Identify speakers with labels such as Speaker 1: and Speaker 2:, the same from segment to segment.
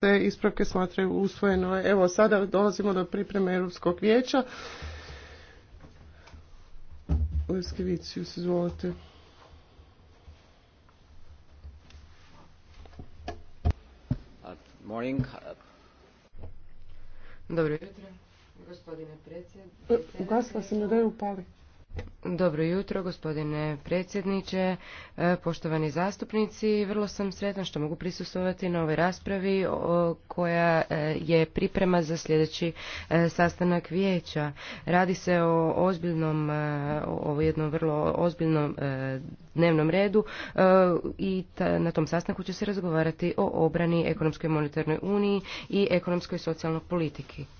Speaker 1: Te ispravke smatraju usvojeno. Evo, sada dolazimo do pripreme Europskog vijeća. Leskevicius, izvolite.
Speaker 2: Morning.
Speaker 3: Dobro jutro, gospodine predsjedniče. Ugasla se, ne daju upali. Dobro jutro, gospodine predsjedniče, e, poštovani zastupnici. Vrlo sam sretan što mogu prisustovati na ovoj raspravi koja e, je priprema za sljedeći e, sastanak vijeća. Radi se o ozbiljnom, o jednom vrlo ozbiljnom dnevnom redu i na tom sastanku će se razgovarati o obrani ekonomskoj monetarnoj uniji i ekonomskoj socijalnoj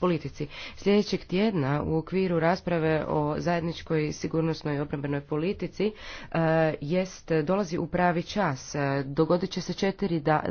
Speaker 3: politici. Sljedećeg tjedna u okviru rasprave o zajedničkoj sigurnosti sigurnosnoj obrambenoj politici e, jest dolazi u pravi čas. E, dogodit će se četiri da,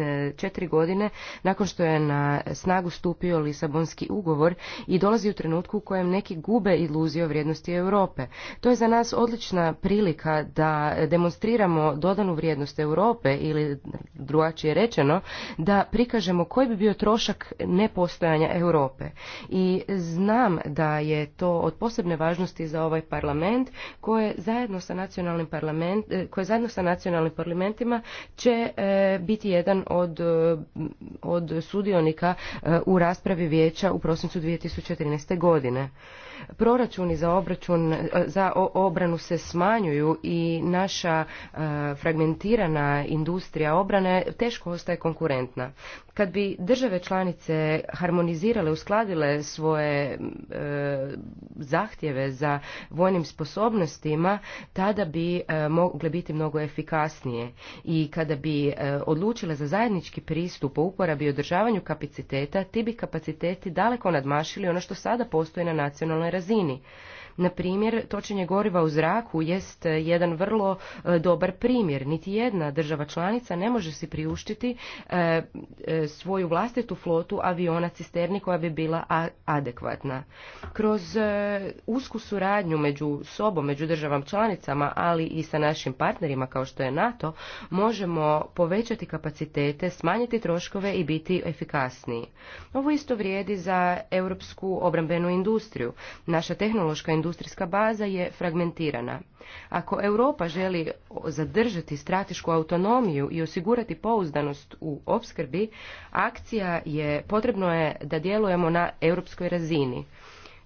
Speaker 3: E, četiri godine nakon što je na snagu stupio Lisabonski ugovor i dolazi u trenutku u kojem neki gube iluziju vrijednosti Europe. To je za nas odlična prilika da demonstriramo dodanu vrijednost Europe ili drugačije rečeno da prikažemo koji bi bio trošak nepostojanja Europe. I znam da je to od posebne važnosti za ovaj parlament koje zajedno sa nacionalnim e, koje zajedno sa nacionalnim parlamentima će e, biti jedan od, od sudionika e, u raspravi vijeća u prosincu 2013. godine. Proračuni za obračun e, za obranu se smanjuju i naša e, fragmentirana industrija obrane teško ostaje konkurentna. Kad bi države članice harmonizirale, uskladile svoje e, zahtjeve za vojnim sposobnostima, tada bi e, mogle biti mnogo efikasnije i kada bi e, odlučile za zajednički pristup o uporabi i održavanju kapaciteta, ti bi kapaciteti daleko nadmašili ono što sada postoji na nacionalnoj razini. Na primjer, točenje goriva u zraku jest e, jedan vrlo e, dobar primjer. Niti jedna država članica ne može si priuštiti e, svoju vlastitu flotu aviona cisterni koja bi bila adekvatna. Kroz usku suradnju među sobom, među državama članicama, ali i sa našim partnerima kao što je NATO, možemo povećati kapacitete, smanjiti troškove i biti efikasniji. Ovo isto vrijedi za europsku obrambenu industriju. Naša tehnološka industrija industrijska baza je fragmentirana. Ako Europa želi zadržati stratešku autonomiju i osigurati pouzdanost u opskrbi, akcija je potrebno je da djelujemo na europskoj razini.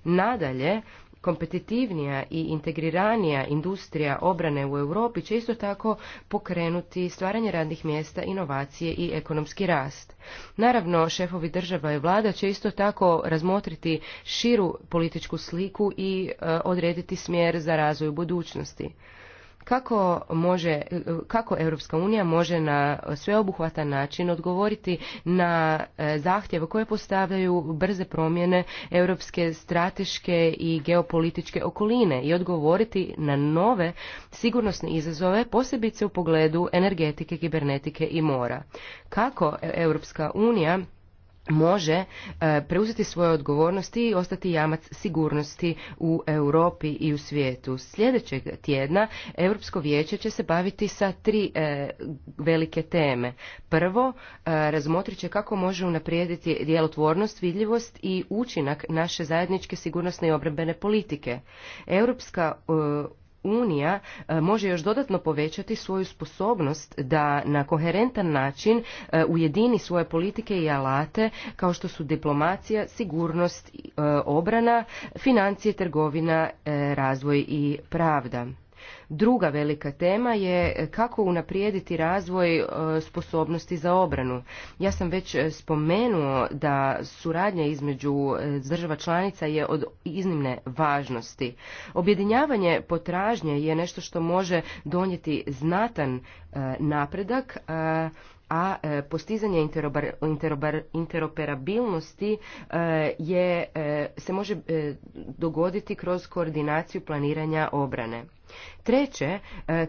Speaker 3: Nadalje, kompetitivnija i integriranija industrija obrane u Europi će isto tako pokrenuti stvaranje radnih mjesta, inovacije i ekonomski rast. Naravno, šefovi država i vlada će isto tako razmotriti širu političku sliku i e, odrediti smjer za razvoj budućnosti kako može, kako Europska unija može na sveobuhvatan način odgovoriti na e, zahtjeve koje postavljaju brze promjene europske strateške i geopolitičke okoline i odgovoriti na nove sigurnosne izazove, posebice u pogledu energetike, kibernetike i mora. Kako Europska unija može e, preuzeti svoje odgovornosti i ostati jamac sigurnosti u Europi i u svijetu. Sljedećeg tjedna Europsko vijeće će se baviti sa tri e, velike teme. Prvo, e, razmotrit će kako može unaprijediti djelotvornost, vidljivost i učinak naše zajedničke sigurnosne i obrambene politike. Europska e, unija e, može još dodatno povećati svoju sposobnost da na koherentan način e, ujedini svoje politike i alate kao što su diplomacija, sigurnost, e, obrana, financije, trgovina, razvoj i pravda. Druga velika tema je kako unaprijediti razvoj e, sposobnosti za obranu. Ja sam već e, spomenuo da suradnja između e, država članica je od iznimne važnosti. Objedinjavanje potražnje je nešto što može donijeti znatan napredak a e, postizanje interoperabilnosti e, je, e, se može dogoditi kroz koordinaciju planiranja obrane. Treće,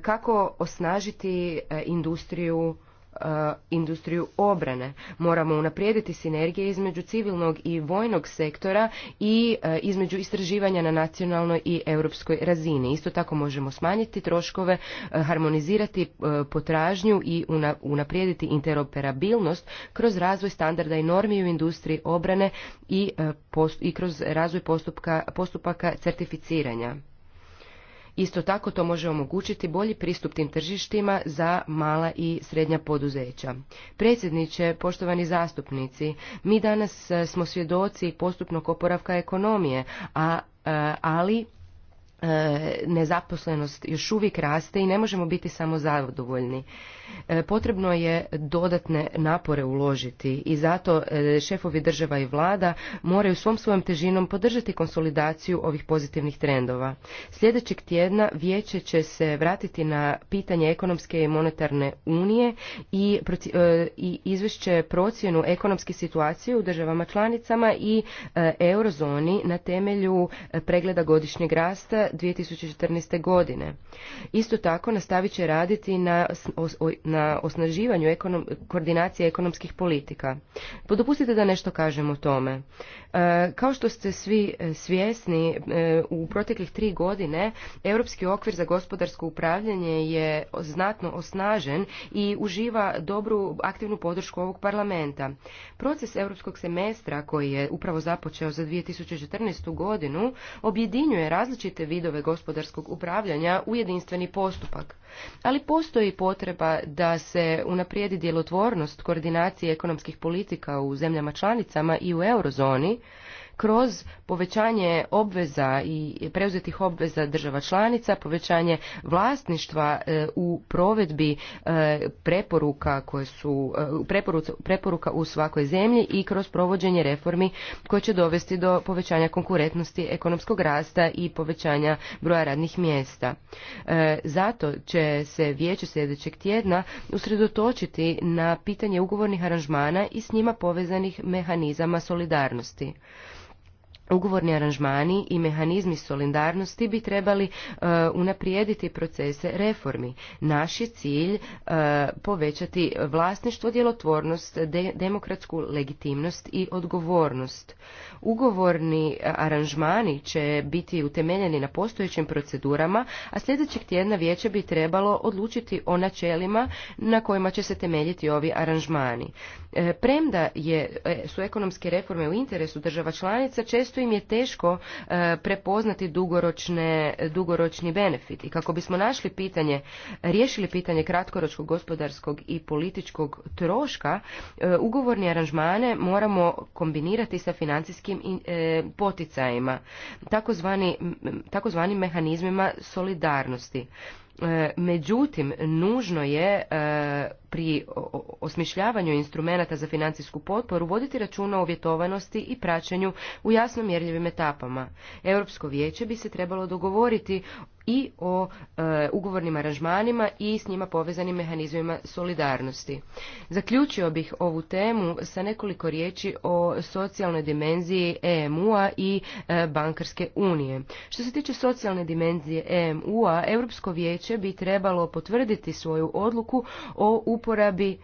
Speaker 3: kako osnažiti industriju E, industriju obrane. Moramo unaprijediti sinergije između civilnog i vojnog sektora i e, između istraživanja na nacionalnoj i europskoj razini. Isto tako možemo smanjiti troškove, e, harmonizirati potražnju i unaprijediti interoperabilnost kroz razvoj standarda i normi u industriji obrane i, kroz razvoj postupaka certificiranja. Isto tako to može omogućiti bolji pristup tim tržištima za mala i srednja poduzeća. Predsjedniče, poštovani zastupnici, mi danas e, smo svjedoci postupnog oporavka ekonomije, a, e, ali e, nezaposlenost još uvijek raste i ne možemo biti samo zadovoljni. E, potrebno je dodatne napore uložiti i zato e, šefovi država i vlada moraju svom svojom težinom podržati konsolidaciju ovih pozitivnih trendova. Sljedećeg tjedna vijeće će se vratiti na pitanje ekonomske i monetarne unije i e, izvešće procjenu ekonomske situacije u državama članicama i eurozoni na temelju pregleda godišnjeg rasta 2014. godine. Isto tako nastavit će raditi na na osnaživanju ekonom, koordinacije ekonomskih politika. Podopustite da nešto kažem o tome. E, kao što ste svi e, svjesni, e, u proteklih tri godine Europski okvir za gospodarsko upravljanje je znatno osnažen i uživa dobru aktivnu podršku ovog parlamenta. Proces europskog semestra koji je upravo započeo za 2014. godinu objedinjuje različite vidove gospodarskog upravljanja u jedinstveni postupak. Ali postoji potreba da se unaprijedi djelotvornost koordinacije ekonomskih politika u zemljama članicama i u eurozoni kroz povećanje obveza i preuzetih obveza država članica, povećanje vlasništva e, u provedbi e, preporuka koje su e, preporuka u svakoj zemlji i kroz provođenje reformi koje će dovesti do povećanja konkurentnosti ekonomskog rasta i povećanja broja radnih mjesta. Zato će se vijeće sljedećeg tjedna usredotočiti na pitanje ugovornih aranžmana i s njima povezanih mehanizama solidarnosti. Ugovorni aranžmani i mehanizmi solidarnosti bi trebali e, unaprijediti procese reformi. Naš je cilj e, povećati vlasništvo, djelotvornost, de demokratsku legitimnost i odgovornost. Ugovorni aranžmani će biti utemeljeni na postojećim procedurama, a sljedećeg tjedna vijeće bi trebalo odlučiti o načelima na kojima će se temeljiti ovi aranžmani. E, premda je, su ekonomske reforme u interesu država članica, često im je teško e, prepoznati dugoročne, dugoročni benefit. I kako bismo našli pitanje, riješili pitanje kratkoročkog gospodarskog i političkog troška, e, ugovorni aranžmane moramo kombinirati sa financijskim e, poticajima, takozvani, takozvanim mehanizmima solidarnosti. E, međutim, nužno je e, pri osmišljavanju instrumenata za financijsku potporu voditi računa o uvjetovanosti i praćenju u jasno mjerljivim etapama. Europsko vijeće bi se trebalo dogovoriti i o e, ugovornim aranžmanima i s njima povezanim mehanizmima solidarnosti. Zaključio bih ovu temu sa nekoliko riječi o socijalnoj dimenziji EMU-a i e, bankarske unije. Što se tiče socijalne dimenzije EMU-a, Europsko vijeće bi trebalo potvrditi svoju odluku o uporabi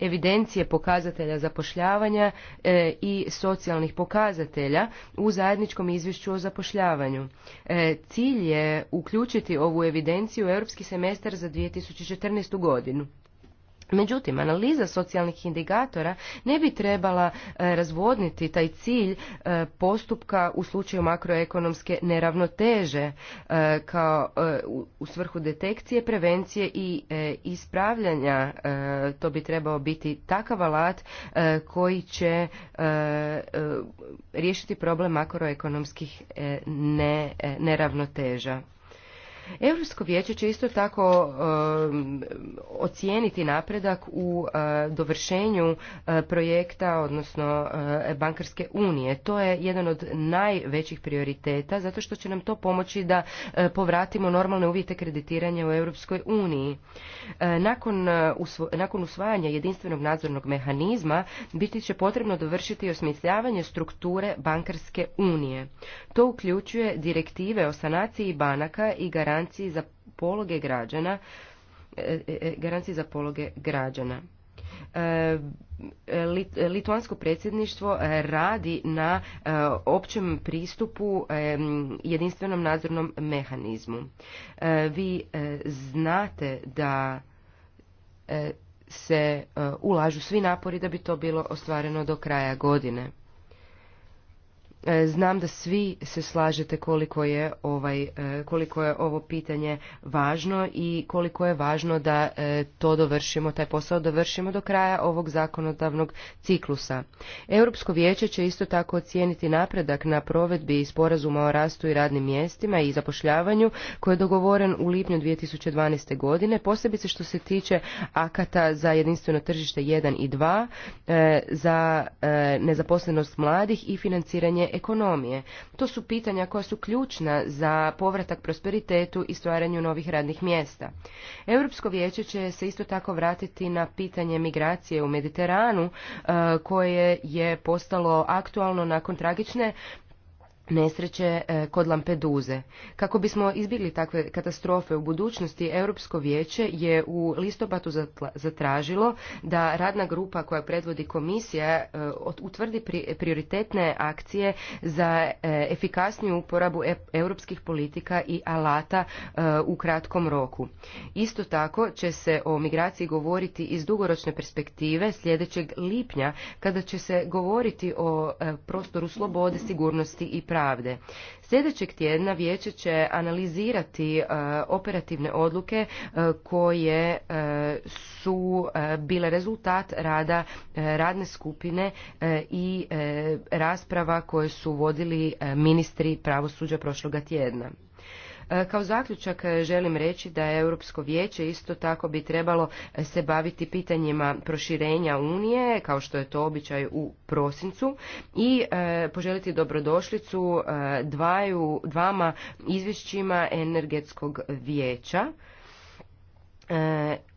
Speaker 3: evidencije pokazatelja zapošljavanja e, i socijalnih pokazatelja u zajedničkom izvješću o zapošljavanju. E, cilj je uključiti ovu evidenciju u europski semestar za 2014. godinu. Međutim, analiza socijalnih indikatora ne bi trebala e, razvodniti taj cilj e, postupka u slučaju makroekonomske neravnoteže e, kao u svrhu detekcije, prevencije i ispravljanja. To bi trebao biti takav alat koji će riješiti problem makroekonomskih neravnoteža. Europsko vijeće će isto tako um, ocijeniti napredak u uh, dovršenju uh, projekta, odnosno uh, bankarske unije. To je jedan od najvećih prioriteta, zato što će nam to pomoći da povratimo normalne uvjete kreditiranja u Europskoj uniji. Nakon usvajanja jedinstvenog nadzornog mehanizma biti će potrebno dovršiti osmišljavanje strukture bankarske unije. To uključuje direktive o sanaciji banaka i garanciju garanciji za pologe građana e, e, e, garanciji za pologe građana. Litvansko predsjedništvo radi na općem pristupu jedinstvenom nadzornom mehanizmu. Vi znate da se ulažu svi napori da bi to bilo ostvareno do kraja godine. E, znam da svi se slažete koliko je, ovaj, e, koliko je ovo pitanje važno i koliko je važno da e, to dovršimo, taj posao dovršimo do kraja ovog zakonodavnog ciklusa. Europsko vijeće će isto tako ocijeniti napredak na provedbi sporazuma o rastu i radnim mjestima i zapošljavanju koji je dogovoren u lipnju 2012. godine, posebice što se tiče akata za jedinstveno tržište 1 i 2, za nezaposlenost mladih i financiranje ekonomije. To su pitanja koja su ključna za povratak prosperitetu i stvaranju novih radnih mjesta. Europsko vijeće će se isto tako vratiti na pitanje migracije u Mediteranu eh, koje je postalo aktualno nakon tragične nesreće e, kod Lampeduze. Kako bismo izbjegli takve katastrofe u budućnosti, Europsko vijeće je u listopadu zatražilo da radna grupa koja predvodi komisija e, utvrdi prioritetne akcije za e, efikasniju uporabu europskih politika i alata u kratkom roku. Isto tako će se o migraciji govoriti iz dugoročne perspektive sljedećeg lipnja kada će se govoriti o prostoru slobode, sigurnosti i pravde. Sljedećeg tjedna vijeće će analizirati e, operativne odluke e, koje e, su bile rezultat rada radne skupine i rasprava koje su vodili ministri pravosuđa prošloga tjedna. E, kao zaključak e, želim reći da je Europsko vijeće isto tako bi trebalo e, se baviti pitanjima proširenja Unije, kao što je to običaj u prosincu, i poželiti dobrodošlicu dvama izvješćima energetskog vijeća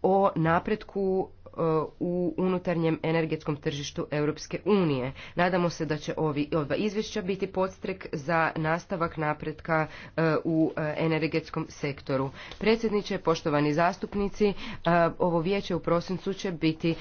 Speaker 3: o napretku E, u unutarnjem energetskom tržištu Europske unije. Nadamo se da će ovi ova izvješća biti podstrek za nastavak napretka e, u e, energetskom sektoru. Predsjedniče, poštovani zastupnici, ovo vijeće u prosincu će biti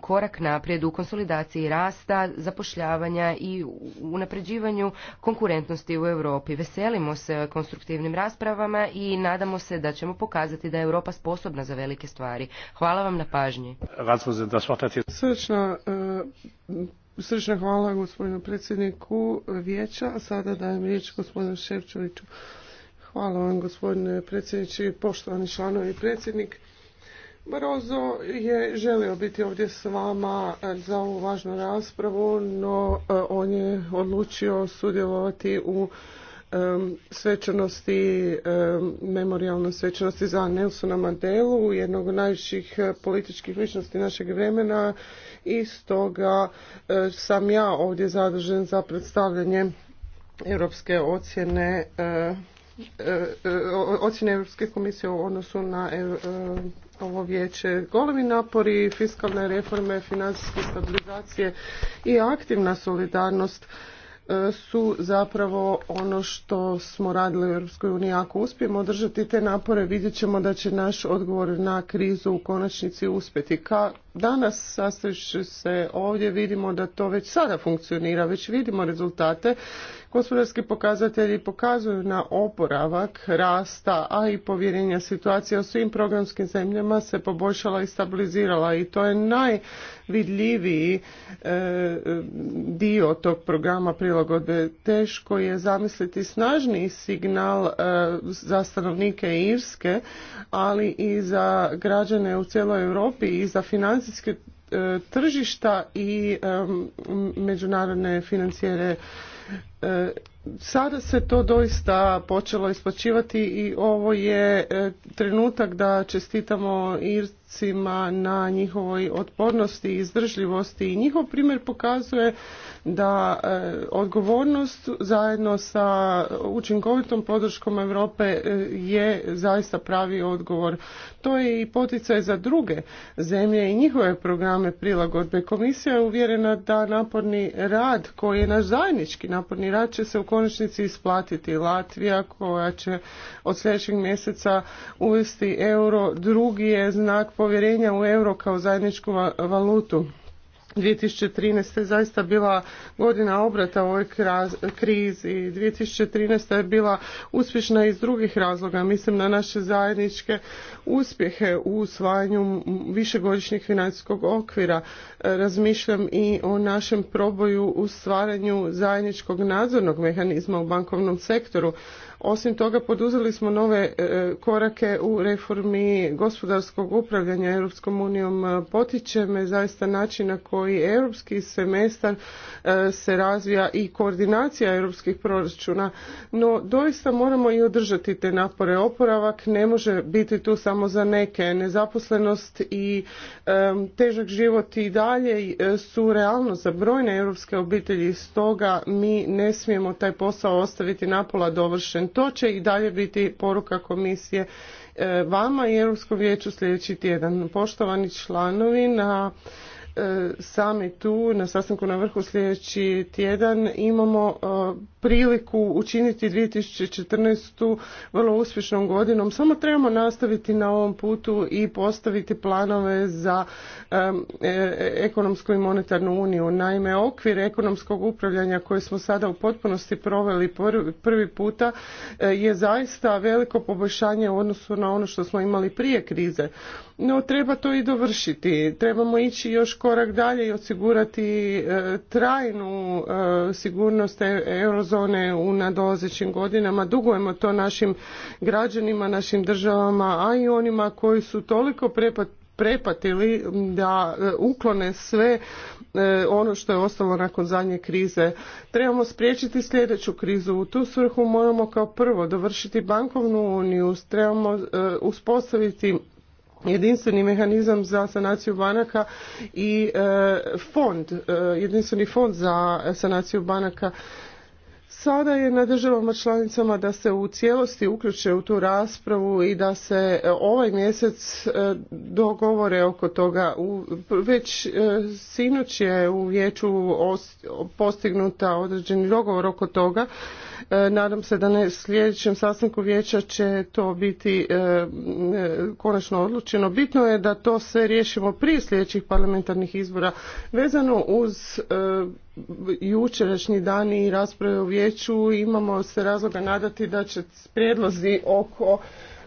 Speaker 3: korak naprijed u konsolidaciji rasta, zapošljavanja i unapređivanju konkurentnosti u Europi. Veselimo se konstruktivnim raspravama i nadamo se da ćemo pokazati da je Europa sposobna za velike stvari. Hvala vam na pažnji.
Speaker 2: Eh,
Speaker 1: srčna, hvala gospodinu predsjedniku vijeća. Sada dajem riječ gospodinu Ševčoviću. Hvala vam gospodine predsjedniče i poštovani članovi predsjednik. Barozo je želio biti ovdje s vama za ovu važnu raspravu, no eh, on je odlučio sudjelovati u svečanosti, memorialne svečanosti za Nelsona Mandelu, jednog od najviših eh, političkih ličnosti našeg vremena i stoga eh, sam ja ovdje zadržen za predstavljanje europske ocjene eh, ocjene Europske komisije u odnosu na ovo vijeće. Golemi napori, fiskalne reforme, financijske stabilizacije i aktivna solidarnost su zapravo ono što smo radili u Europskoj Ako uspijemo održati te napore, vidjet ćemo da će naš odgovor na krizu u konačnici uspjeti. Ka danas, sastavši se ovdje, vidimo da to već sada funkcionira, već vidimo rezultate Gospodarski pokazatelji pokazuju na oporavak rasta, a i povjerenja situacija u svim programskim zemljama se poboljšala i stabilizirala i to je najvidljiviji e, dio tog programa prilagodbe. Teško je zamisliti snažniji signal e, za stanovnike Irske, ali i za građane u cijeloj Europi i za financijske e, tržišta i međunarodne financijere E, sada se to doista počelo isplaćivati i ovo je e, trenutak da čestitamo postupcima, na njihovoj otpornosti i izdržljivosti i njihov primjer pokazuje da e, odgovornost zajedno sa učinkovitom podrškom Europe e, je zaista pravi odgovor. To je i poticaj za druge zemlje i njihove programe prilagodbe. Komisija je uvjerena da naporni rad koji je naš zajednički naporni rad će se u konačnici isplatiti. Latvija koja će od sljedećeg mjeseca uvesti euro, drugi je znak povjerenja u euro kao zajedničku valutu. 2013. je zaista bila godina obrata u ovoj krizi. 2013. je bila uspješna iz drugih razloga. Mislim na naše zajedničke uspjehe u usvajanju višegodišnjeg financijskog okvira. E, razmišljam i o našem proboju u stvaranju zajedničkog nadzornog mehanizma u bankovnom sektoru. Osim toga poduzeli smo nove e, korake u reformi gospodarskog upravljanja Europskom unijom. E, potiče me zaista način na koji europski semestar e, se razvija i koordinacija europskih proračuna. No doista moramo i održati te napore. Oporavak ne može biti tu samo za neke. Nezaposlenost i težak život i dalje su realno za brojne europske obitelji. Stoga mi ne smijemo taj posao ostaviti napola dovršen to će i dalje biti poruka komisije e, vama i Europskom vijeću sljedeći tjedan. Poštovani članovi, na e, samitu, tu na sastanku na vrhu sljedeći tjedan imamo e, priliku učiniti 2014. vrlo uspješnom godinom. Samo trebamo nastaviti na ovom putu i postaviti planove za e, ekonomsku i monetarnu uniju. Naime, okvir ekonomskog upravljanja koje smo sada u potpunosti proveli prvi puta e, je zaista veliko poboljšanje u odnosu na ono što smo imali prije krize. No, treba to i dovršiti. Trebamo ići još korak dalje i osigurati e, trajnu sigurnost euro eurozone u nadolazećim godinama. Dugujemo to našim građanima, našim državama, a i onima koji su toliko prepatili da e, uklone sve e, ono što je ostalo nakon zadnje krize. Trebamo spriječiti sljedeću krizu. U tu svrhu moramo kao prvo dovršiti bankovnu uniju, trebamo e, uspostaviti jedinstveni mehanizam za sanaciju banaka i fond, jedinstveni fond za sanaciju banaka Sada je na državama članicama da se u cijelosti uključe u tu raspravu i da se e, ovaj mjesec e, dogovore oko toga. Već e, sinoć je u vijeću postignuta određeni dogovor oko toga. Nadam se da na sljedećem sastanku vijeća će to biti konačno odlučeno. Bitno je da to sve riješimo prije sljedećih parlamentarnih izbora. Vezano uz jučerašnji dani i rasprave u vijeću imamo se razloga nadati da će prijedlozi oko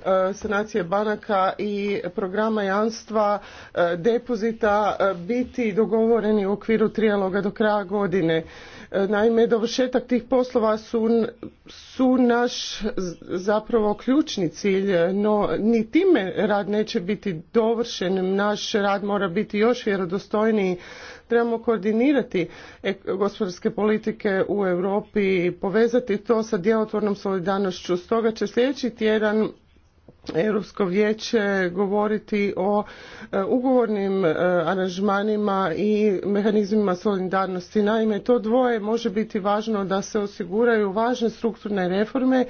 Speaker 1: E, sanacije banaka i programa jamstva e, depozita e, biti dogovoreni u okviru trijaloga do kraja godine. Naime, dovršetak tih poslova su, su naš zapravo ključni cilj, no ni time rad neće biti dovršen. Naš rad mora biti još vjerodostojniji trebamo koordinirati gospodarske politike u Europi i povezati to sa djelotvornom solidarnošću. Stoga će sljedeći tjedan Europsko vijeće govoriti o e, ugovornim e, aranžmanima i mehanizmima solidarnosti. Naime, to dvoje može biti važno da se osiguraju važne strukturne reforme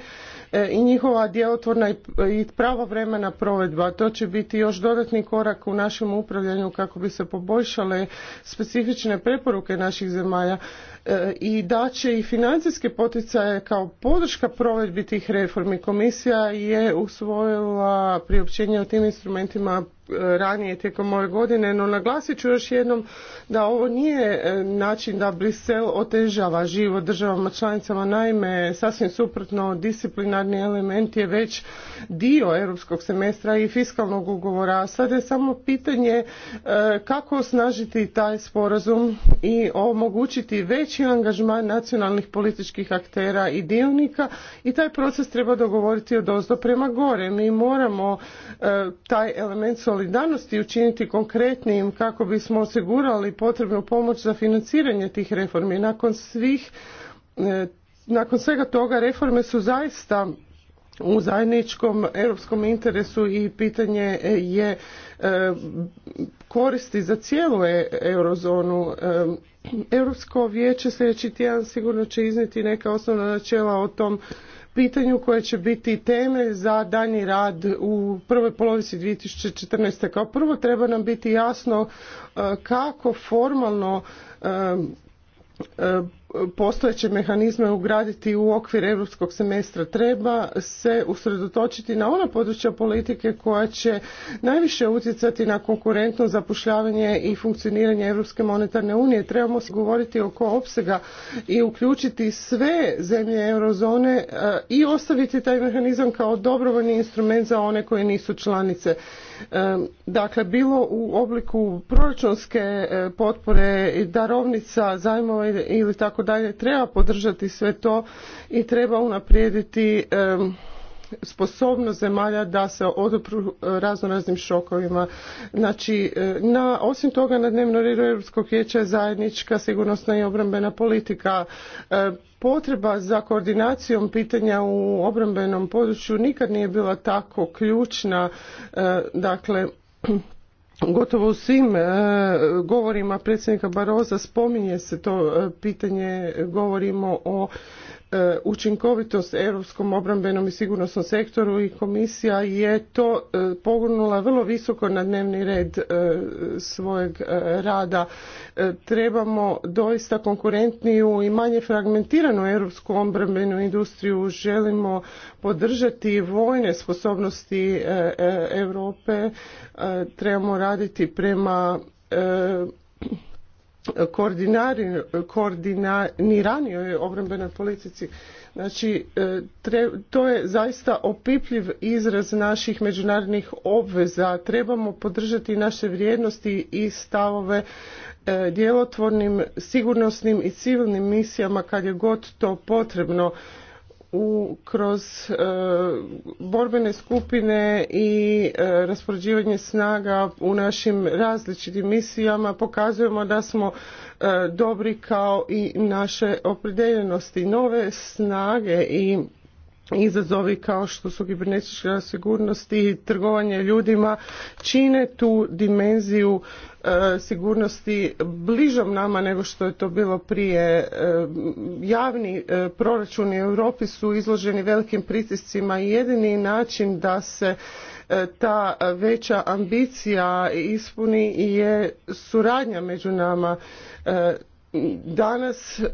Speaker 1: e, i njihova djelotvorna i pravovremena provedba. To će biti još dodatni korak u našem upravljanju kako bi se poboljšale specifične preporuke naših zemalja. E, i će i financijske poticaje kao podrška provedbi tih reformi. Komisija je usvojila priopćenje o tim instrumentima e, ranije tijekom ove godine, no naglasit ću još jednom da ovo nije e, način da Brisel otežava život državama članicama. Naime, sasvim suprotno, disciplinarni element je već dio europskog semestra i fiskalnog ugovora. Sad je samo pitanje kako osnažiti taj sporazum i omogućiti već veći angažman nacionalnih političkih aktera i dionika i taj proces treba dogovoriti od ozdo prema gore. Mi moramo e, taj element solidarnosti učiniti konkretnijim kako bismo osigurali potrebnu pomoć za financiranje tih reformi. Nakon svih e, nakon svega toga reforme su zaista u zajedničkom europskom interesu i pitanje je e, koristi za cijelu e, eurozonu. Europsko vijeće sljedeći tjedan sigurno će iznijeti neka osnovna načela o tom pitanju koje će biti temelj za danji rad u prvoj polovici 2014. Kao prvo treba nam biti jasno e, kako formalno e, postojeće mehanizme ugraditi u okvir europskog semestra treba se usredotočiti na ona područja politike koja će najviše utjecati na konkurentno zapošljavanje i funkcioniranje Europske monetarne unije. Trebamo se govoriti oko opsega i uključiti sve zemlje eurozone e, i ostaviti taj mehanizam kao dobrovoljni instrument za one koje nisu članice. E, dakle, bilo u obliku proračunske e, potpore, darovnica, zajmova ili tako tako dalje, treba podržati sve to i treba unaprijediti sposobnost zemalja da se odopru raznoraznim šokovima. Znači, e, na, osim toga na dnevnom redu Europskog vijeća je zajednička sigurnosna i obrambena politika. E, potreba za koordinacijom pitanja u obrambenom području nikad nije bila tako ključna. E, dakle, gotovo u svim e, govorima predsjednika Baroza spominje se to e, pitanje, govorimo o E, učinkovitost europskom obrambenom i sigurnosnom sektoru i komisija je to e, pogurnula vrlo visoko na dnevni red e, svojeg rada. Trebamo doista konkurentniju i manje fragmentiranu europsku obrambenu industriju. Želimo podržati vojne sposobnosti Europe. Trebamo raditi prema koordiniranijoj obrambenoj politici. Znači, e, to je zaista opipljiv izraz naših međunarodnih obveza. Trebamo podržati naše vrijednosti i stavove e, djelotvornim, sigurnosnim i civilnim misijama kad je god to potrebno u kroz e, borbene skupine i e, raspoređivanje snaga u našim različitim misijama pokazujemo da smo e, dobri kao i naše opredeljenosti nove snage i izazovi kao što su kibernetička sigurnosti i trgovanje ljudima čine tu dimenziju E, sigurnosti bližom nama nego što je to bilo prije. E, javni e, proračuni u Europi su izloženi velikim pritiscima i jedini način da se ta veća ambicija ispuni je suradnja među nama danas e,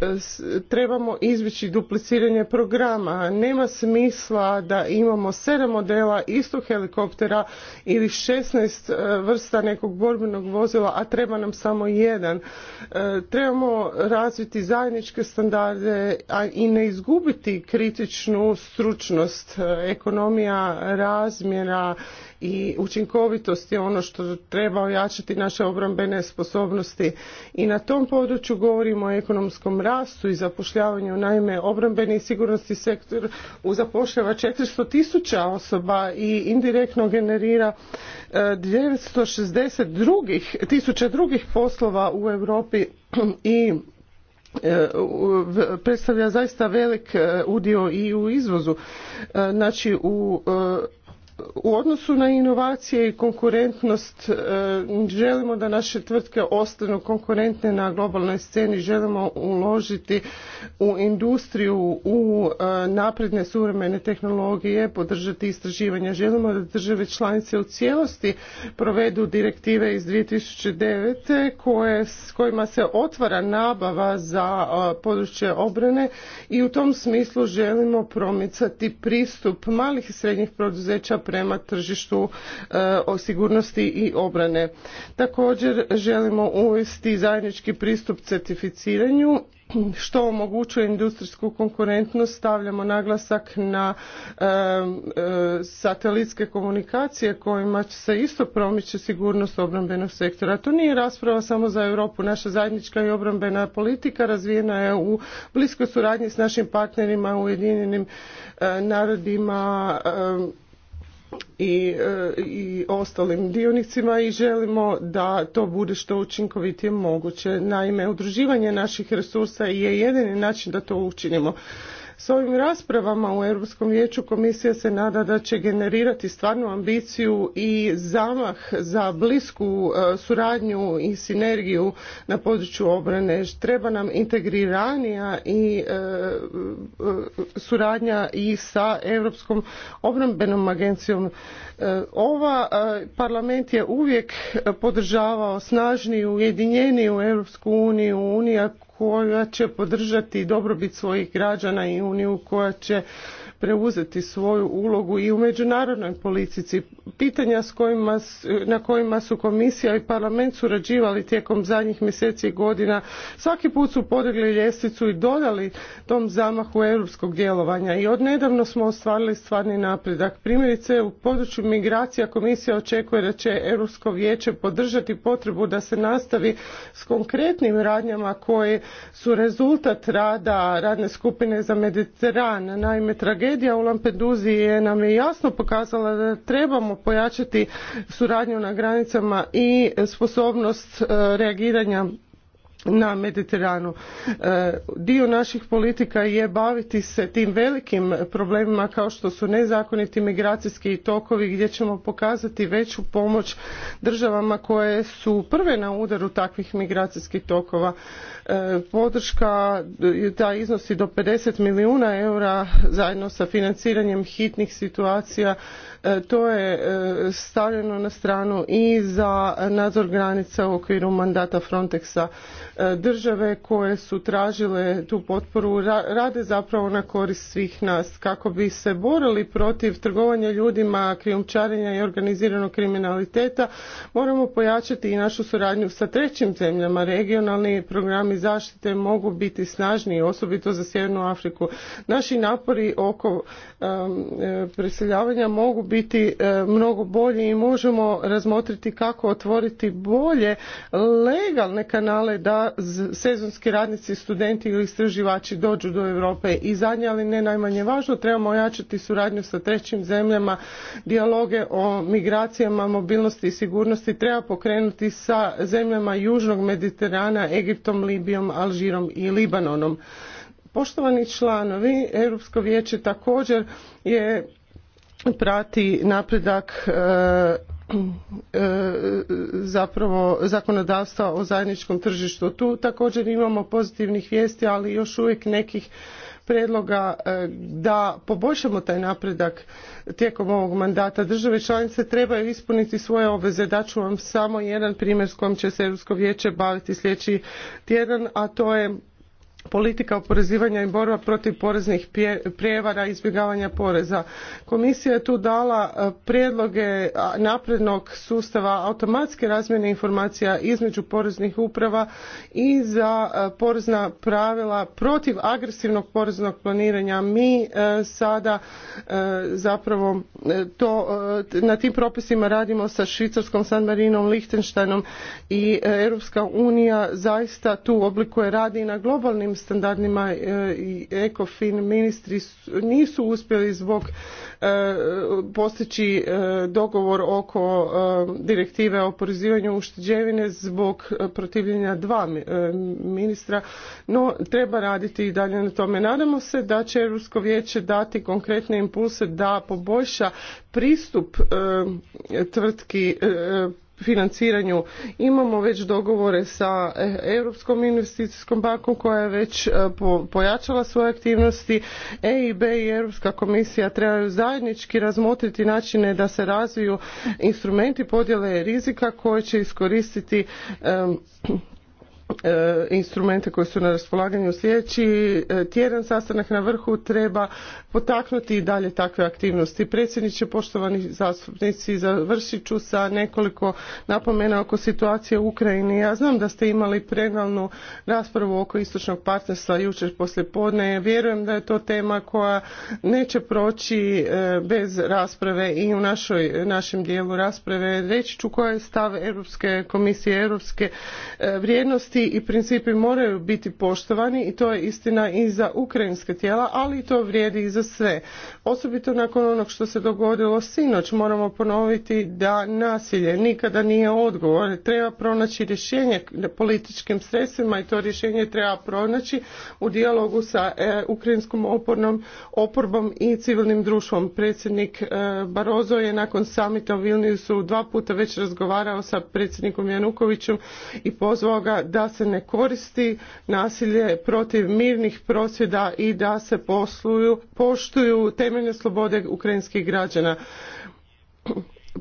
Speaker 1: trebamo izbjeći dupliciranje programa. Nema smisla da imamo sedam modela istog helikoptera ili 16 e, vrsta nekog borbenog vozila, a treba nam samo jedan. E, trebamo razviti zajedničke standarde a i ne izgubiti kritičnu stručnost. Ekonomija razmjera i učinkovitost je ono što treba ojačati naše obrambene sposobnosti i na tom području govorimo o ekonomskom rastu i zapošljavanju naime obrambeni i sigurnosti sektor zapošljava 400 tisuća osoba i indirektno generira 960 e, drugih, tisuća drugih poslova u Europi i e, predstavlja zaista velik e, udio i u izvozu. Znači u u odnosu na inovacije i konkurentnost e, želimo da naše tvrtke ostanu konkurentne na globalnoj sceni, želimo uložiti u industriju, u e, napredne suvremene tehnologije, podržati istraživanja, želimo da države članice u cijelosti provedu direktive iz 2009. Koje, s kojima se otvara nabava za e, područje obrane i u tom smislu želimo promicati pristup malih i srednjih poduzeća prema tržištu e, o sigurnosti i obrane. Također želimo uvesti zajednički pristup certificiranju što omogućuje industrijsku konkurentnost, stavljamo naglasak na e, e, satelitske komunikacije kojima će se isto promiče sigurnost obrambenog sektora. To nije rasprava samo za Europu. Naša zajednička i obrambena politika razvijena je u bliskoj suradnji s našim partnerima, Ujedinjenim e, narodima, E, i, ostalim dionicima i želimo da to bude što učinkovitije moguće. Naime, udruživanje naših resursa je jedini način da to učinimo. S ovim raspravama u Europskom vijeću komisija se nada da će generirati stvarnu ambiciju i zamah za blisku e, suradnju i sinergiju na području obrane. Treba nam integriranija i e, e, suradnja i sa Europskom obrambenom agencijom. Ova parlament je uvijek podržavao snažniju, ujedinjeniju Europsku uniju, unija koja će podržati dobrobit svojih građana i uniju koja će preuzeti svoju ulogu i u međunarodnoj politici. Pitanja s kojima, na kojima su komisija i parlament surađivali tijekom zadnjih mjeseci i godina svaki put su podigli ljestvicu i dodali tom zamahu europskog djelovanja i odnedavno smo ostvarili stvarni napredak. Primjerice u području migracija komisija očekuje da će Europsko vijeće podržati potrebu da se nastavi s konkretnim radnjama koje su rezultat rada radne skupine za Mediteran. Naime, tragedija tragedija u Lampeduzi je nam je jasno pokazala da trebamo pojačati suradnju na granicama i sposobnost e, reagiranja na Mediteranu. E, dio naših politika je baviti se tim velikim problemima kao što su nezakoniti migracijski tokovi gdje ćemo pokazati veću pomoć državama koje su prve na udaru takvih migracijskih tokova. E, podrška da iznosi do 50 milijuna eura zajedno sa financiranjem hitnih situacija E, to je e, stavljeno na stranu i za nadzor granica u okviru mandata Frontexa. E, države koje su tražile tu potporu rade zapravo na korist svih nas kako bi se borili protiv trgovanja ljudima, krijumčarenja i organiziranog kriminaliteta. Moramo pojačati i našu suradnju sa trećim zemljama. Regionalni programi zaštite mogu biti snažniji, osobito za Sjevernu Afriku. Naši napori oko preseljavanja mogu biti e, mnogo bolji i možemo razmotriti kako otvoriti bolje legalne kanale da sezonski radnici, studenti ili istraživači dođu do Europe. I zadnje, ali ne najmanje važno, trebamo ojačati suradnju sa trećim zemljama, dijaloge o migracijama, mobilnosti i sigurnosti treba pokrenuti sa zemljama Južnog Mediterana, Egiptom, Libijom, Alžirom i Libanonom. Poštovani članovi, Europsko vijeće također je prati napredak e, e, zapravo zakonodavstva o zajedničkom tržištu. Tu također imamo pozitivnih vijesti, ali još uvijek nekih predloga e, da poboljšamo taj napredak tijekom ovog mandata. Države članice trebaju ispuniti svoje obveze. Daću vam samo jedan primjer s kojim će se Europsko vijeće baviti sljedeći tjedan, a to je politika oporezivanja i borba protiv poreznih prijevara i izbjegavanja poreza. Komisija je tu dala e, prijedloge naprednog sustava automatske razmjene informacija između poreznih uprava i za e, porezna pravila protiv agresivnog poreznog planiranja. Mi e, sada zapravo to, na tim propisima radimo sa Švicarskom, San Marinom, Lichtensteinom i Europska unija zaista tu oblikuje radi i na globalnim standardima e, i ECOFIN ministri nisu uspjeli zbog e, postići e, dogovor oko direktive o porizivanju ušteđevine zbog protivljenja dva ministra, no treba raditi i dalje na tome. Nadamo se da će Europsko vijeće dati konkretne impulse da poboljša pristup tvrtki financiranju. Imamo već dogovore sa e, Europskom investicijskom bankom koja je već e, pojačala svoje aktivnosti. EIB i Europska komisija trebaju zajednički razmotriti načine da se razviju instrumenti podjele rizika koje će iskoristiti E, instrumente koji su na raspolaganju sljedeći e, tjedan sastanak na vrhu treba potaknuti i dalje takve aktivnosti. Predsjedniče, poštovani zastupnici, završit ću sa nekoliko napomena oko situacije u Ukrajini. Ja znam da ste imali prenalnu raspravu oko istočnog partnerstva jučer poslijepodne, podne. Vjerujem da je to tema koja neće proći e, bez rasprave i u našoj, našem dijelu rasprave. Reći ću koje je stav Europske komisije, europske vrijednosti i principi moraju biti poštovani i to je istina i za ukrajinska tijela, ali to vrijedi i za sve. Osobito nakon onog što se dogodilo sinoć moramo ponoviti da nasilje nikada nije odgovor. Treba pronaći rješenje političkim sredstvima i to rješenje treba pronaći u dijalogu sa e, ukrajinskom opornom, oporbom i civilnim društvom. Predsjednik e, Barozo je nakon samita u Vilniusu dva puta već razgovarao sa predsjednikom Janukovićem i pozvao ga da se ne koristi nasilje protiv mirnih prosvjeda i da se posluju, poštuju temeljne slobode ukrajinskih građana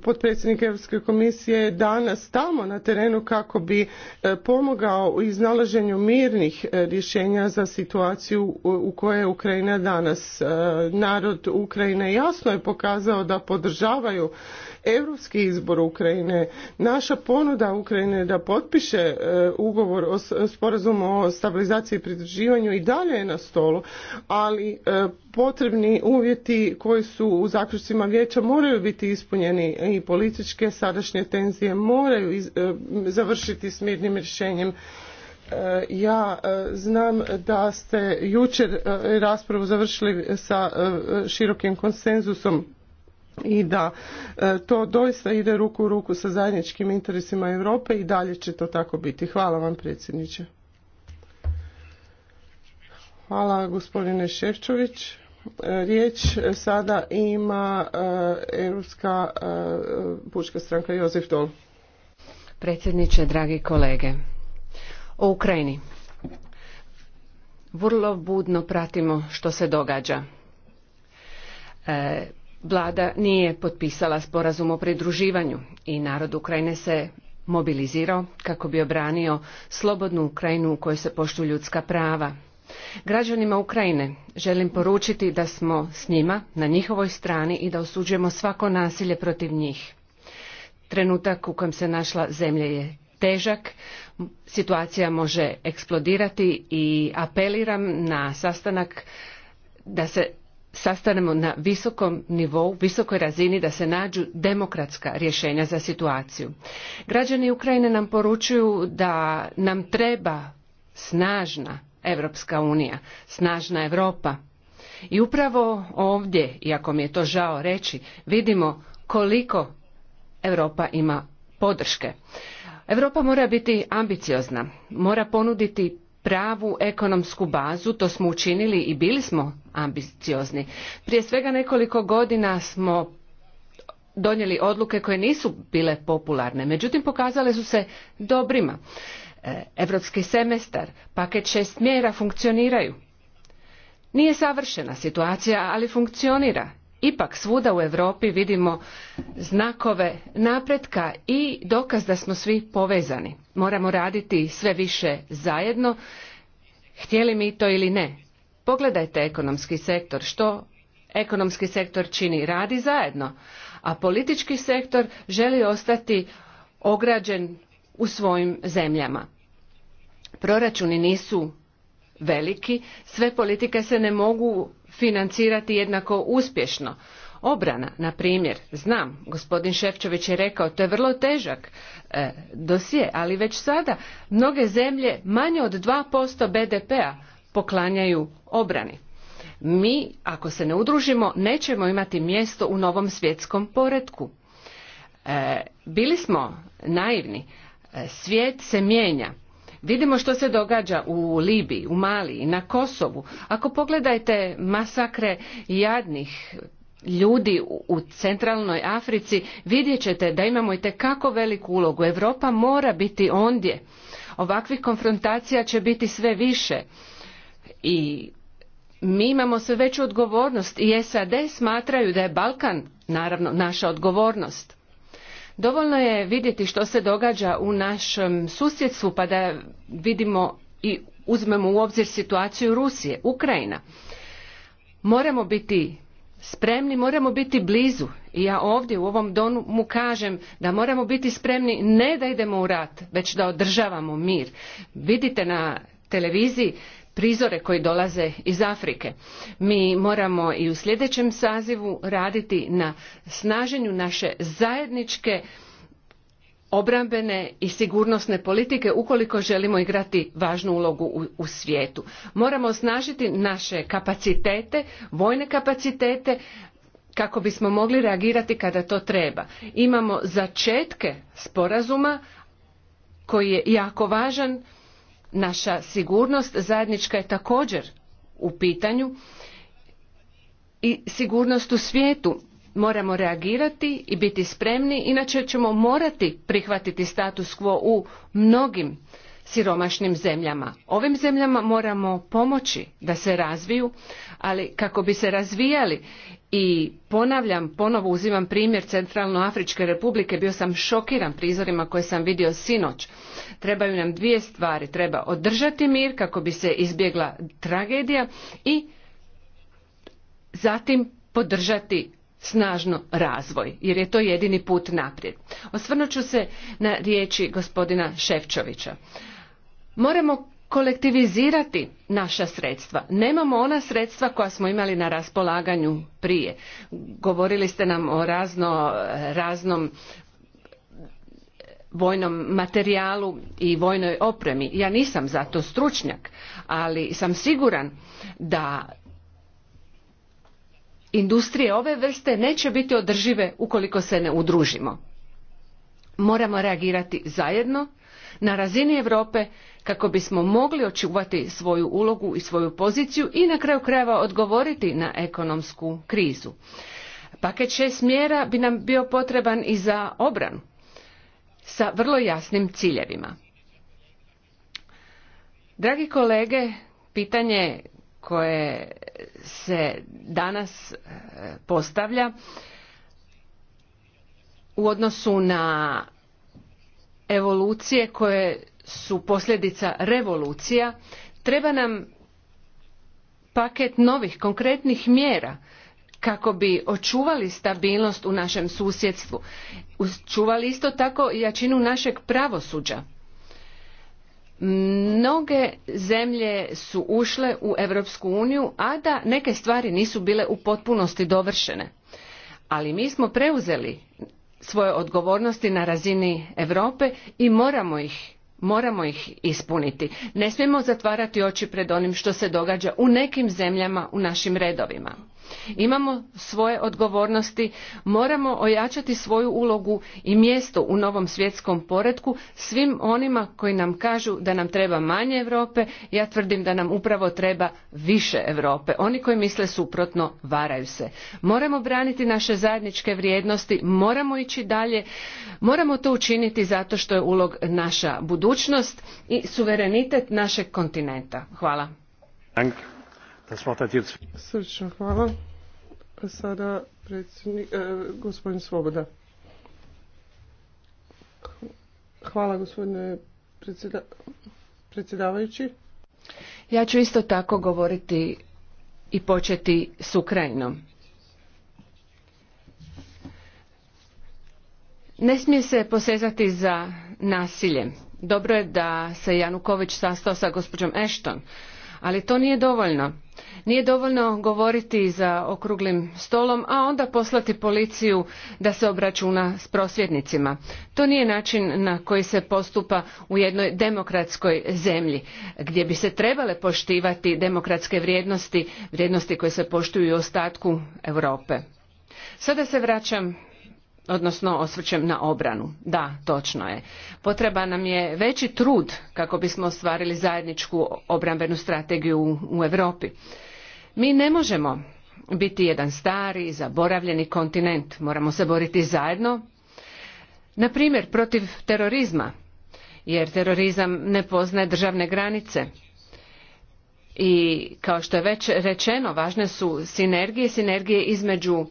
Speaker 1: potpredsjednik Europske komisije danas tamo na terenu kako bi e, pomogao u iznalaženju mirnih e, rješenja za situaciju u kojoj je Ukrajina danas. E, narod Ukrajine jasno je pokazao da podržavaju europski izbor Ukrajine. Naša ponuda Ukrajine da potpiše ugovor o sporazumu o stabilizaciji i pridruživanju i dalje je na stolu, ali potrebni uvjeti koji su u zaključcima vijeća moraju biti ispunjeni i političke sadašnje tenzije moraju e, završiti s mirnim rješenjem. E, ja e, znam da ste jučer raspravu završili sa širokim konsenzusom i da to doista ide ruku u ruku sa zajedničkim interesima Europe i dalje će to tako biti. Hvala vam predsjedniče. Hvala gospodine Ševčović. E, riječ e, sada ima e, Europska pučka stranka Jozef Dol. Predsjedniče, dragi kolege, o Ukrajini.
Speaker 4: Vrlo budno pratimo što se događa. Vlada nije potpisala sporazum o pridruživanju i narod Ukrajine se mobilizirao kako bi obranio slobodnu Ukrajinu u kojoj se poštuju ljudska prava. Građanima Ukrajine želim poručiti da smo s njima na njihovoj strani i da osuđujemo svako nasilje protiv njih. Trenutak u kojem se našla zemlja je težak, situacija može eksplodirati i apeliram na sastanak da se sastanemo na visokom nivou, visokoj razini da se nađu demokratska rješenja za situaciju. Građani Ukrajine nam poručuju da nam treba snažna Europska unija, snažna Europa. I upravo ovdje, iako mi je to žao reći, vidimo koliko Europa ima podrške. Europa mora biti ambiciozna, mora ponuditi pravu ekonomsku bazu, to smo učinili i bili smo ambiciozni. Prije svega nekoliko godina smo donijeli odluke koje nisu bile popularne, međutim pokazale su se dobrima europski semestar, paket šest mjera funkcioniraju. Nije savršena situacija, ali funkcionira. Ipak svuda u Europi vidimo znakove napretka i dokaz da smo svi povezani. Moramo raditi sve više zajedno, htjeli mi to ili ne. Pogledajte ekonomski sektor, što ekonomski sektor čini, radi zajedno, a politički sektor želi ostati ograđen u svojim zemljama proračuni nisu veliki, sve politike se ne mogu financirati jednako uspješno. Obrana, na primjer, znam, gospodin Ševčević je rekao, to je vrlo težak e, dosije, ali već sada mnoge zemlje manje od 2% BDP-a poklanjaju obrani. Mi, ako se ne udružimo, nećemo imati mjesto u novom svjetskom poretku. E, bili smo naivni, e, svijet se mijenja Vidimo što se događa u Libiji, u Maliji, na Kosovu. Ako pogledajte masakre jadnih ljudi u centralnoj Africi, vidjet ćete da imamo i tekako veliku ulogu. Europa mora biti ondje. Ovakvih konfrontacija će biti sve više. I mi imamo sve veću odgovornost i SAD smatraju da je Balkan naravno naša odgovornost. Dovoljno je vidjeti što se događa u našem susjedstvu pa da vidimo i uzmemo u obzir situaciju Rusije, Ukrajina. Moramo biti spremni, moramo biti blizu. I ja ovdje u ovom Domu mu kažem da moramo biti spremni ne da idemo u rat, već da održavamo mir. Vidite na televiziji prizore koji dolaze iz Afrike. Mi moramo i u sljedećem sazivu raditi na snaženju naše zajedničke obrambene i sigurnosne politike ukoliko želimo igrati važnu ulogu u, svijetu. Moramo osnažiti naše kapacitete, vojne kapacitete kako bismo mogli reagirati kada to treba. Imamo začetke sporazuma koji je jako važan naša sigurnost zajednička je također u pitanju i sigurnost u svijetu moramo reagirati i biti spremni inače ćemo morati prihvatiti status quo u mnogim siromašnim zemljama ovim zemljama moramo pomoći da se razviju ali kako bi se razvijali i ponavljam, ponovo uzimam primjer Centralnoafričke republike, bio sam šokiran prizorima koje sam vidio sinoć. Trebaju nam dvije stvari, treba održati mir kako bi se izbjegla tragedija i zatim podržati snažno razvoj, jer je to jedini put naprijed. Osvrnut ću se na riječi gospodina Ševčovića. Moramo kolektivizirati naša sredstva. Nemamo ona sredstva koja smo imali na raspolaganju prije. Govorili ste nam o razno, raznom vojnom materijalu i vojnoj opremi. Ja nisam za to stručnjak, ali sam siguran da industrije ove vrste neće biti održive ukoliko se ne udružimo. Moramo reagirati zajedno na razini Europe kako bismo mogli očuvati svoju ulogu i svoju poziciju i na kraju krajeva odgovoriti na ekonomsku krizu. Paket šest mjera bi nam bio potreban i za obranu sa vrlo jasnim ciljevima. Dragi kolege, pitanje koje se danas e, postavlja u odnosu na evolucije koje su posljedica revolucija treba nam paket novih konkretnih mjera kako bi očuvali stabilnost u našem susjedstvu očuvali isto tako i jačinu našeg pravosuđa mnoge zemlje su ušle u europsku uniju a da neke stvari nisu bile u potpunosti dovršene ali mi smo preuzeli svoje odgovornosti na razini Europe i moramo ih moramo ih ispuniti. Ne smijemo zatvarati oči pred onim što se događa u nekim zemljama u našim redovima. Imamo svoje odgovornosti, moramo ojačati svoju ulogu i mjesto u novom svjetskom poretku svim onima koji nam kažu da nam treba manje Europe, ja tvrdim da nam upravo treba više Europe. Oni koji misle suprotno varaju se. Moramo braniti naše zajedničke vrijednosti, moramo ići dalje, moramo to učiniti zato što je ulog naša budućnost i suverenitet našeg kontinenta. Hvala.
Speaker 1: Srčno hvala. Sada predsjednik, e, gospodin Svoboda. Hvala gospodine predsjeda, predsjedavajući.
Speaker 4: Ja ću isto tako govoriti i početi s Ukrajinom. Ne smije se posezati za nasiljem Dobro je da se Januković sastao sa gospođom Ashton ali to nije dovoljno nije dovoljno govoriti za okruglim stolom a onda poslati policiju da se obračuna s prosvjednicima to nije način na koji se postupa u jednoj demokratskoj zemlji gdje bi se trebale poštivati demokratske vrijednosti vrijednosti koje se poštuju i u ostatku europe sada se vraćam odnosno osvrćem na obranu. Da, točno je. Potreba nam je veći trud kako bismo ostvarili zajedničku obrambenu strategiju u, Europi. Mi ne možemo biti jedan stari, zaboravljeni kontinent. Moramo se boriti zajedno, na primjer protiv terorizma, jer terorizam ne poznaje državne granice. I kao što je već rečeno, važne su sinergije, sinergije između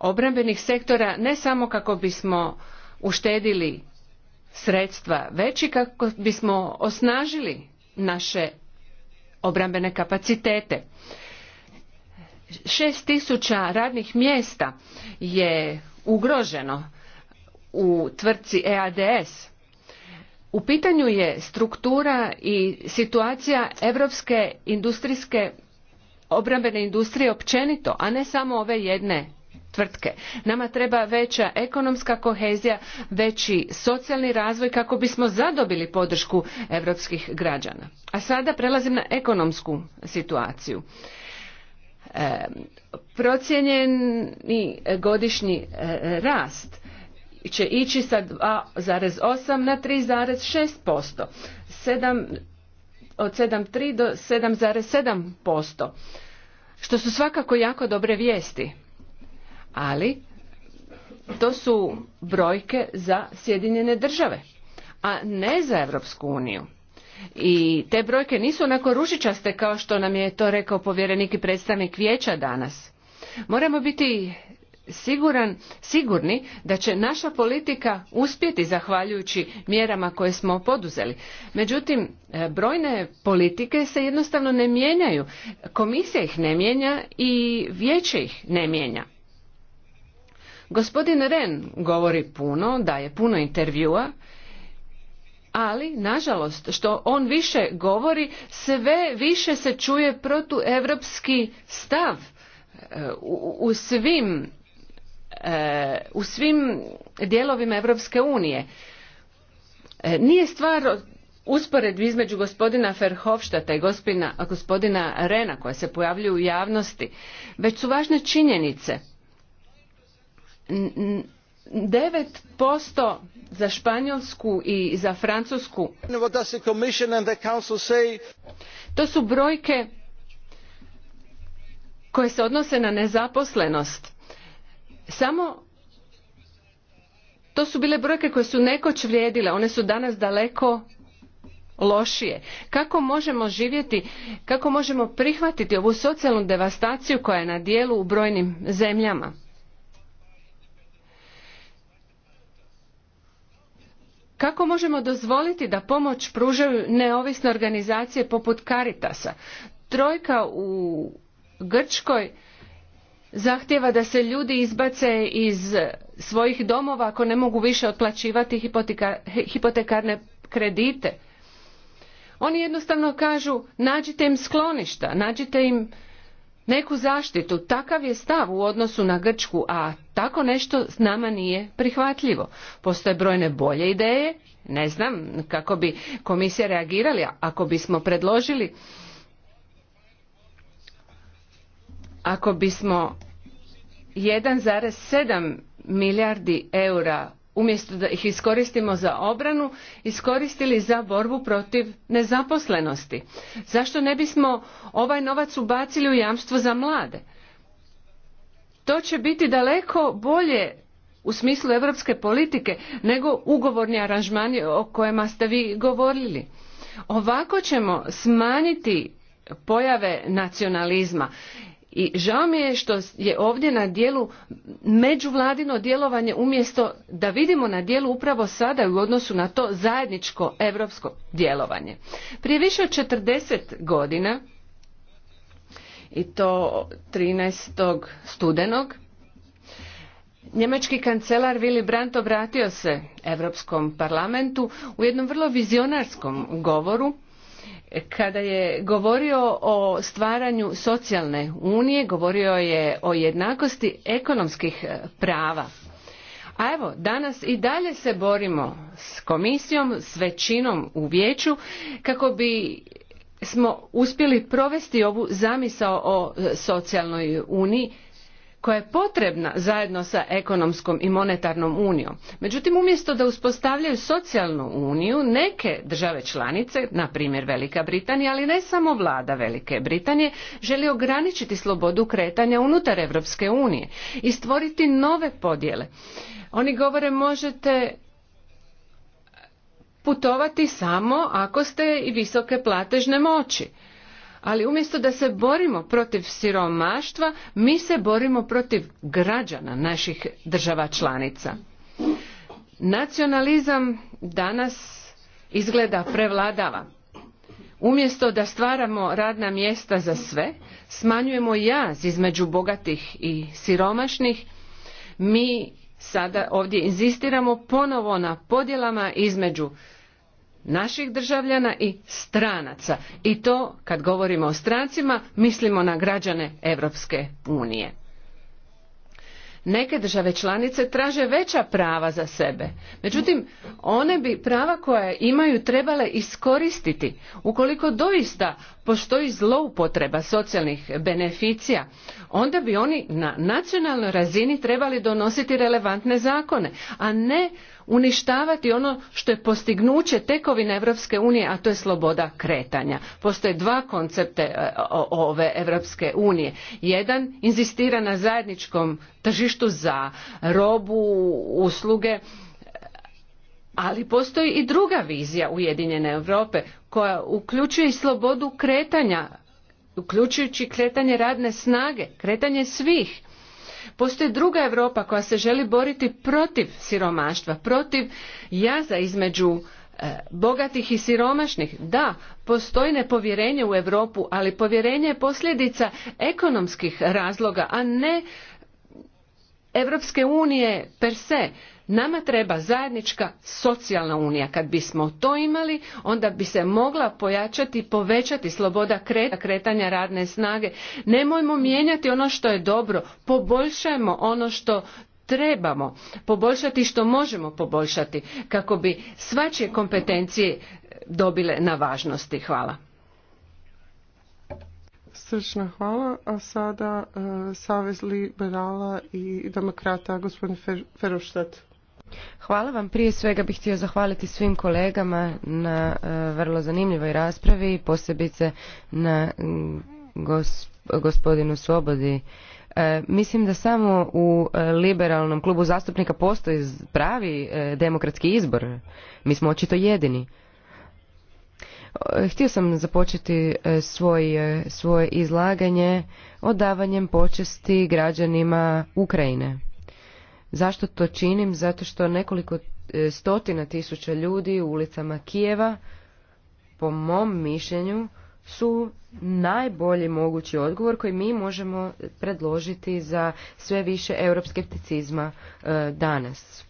Speaker 4: obrambenih sektora ne samo kako bismo uštedili sredstva, već i kako bismo osnažili naše obrambene kapacitete. Šest tisuća radnih mjesta je ugroženo u tvrtci EADS. U pitanju je struktura i situacija europske industrijske obrambene industrije općenito, a ne samo ove jedne tvrtke. Nama treba veća ekonomska kohezija, veći socijalni razvoj kako bismo zadobili podršku europskih građana. A sada prelazim na ekonomsku situaciju. E, procijenjeni godišnji e, rast će ići sa 2,8 na 3,6%. posto od 7,3 do 7,7%. Što su svakako jako dobre vijesti ali to su brojke za Sjedinjene države, a ne za Europsku uniju. I te brojke nisu onako ružičaste kao što nam je to rekao povjerenik i predstavnik vijeća danas. Moramo biti siguran, sigurni da će naša politika uspjeti zahvaljujući mjerama koje smo poduzeli. Međutim, e, brojne politike se jednostavno ne mijenjaju. Komisija ih ne mijenja i vijeće ih ne mijenja. Gospodin Ren govori puno, daje puno intervjua, ali nažalost što on više govori, sve više se čuje protuevropski stav e, u, svim e, u svim dijelovima Evropske unije. E, nije stvar usporedbi između gospodina Ferhofštata i gospodina, gospodina Rena koja se pojavljuju u javnosti, već su važne činjenice. 9% za Španjolsku i za
Speaker 2: Francusku.
Speaker 4: To su brojke koje se odnose na nezaposlenost. Samo to su bile brojke koje su nekoć vrijedile, one su danas daleko lošije. Kako možemo živjeti, kako možemo prihvatiti ovu socijalnu devastaciju koja je na dijelu u brojnim zemljama? kako možemo dozvoliti da pomoć pružaju neovisne organizacije poput Caritasa? Trojka u Grčkoj zahtjeva da se ljudi izbace iz svojih domova ako ne mogu više otplaćivati hipotekarne kredite. Oni jednostavno kažu nađite im skloništa, nađite im neku zaštitu. Takav je stav u odnosu na Grčku, a tako nešto s nama nije prihvatljivo. Postoje brojne bolje ideje, ne znam kako bi komisija reagirali ako bismo predložili ako bismo 1,7 milijardi eura umjesto da ih iskoristimo za obranu iskoristili za borbu protiv nezaposlenosti zašto ne bismo ovaj novac ubacili u jamstvo za mlade to će biti daleko bolje u smislu europske politike nego ugovorni aranžmani o kojima ste vi govorili ovako ćemo smanjiti pojave nacionalizma i žao mi je što je ovdje na dijelu međuvladino djelovanje umjesto da vidimo na dijelu upravo sada u odnosu na to zajedničko europsko djelovanje. Prije više od 40 godina i to 13. studenog Njemački kancelar Willy Brandt obratio se Europskom parlamentu u jednom vrlo vizionarskom govoru kada je govorio o stvaranju socijalne unije govorio je o jednakosti ekonomskih e, prava a evo danas i dalje se borimo s komisijom s većinom u vijeću kako bi smo uspjeli provesti ovu zamisao o e, socijalnoj uniji koja je potrebna zajedno sa ekonomskom i monetarnom unijom. Međutim, umjesto da uspostavljaju socijalnu uniju, neke države članice, na primjer Velika Britanija, ali ne samo vlada Velike Britanije, želi ograničiti slobodu kretanja unutar Europske unije i stvoriti nove podjele. Oni govore možete putovati samo ako ste i visoke platežne moći ali umjesto da se borimo protiv siromaštva mi se borimo protiv građana naših država članica nacionalizam danas izgleda prevladava umjesto da stvaramo radna mjesta za sve smanjujemo jaz između bogatih i siromašnih mi sada ovdje inzistiramo ponovo na podjelama između naših državljana i stranaca. I to kad govorimo o strancima mislimo na građane Europske unije. Neke države članice traže veća prava za sebe. Međutim, one bi prava koja imaju trebale iskoristiti. Ukoliko doista postoji zloupotreba socijalnih beneficija, onda bi oni na nacionalnoj razini trebali donositi relevantne zakone, a ne uništavati ono što je postignuće tekovine Europske unije, a to je sloboda kretanja. Postoje dva koncepte ove Europske unije. Jedan inzistira na zajedničkom tržištu za robu, usluge, ali postoji i druga vizija Ujedinjene Europe koja uključuje i slobodu kretanja uključujući kretanje radne snage, kretanje svih Postoji druga Europa koja se želi boriti protiv siromaštva, protiv jaza između e, bogatih i siromašnih da postoji nepovjerenje u europu ali povjerenje je posljedica ekonomskih razloga a ne europske unije per se Nama treba zajednička socijalna unija. Kad bismo to imali, onda bi se mogla pojačati, i povećati sloboda kretanja radne snage. Nemojmo mijenjati ono što je dobro, poboljšajmo ono što trebamo poboljšati što možemo poboljšati kako bi svačije kompetencije dobile na važnosti. Hvala.
Speaker 1: Srčna hvala. A sada e, Savez liberala i demokrata
Speaker 3: gospodin Feroštat. Hvala vam. Prije svega bih htio zahvaliti svim kolegama na e, vrlo zanimljivoj raspravi, posebice na mm, gospodinu Svobodi. E, mislim da samo u e, liberalnom klubu zastupnika postoji pravi demokratski izbor. Mi smo očito jedini. Htio sam započeti svoje, svoje izlaganje odavanjem počesti građanima Ukrajine. Zašto to činim? Zato što nekoliko e, stotina tisuća ljudi u ulicama Kijeva, po mom mišljenju, su najbolji mogući odgovor koji mi možemo predložiti za sve više europskepticizma e, danas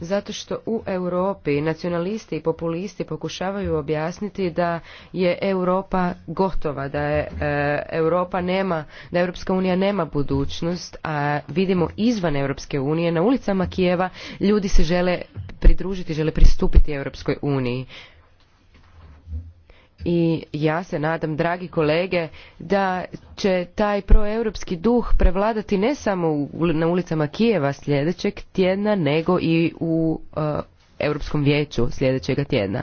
Speaker 3: zato što u Europi nacionalisti i populisti pokušavaju objasniti da je Europa gotova, da je e, Europa nema, da Europska unija nema budućnost, a vidimo izvan Europske unije na ulicama Kijeva ljudi se žele pridružiti, žele pristupiti Europskoj uniji i ja se nadam, dragi kolege, da će taj proeuropski duh prevladati ne samo na ulicama Kijeva sljedećeg tjedna, nego i u e, Europskom vijeću sljedećega tjedna.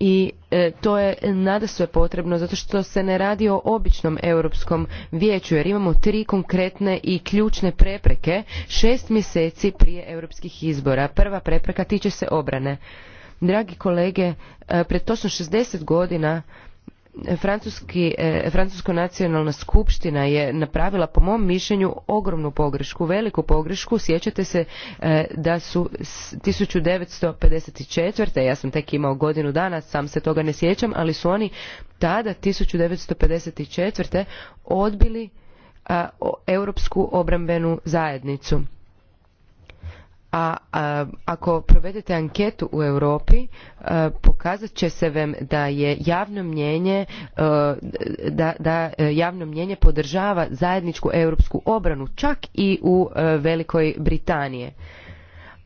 Speaker 3: I e, to je nada sve potrebno zato što se ne radi o običnom Europskom vijeću jer imamo tri konkretne i ključne prepreke šest mjeseci prije europskih izbora. Prva prepreka tiče se obrane. Dragi kolege, e, pred točno 60 godina e, Francuski, e, Francusko nacionalna skupština je napravila po mom mišljenju ogromnu pogrešku, veliku pogrešku. Sjećate se da su 1954. ja sam tek imao godinu dana, sam se toga ne sjećam, ali su oni tada 1954. odbili europsku obrambenu zajednicu a, ako provedete anketu u Europi e, pokazat će se vam da je javno mnjenje e, da, e, javno mnjenje podržava zajedničku europsku obranu čak i u Velikoj Britaniji.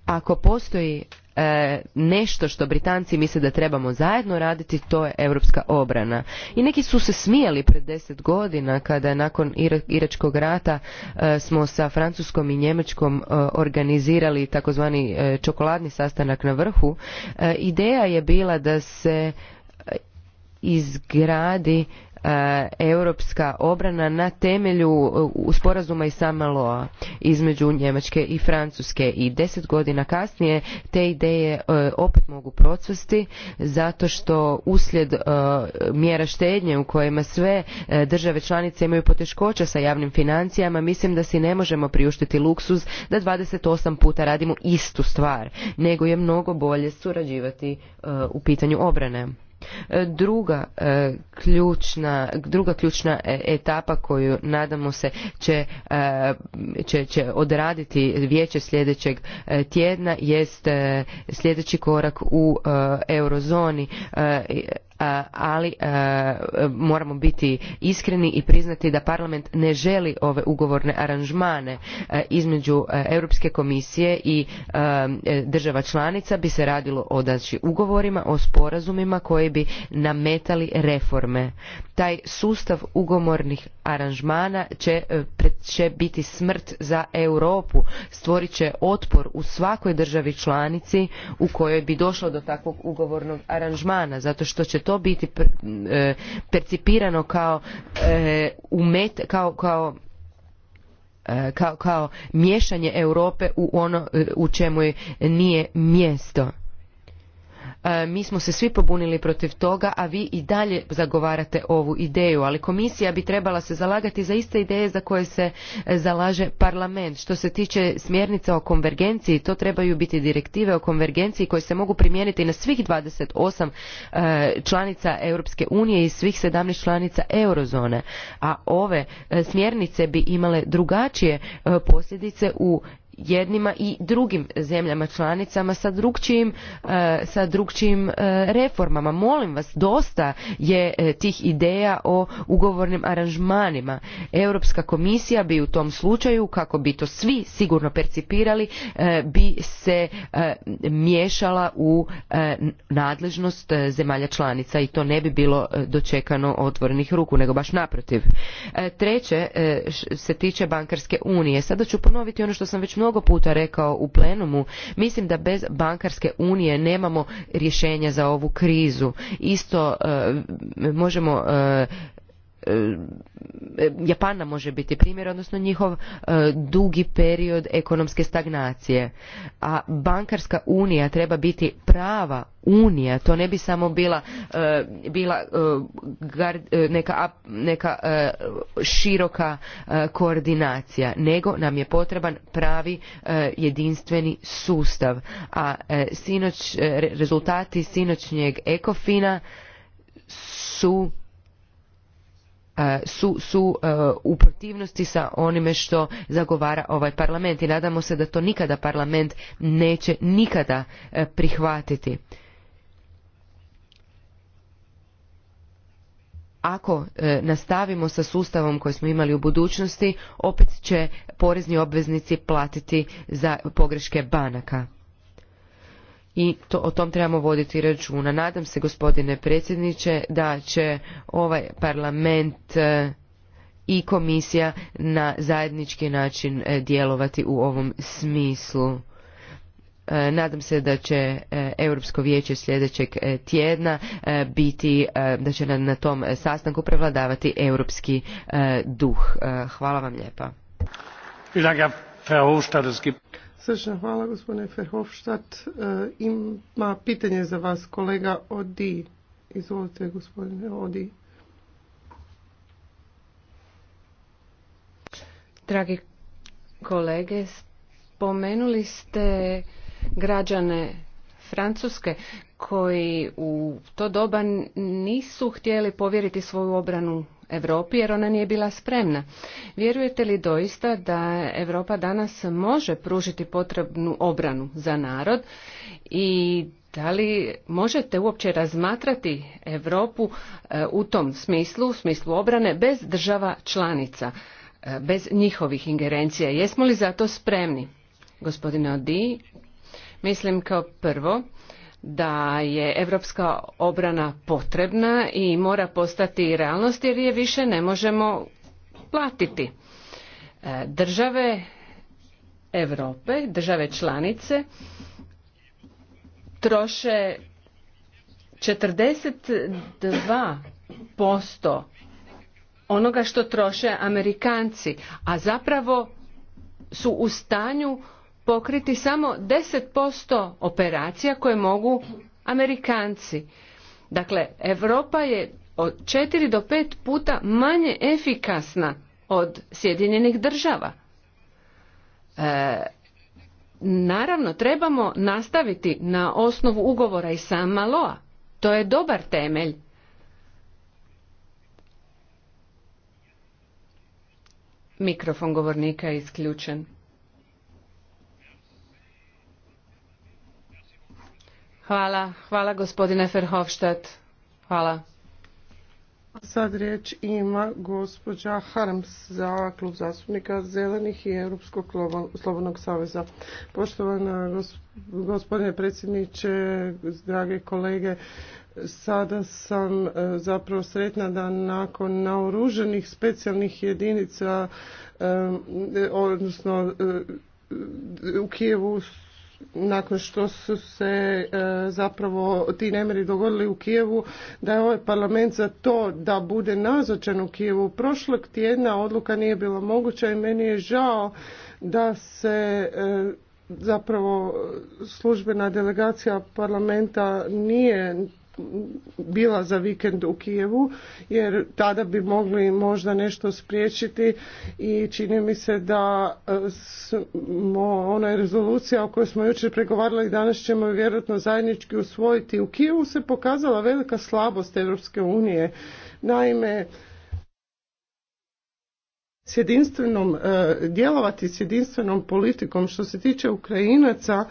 Speaker 3: Ako postoji E, nešto što Britanci misle da trebamo zajedno raditi, to je europska obrana. I neki su se smijali pred deset godina kada nakon Iračkog rata e, smo sa Francuskom i Njemačkom e, organizirali takozvani čokoladni sastanak na vrhu. Ideja je bila da se izgradi E, europska obrana na temelju e, sporazuma iz Samaloa između Njemačke i Francuske i deset godina kasnije te ideje e, opet mogu procvasti zato što uslijed mjera štednje u kojima sve države članice imaju poteškoća sa javnim financijama mislim da si ne možemo priuštiti luksuz da 28 puta radimo istu stvar nego je mnogo bolje surađivati u pitanju obrane. E, druga e, ključna, druga ključna e, etapa koju nadamo se će, će, će odraditi vijeće sljedećeg tjedna jest sljedeći korak u eurozoni ali e, moramo biti iskreni i priznati da parlament ne želi ove ugovorne aranžmane e, između e, Europske komisije i država članica bi se radilo o znači, ugovorima, o sporazumima koji bi nametali reforme taj sustav ugomornih aranžmana će, e, će biti smrt za Europu, stvorit će otpor u svakoj državi članici u kojoj bi došlo do takvog ugovornog aranžmana, zato što će to biti e, percipirano kao e, kao, kao kao, kao miješanje Europe u ono u čemu nije mjesto. E, mi smo se svi pobunili protiv toga, a vi i dalje zagovarate ovu ideju, ali komisija bi trebala se zalagati za iste ideje za koje se e, zalaže parlament. Što se tiče smjernica o konvergenciji, to trebaju biti direktive o konvergenciji koje se mogu primijeniti na svih 28 e, članica Europske unije i svih 17 članica eurozone, a ove smjernice bi imale drugačije posljedice u jednima i drugim zemljama članicama sa drugčijim, e, sa drugčijim e, reformama. Molim vas, dosta je e, tih ideja o ugovornim aranžmanima. Europska komisija bi u tom slučaju, kako bi to svi sigurno percipirali, bi se miješala u nadležnost zemalja članica i to ne bi bilo dočekano otvorenih ruku, nego baš naprotiv. Treće se tiče bankarske unije. Sada ću ponoviti ono što sam već mnogo mnogo puta rekao u plenumu, mislim da bez bankarske unije nemamo rješenja za ovu krizu. Isto e, možemo e, E, Japana može biti primjer, odnosno njihov e, dugi period ekonomske stagnacije. A bankarska unija treba biti prava unija, to ne bi samo bila, e, bila neka, neka široka koordinacija, nego nam je potreban pravi jedinstveni sustav. A sinoć, rezultati sinoćnjeg ekofina su E, su, e, u protivnosti sa onime što zagovara ovaj parlament i nadamo se da to nikada parlament neće nikada e, prihvatiti. ako nastavimo sa sustavom koji smo imali u budućnosti opet će porezni obveznici platiti za pogreške banaka i to, o tom trebamo voditi računa. Nadam se gospodine predsjedniče da će ovaj parlament e, i komisija na zajednički način e, djelovati u ovom smislu. E, nadam se da će Europsko vijeće sljedećeg tjedna biti, da će na tom sastanku prevladavati europski duh. Hvala vam lijepa.
Speaker 1: Srčna hvala gospodine Ferhofštat. E, ima pitanje za vas kolega Odi. Izvolite gospodine Odi. Dragi kolege,
Speaker 4: spomenuli ste građane Francuske koji u to doba nisu htjeli povjeriti svoju obranu Europi jer ona nije bila spremna. Vjerujete li doista da Europa danas može pružiti potrebnu obranu za narod i da li možete uopće razmatrati Europu e, u tom smislu, u smislu obrane bez država članica, e, bez njihovih ingerencija? Jesmo li za to spremni? Gospodine Odi, mislim kao prvo da je europska obrana potrebna i mora postati realnost jer je više ne možemo platiti. E, države Europe, države članice troše 42% onoga što troše Amerikanci, a zapravo su u stanju pokriti samo 10% operacija koje mogu Amerikanci. Dakle, Europa je od 4 do 5 puta manje efikasna od Sjedinjenih država. E, naravno, trebamo nastaviti na osnovu ugovora i sam Maloa. To je dobar temelj. Mikrofon govornika je isključen.
Speaker 1: Hvala, hvala gospodine Verhofstadt. Hvala. Sad riječ ima gospođa Harms za klub zastupnika Zelenih i Europskog slobodnog saveza. Poštovana gospodine predsjedniče, drage kolege, sada sam e, zapravo sretna da nakon naoruženih specijalnih jedinica, e, odnosno e, u Kijevu nakon što su se e, zapravo ti nemiri dogodili u Kijevu, da je ovaj parlament za to da bude nazočan u Kijevu. Prošlog tjedna odluka nije bila moguća i meni je žao da se e, zapravo službena delegacija parlamenta nije bila za vikend u Kijevu jer tada bi mogli možda nešto spriječiti i čini mi se da e, smo ona rezolucija o kojoj smo jučer pregovarali danas ćemo vjerojatno zajednički usvojiti. U Kijevu se pokazala velika slabost Europske unije. Naime, s jedinstvenom, e, djelovati s jedinstvenom politikom. Što se tiče Ukrajinaca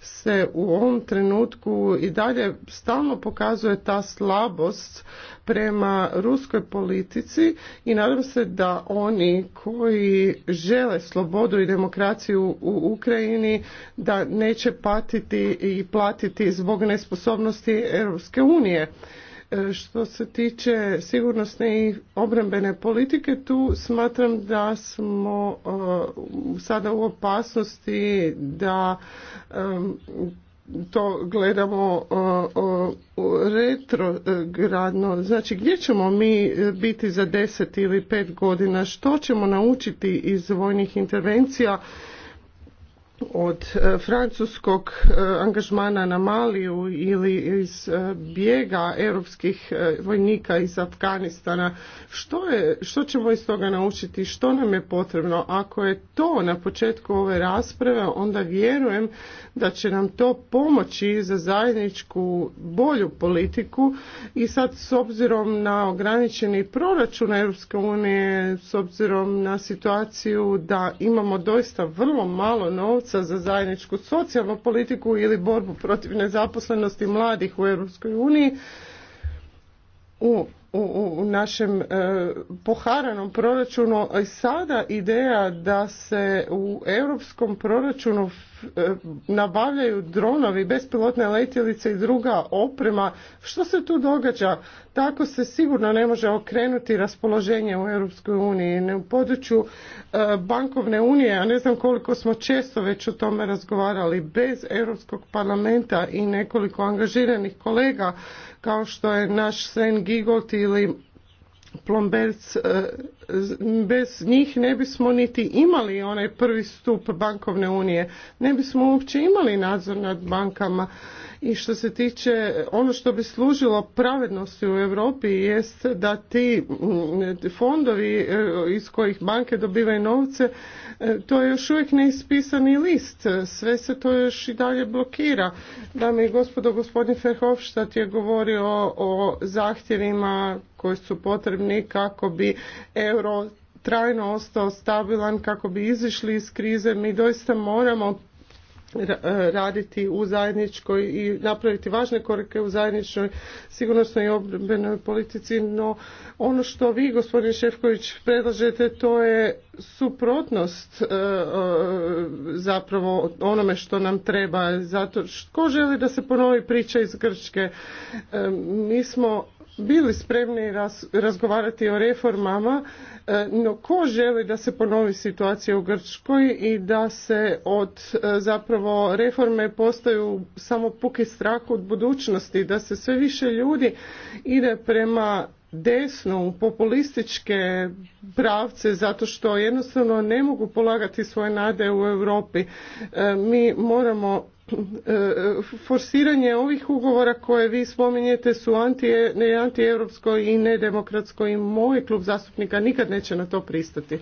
Speaker 1: se u ovom trenutku i dalje stalno pokazuje ta slabost prema ruskoj politici i nadam se da oni koji žele slobodu i demokraciju u Ukrajini da neće patiti i platiti zbog nesposobnosti Europske unije. Što se tiče sigurnosne i obrambene politike, tu smatram da smo uh, sada u opasnosti da um, to gledamo uh, retrogradno. Znači gdje ćemo mi biti za deset ili pet godina? Što ćemo naučiti iz vojnih intervencija? od e, francuskog e, angažmana na Maliju ili iz e, bijega europskih vojnika iz Afganistana. Što, je, što ćemo iz toga naučiti? Što nam je potrebno? Ako je to na početku ove rasprave, onda vjerujem da će nam to pomoći za zajedničku bolju politiku i sad s obzirom na ograničeni proračun Europske unije, s obzirom na situaciju da imamo doista vrlo malo novca, novca za zajedničku socijalnu politiku ili borbu protiv nezaposlenosti mladih u Europskoj uniji u u, u našem e, poharanom proračunu i sada ideja da se u europskom proračunu E, nabavljaju dronovi, bespilotne letjelice i druga oprema. Što se tu događa? Tako se sigurno ne može okrenuti raspoloženje u Europskoj uniji. U području e, bankovne unije, a ne znam koliko smo često već o tome razgovarali, bez Europskog parlamenta i nekoliko angažiranih kolega kao što je naš Sven Gigolt ili Plomberc e, bez njih ne bismo niti imali onaj prvi stup bankovne unije, ne bismo uopće imali nadzor nad bankama i što se tiče ono što bi služilo pravednosti u Europi jest da ti mm, fondovi e, iz kojih banke dobivaju novce e, to je još uvijek neispisani list sve se to još i dalje blokira dame i gospodo gospodin Verhofstadt je govorio o zahtjevima koji su potrebni kako bi EU euro trajno ostao stabilan kako bi izišli iz krize. Mi doista moramo e, raditi u zajedničkoj i napraviti važne korake u zajedničkoj sigurnosnoj i obrambenoj politici, no ono što vi gospodin Šefković predlažete to je suprotnost e, e, zapravo onome što nam treba zato tko želi da se ponovi priča iz Grčke mi smo bili spremni razgovarati o reformama, e, no ko želi da se ponovi situacija u Grčkoj i da se od e, zapravo reforme postaju samo puki strah od budućnosti, da se sve više ljudi ide prema desnu, populističke pravce zato što jednostavno ne mogu polagati svoje nade u Europi. E, mi moramo E, forsiranje ovih ugovora koje vi spominjete su antieuropsko anti i nedemokratsko i moj klub zastupnika nikad neće na to pristati.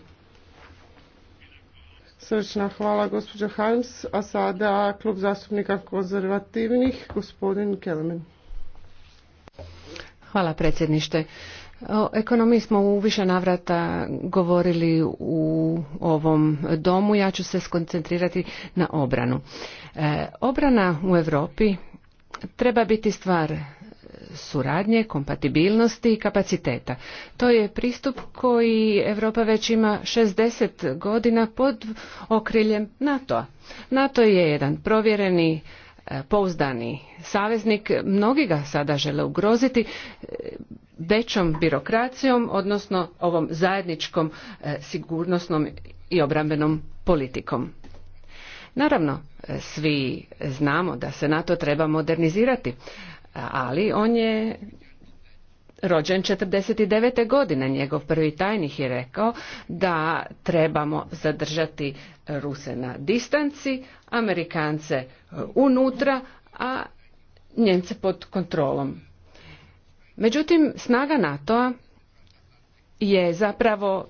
Speaker 1: Srčna hvala gospođa Harms, a sada klub zastupnika konzervativnih, gospodin Kelmen.
Speaker 4: Hvala predsjednište. O ekonomiji smo u više navrata govorili u ovom domu. Ja ću se skoncentrirati na obranu. E, obrana u Europi treba biti stvar suradnje, kompatibilnosti i kapaciteta. To je pristup koji Europa već ima 60 godina pod okriljem NATO-a. NATO je jedan provjereni e, pouzdani saveznik, mnogi ga sada žele ugroziti, e, većom birokracijom, odnosno ovom zajedničkom e, sigurnosnom i obrambenom politikom. Naravno, e, svi znamo da se NATO treba modernizirati, ali on je rođen 49. godine. Njegov prvi tajnih je rekao da trebamo zadržati Ruse na distanci, Amerikance e, unutra, a Njemce pod kontrolom. Međutim, snaga nato je zapravo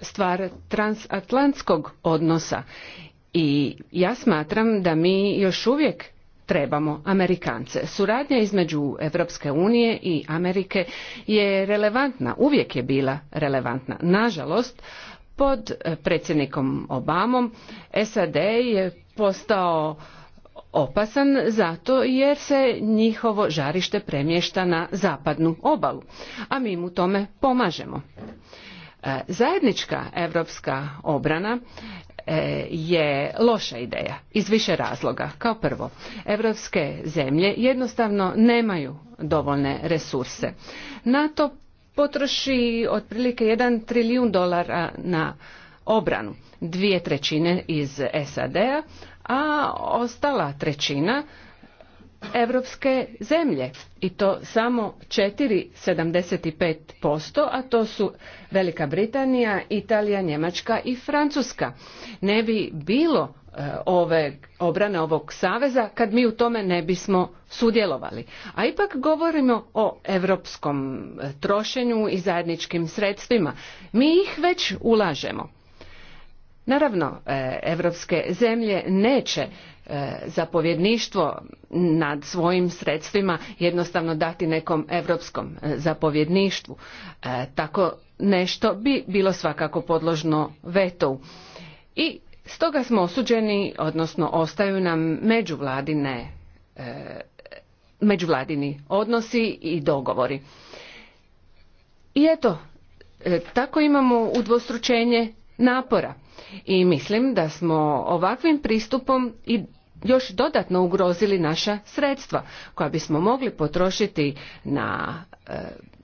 Speaker 4: stvar transatlantskog odnosa i ja smatram da mi još uvijek trebamo Amerikance. Suradnja između Europske unije i Amerike je relevantna, uvijek je bila relevantna. Nažalost, pod predsjednikom Obamom SAD je postao opasan zato jer se njihovo žarište premješta na zapadnu obalu, a mi mu tome pomažemo. E, zajednička europska obrana e, je loša ideja iz više razloga. Kao prvo, europske zemlje jednostavno nemaju dovoljne resurse. NATO potroši otprilike 1 trilijun dolara na obranu, dvije trećine iz SAD-a, a ostala trećina europske zemlje i to samo 4,75%, a to su Velika Britanija, Italija, Njemačka i Francuska. Ne bi bilo e, ove obrane ovog saveza kad mi u tome ne bismo sudjelovali. A ipak govorimo o europskom e, trošenju i zajedničkim sredstvima. Mi ih već ulažemo. Naravno, e, evropske zemlje neće e, zapovjedništvo nad svojim sredstvima jednostavno dati nekom europskom e, zapovjedništvu. Tako nešto bi bilo svakako podložno vetu. I stoga smo osuđeni, odnosno ostaju nam međuvladine, međuvladini odnosi i dogovori. I eto, tako imamo udvostručenje napora i mislim da smo ovakvim pristupom i još dodatno ugrozili naša sredstva koja bismo mogli potrošiti na e,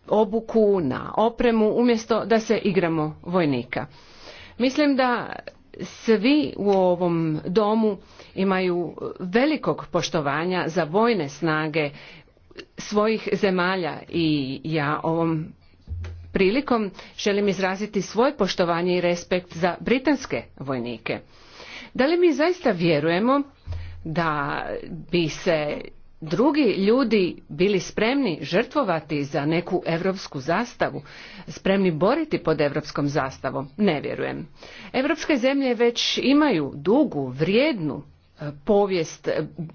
Speaker 4: obuku, na opremu umjesto da se igramo vojnika. Mislim da svi u ovom domu imaju velikog poštovanja za vojne snage svojih zemalja i ja ovom prilikom želim izraziti svoje poštovanje i respekt za britanske vojnike. Da li mi zaista vjerujemo da bi se drugi ljudi bili spremni žrtvovati za neku europsku zastavu, spremni boriti pod europskom zastavom? Ne vjerujem. Europske zemlje već imaju dugu, vrijednu povijest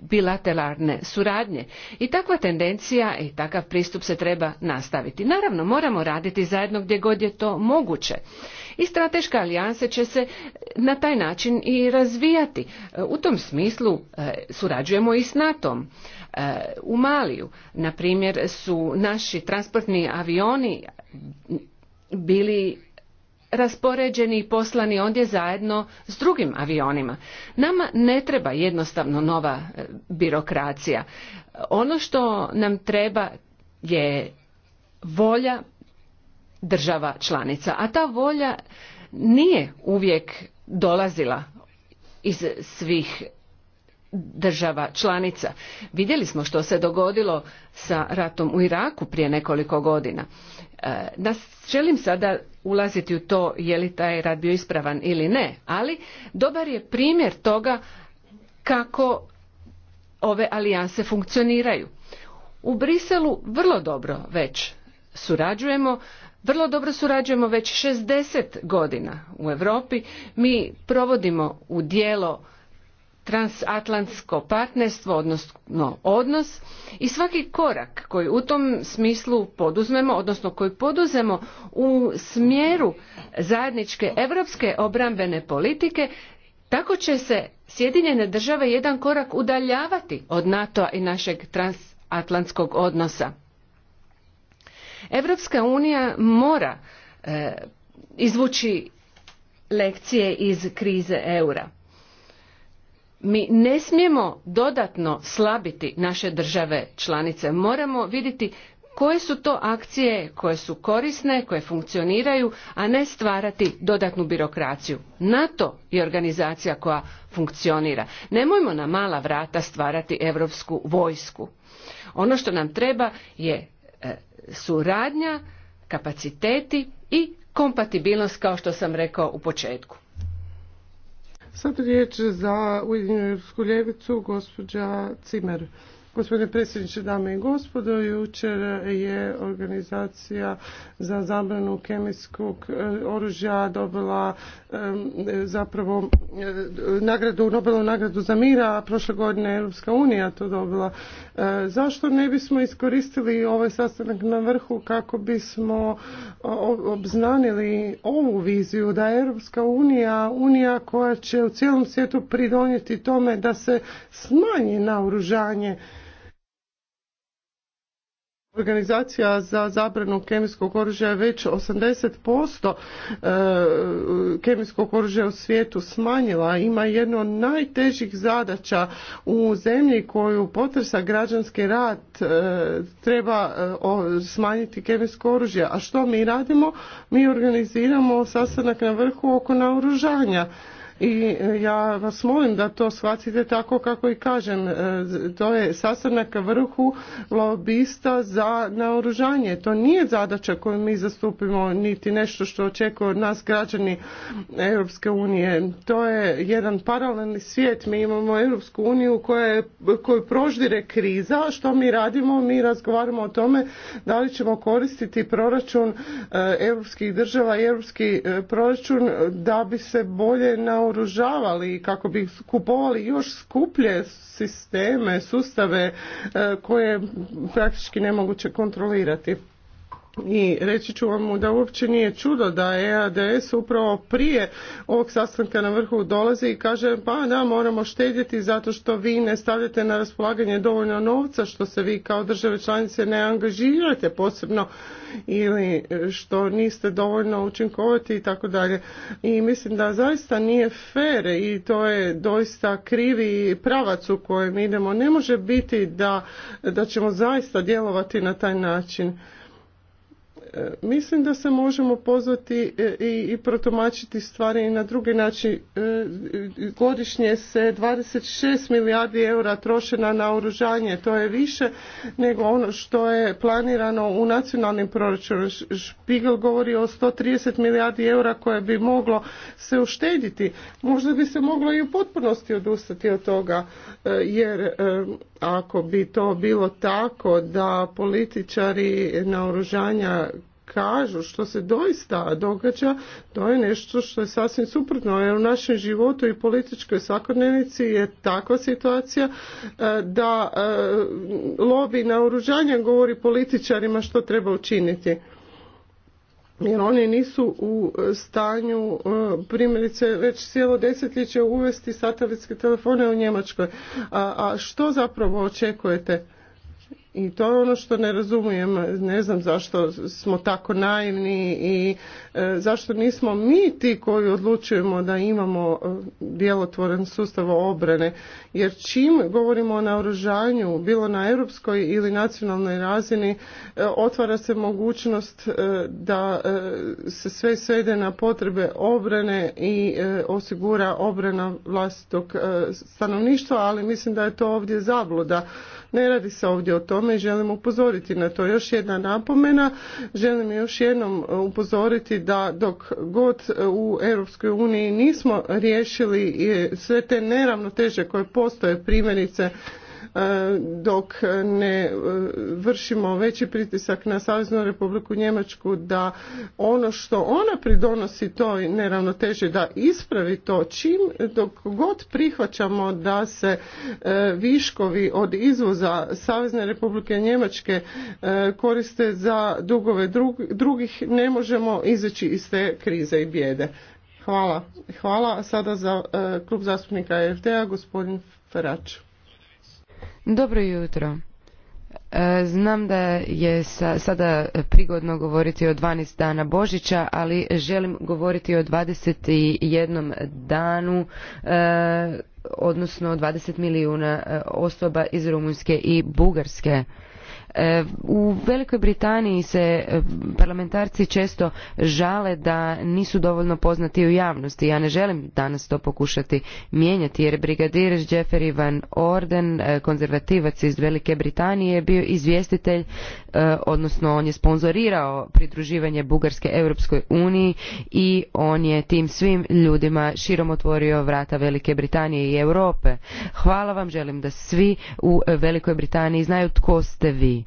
Speaker 4: bilateralne suradnje i takva tendencija i takav pristup se treba nastaviti. Naravno, moramo raditi zajedno gdje god je to moguće. I strateška alijanse će se na taj način i razvijati. U tom smislu e, surađujemo i s NATO-om. E, u Maliju, na primjer, su naši transportni avioni bili raspoređeni i poslani ondje zajedno s drugim avionima. Nama ne treba jednostavno nova e, birokracija. Ono što nam treba je volja država članica, a ta volja nije uvijek dolazila iz svih država članica. Vidjeli smo što se dogodilo sa ratom u Iraku prije nekoliko godina. E, Nas želim sada ulaziti u to je li taj rad bio ispravan ili ne, ali dobar je primjer toga kako ove alijanse funkcioniraju. U Briselu vrlo dobro već surađujemo, vrlo dobro surađujemo već 60 godina u Europi. Mi provodimo u djelo transatlantsko partnerstvo, odnosno odnos i svaki korak koji u tom smislu poduzmemo, odnosno koji poduzmemo u smjeru zajedničke europske obrambene politike, tako će se Sjedinjene države jedan korak udaljavati od NATO-a i našeg transatlantskog odnosa. Europska unija mora e, izvući lekcije iz krize eura mi ne smijemo dodatno slabiti naše države članice moramo vidjeti koje su to akcije koje su korisne koje funkcioniraju a ne stvarati dodatnu birokraciju nato je organizacija koja funkcionira nemojmo na mala vrata stvarati europsku vojsku ono što nam treba je e, suradnja kapaciteti i kompatibilnost kao što sam rekao u početku
Speaker 1: Sad riječ za Ujedinjenu ljevicu, gospođa Cimer. Gospodine predsjedniče, dame i gospodo, jučer je organizacija za zabranu kemijskog e, oružja dobila zapravo e, nagradu, Nobelu nagradu za mira, a prošle godine Europska unija to dobila. E, zašto ne bismo iskoristili ovaj sastanak na vrhu kako bismo obznanili ovu viziju da je Europska unija unija koja će u cijelom svijetu pridonijeti tome da se smanji naoružanje Organizacija za zabranu kemijskog oružja je već 80% e, kemijskog oružja u svijetu smanjila. Ima jedno od najtežih zadaća u zemlji koju potresa građanski rat e, treba e, smanjiti kemijsko oružje. A što mi radimo? Mi organiziramo sastanak na vrhu oko naoružanja i e, ja vas molim da to shvatite tako kako i kažem. E, to je sastanak vrhu lobista za naoružanje. To nije zadaća koju mi zastupimo niti nešto što očekuje od nas građani Europske unije. To je jedan paralelni svijet. Mi imamo Europsku uniju koju proždire kriza. Što mi radimo? Mi razgovaramo o tome da li ćemo koristiti proračun e, europskih država i europski proračun da bi se bolje na naoružavali i kako bi kupovali još skuplje sisteme, sustave e, koje praktički nemoguće kontrolirati i reći ću vam da uopće nije čudo da EADS upravo prije ovog sastanka na vrhu dolazi i kaže pa da moramo štedjeti zato što vi ne stavljate na raspolaganje dovoljno novca što se vi kao države članice ne angažirate posebno ili što niste dovoljno učinkoviti i tako dalje. I mislim da zaista nije fer i to je doista krivi pravac u kojem idemo. Ne može biti da, da ćemo zaista djelovati na taj način E, mislim da se možemo pozvati e, i protumačiti stvari i na drugi način. E, godišnje se 26 milijardi eura troše na naoružanje. To je više nego ono što je planirano u nacionalnim proračunu. Špigel govori o 130 milijardi eura koje bi moglo se uštediti. Možda bi se moglo i u potpunosti odustati od toga jer ako bi to bilo tako da političari naoružanja kažu, što se doista događa, to je nešto što je sasvim suprotno, jer u našem životu i političkoj svakodnevnici je takva situacija e, da e, lobi oružanje govori političarima što treba učiniti jer oni nisu u stanju e, primjerice već cijelo desetljeće uvesti satelitske telefone u Njemačkoj. a što zapravo očekujete? I to je ono što ne razumijem, ne znam zašto smo tako naivni i e, zašto nismo mi ti koji odlučujemo da imamo e, djelotvoren sustav obrane. Jer čim govorimo o naoružanju, bilo na europskoj ili nacionalnoj razini, e, otvara se mogućnost da se sve svede na potrebe obrane i osigura obrana vlastitog stanovništva, ali mislim da je to ovdje zabluda. Ne radi se ovdje o tome tome i želim upozoriti na to. Još jedna napomena, želim još jednom e, upozoriti da dok god e, u Europskoj uniji nismo riješili e, sve te neravnoteže koje postoje primjerice E, dok ne e, vršimo veći pritisak na Saveznu Republiku Njemačku da ono što ona pridonosi toj neravnoteži da ispravi to čim dok god prihvaćamo da se e, viškovi od izvoza Savezne Republike Njemačke koriste za dugove drugih ne možemo izaći iz te krize i bjede. Hvala. Hvala. sada za klub zastupnika EFD-a gospodin Ferač.
Speaker 3: Dobro jutro. E, znam da je sada prigodno govoriti o 12 dana Božića, ali želim govoriti o 21 danu, e, odnosno 20 milijuna e, osoba iz Rumunjske i Bugarske. E, u Velikoj Britaniji se e, parlamentarci često žale da nisu dovoljno poznati u javnosti. Ja ne želim danas to pokušati mijenjati jer brigadir Jeffrey Van Orden, e, konzervativac iz Velike Britanije, je bio izvjestitelj, odnosno on je sponzorirao pridruživanje Bugarske Europskoj uniji i on je tim svim ljudima širom otvorio vrata Velike Britanije i Europe. Hvala vam, želim da svi u Velikoj Britaniji znaju tko ste vi.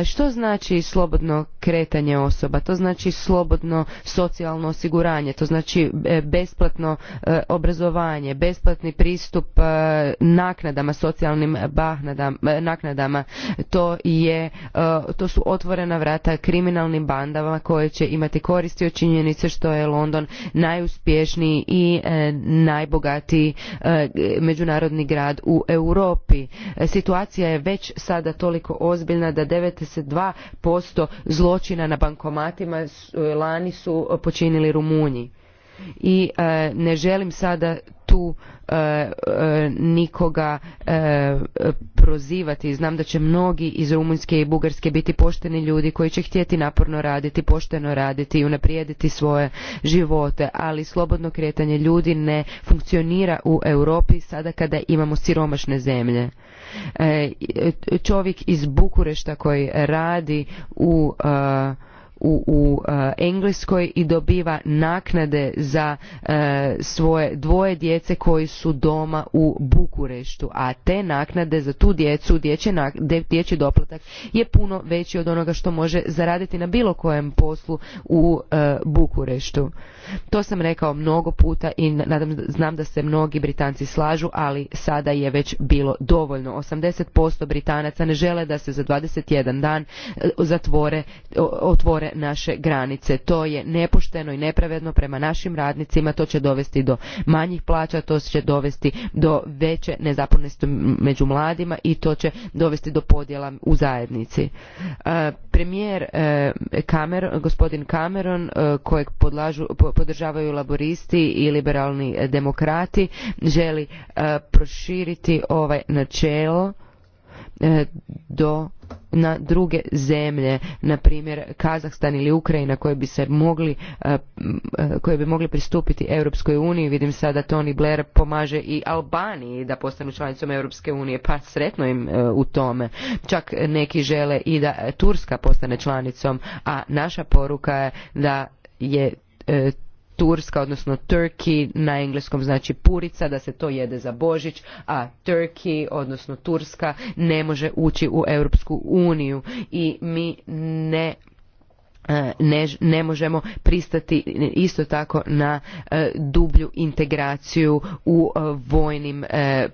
Speaker 3: E, što znači slobodno kretanje osoba? To znači slobodno socijalno osiguranje, to znači e, besplatno e, obrazovanje, besplatni pristup naknadama, socijalnim naknadama. To, je, to su otvorena vrata kriminalnim bandama koje će imati koristi od činjenice što je London najuspješniji i najbogatiji međunarodni grad u Europi. Situacija je već sada toliko ozbiljna ozbiljna da 92% zločina na bankomatima lani su počinili Rumunji i e, ne želim sada tu e, e, nikoga prozivati znam da će mnogi iz rumunjske i bugarske biti pošteni ljudi koji će htjeti naporno raditi pošteno raditi i unaprijediti svoje živote ali slobodno kretanje ljudi ne funkcionira u europi sada kada imamo siromašne zemlje čovjek iz bukurešta koji radi u u, u e, Engleskoj i dobiva naknade za e, svoje dvoje djece koji su doma u Bukureštu, a te naknade za tu djecu, dječje dječji doplatak je puno veći od onoga što može zaraditi na bilo kojem poslu u e, Bukureštu. To sam rekao mnogo puta i nadam, znam da se mnogi Britanci slažu, ali sada je već bilo dovoljno. 80% Britanaca ne žele da se za 21 dan zatvore, otvore naše granice. To je nepošteno i nepravedno prema našim radnicima, to će dovesti do manjih plaća, to će dovesti do veće nezaposlenosti među mladima i to će dovesti do podjela u zajednici. E, premijer Cameron, e, gospodin Cameron e, kojeg podlažu, podržavaju laboristi i liberalni demokrati želi proširiti ovaj načelo do na druge zemlje, na primjer Kazahstan ili Ukrajina koje bi se mogli, eh, eh, koje bi mogli pristupiti Europskoj uniji. Vidim sada Tony Blair pomaže i Albaniji da postanu članicom Europske unije, pa sretno im eh, u tome. Čak neki žele i da Turska postane članicom, a naša poruka je da je Turska, odnosno Turkey, na engleskom znači purica, da se to jede za Božić, a Turkey, odnosno Turska, ne može ući u Europsku uniju i mi ne E, ne, ne možemo pristati isto tako na e, dublju integraciju u e, vojnim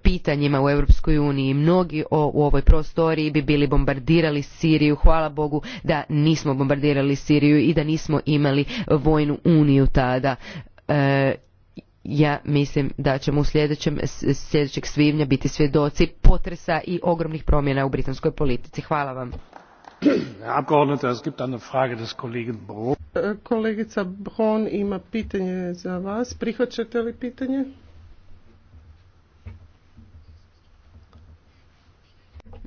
Speaker 3: pitanjima u Europskoj uniji. Mnogi u ovoj prostoriji bi bili bombardirali Siriju. Hvala Bogu da nismo bombardirali Siriju i da nismo imali vojnu uniju tada. Ja mislim da ćemo u sljedećem, sljedećeg svibnja biti svjedoci potresa i ogromnih promjena u britanskoj politici. Hvala vam. Kolegica Bron
Speaker 1: ima pitanje za vas. Prihvaćate li pitanje?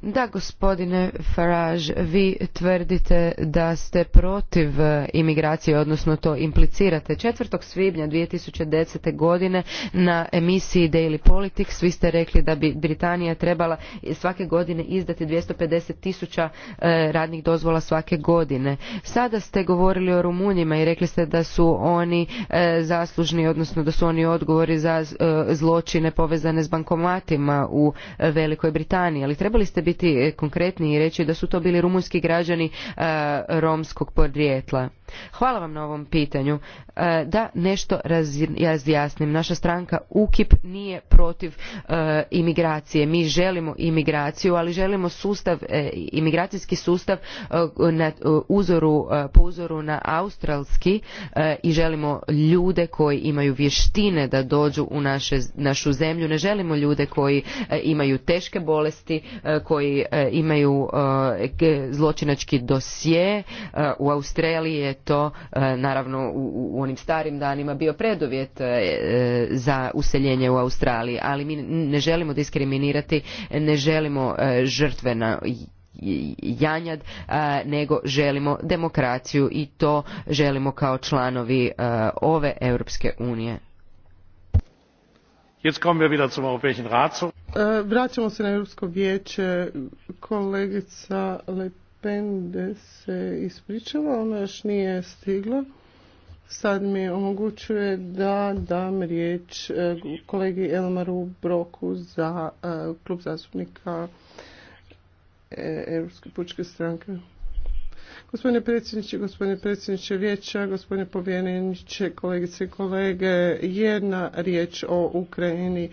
Speaker 3: Da, gospodine Farage, vi tvrdite da ste protiv e, imigracije, odnosno to implicirate. 4. svibnja 2010. godine na emisiji Daily Politics vi ste rekli da bi Britanija trebala svake godine izdati 250 tisuća e, radnih dozvola svake godine. Sada ste govorili o Rumunjima i rekli ste da su oni e, zaslužni, odnosno da su oni odgovori za zločine povezane s bankomatima u Velikoj Britaniji. Ali trebali ste biti konkretni i reći da su to bili rumunjski građani eh, romskog podrijetla Hvala vam na ovom pitanju. E, da nešto razjasnim. Naša stranka UKIP nije protiv e, imigracije. Mi želimo imigraciju, ali želimo sustav, e, imigracijski sustav na uzoru, po uzoru na australski i želimo ljude koji imaju vještine da dođu u našu zemlju. Ne želimo ljude koji imaju teške bolesti, koji imaju zločinački dosje. U Australiji je to e, naravno u, onim starim danima bio preduvjet e, za useljenje u Australiji, ali mi ne želimo diskriminirati, ne želimo e, žrtve na janjad nego želimo demokraciju i to želimo kao članovi ove Europske
Speaker 2: unije. Jetzt kommen wir wieder zum Europäischen Rat.
Speaker 1: Vraćamo se na Europsko vijeće. Kolegica Pende se ispričava, ona još nije stigla. Sad mi omogućuje da dam riječ e, kolegi Elmaru Broku za e, klub zastupnika e, Europske pučke stranke. Gospodine predsjedniče, gospodine predsjedniče vijeća, gospodine povjereniče, kolegice i kolege, jedna riječ o Ukrajini.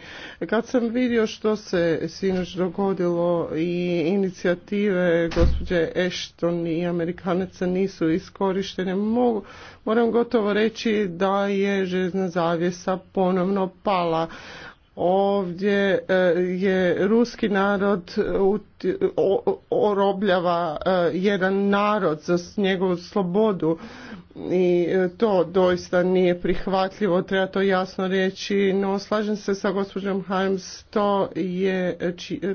Speaker 1: Kad sam vidio što se sinoć dogodilo i inicijative gospođe Ashton i Amerikanaca nisu iskorištene, moram gotovo reći da je žezna zavjesa ponovno pala ovdje eh, je ruski narod u orobljava e, jedan narod za njegovu slobodu i e, to doista nije prihvatljivo, treba to jasno reći, no slažem se sa gospođom Harms, to je e,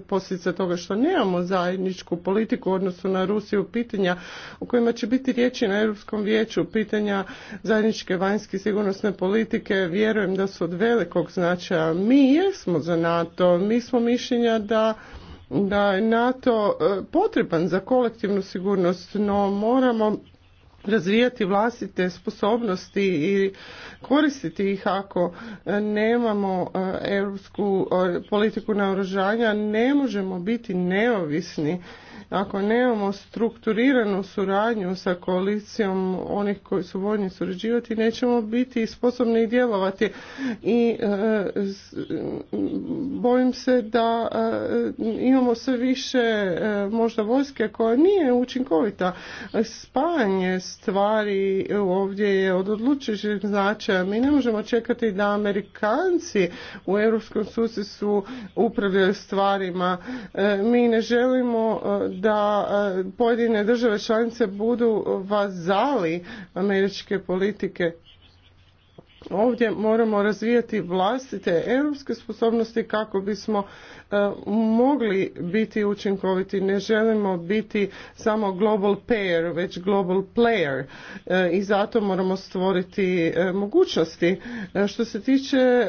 Speaker 1: posljedica toga što nemamo zajedničku politiku u odnosu na Rusiju pitanja u kojima će biti riječi na Europskom vijeću, pitanja zajedničke vanjske sigurnosne politike, vjerujem da su od velikog značaja. Mi jesmo za NATO, mi smo mišljenja da da je NATO e, potreban za kolektivnu sigurnost, no moramo razvijati vlastite sposobnosti i koristiti ih ako e, nemamo e, europsku politiku naoružanja, ne možemo biti neovisni ako nemamo strukturiranu suradnju sa koalicijom onih koji su voljni surađivati, nećemo biti sposobni djelovati. I e, bojim se da e, imamo sve više e, možda vojske koja nije učinkovita. Spajanje stvari ovdje je od odlučujućeg značaja. Mi ne možemo čekati da Amerikanci u europskom susjedstvu upravljaju stvarima. Mi ne želimo da e, pojedine države članice budu vazali američke politike ovdje moramo razvijati vlastite europske sposobnosti kako bismo e, mogli biti učinkoviti. Ne želimo biti samo global payer, već global player e, i zato moramo stvoriti e, mogućnosti. Što se tiče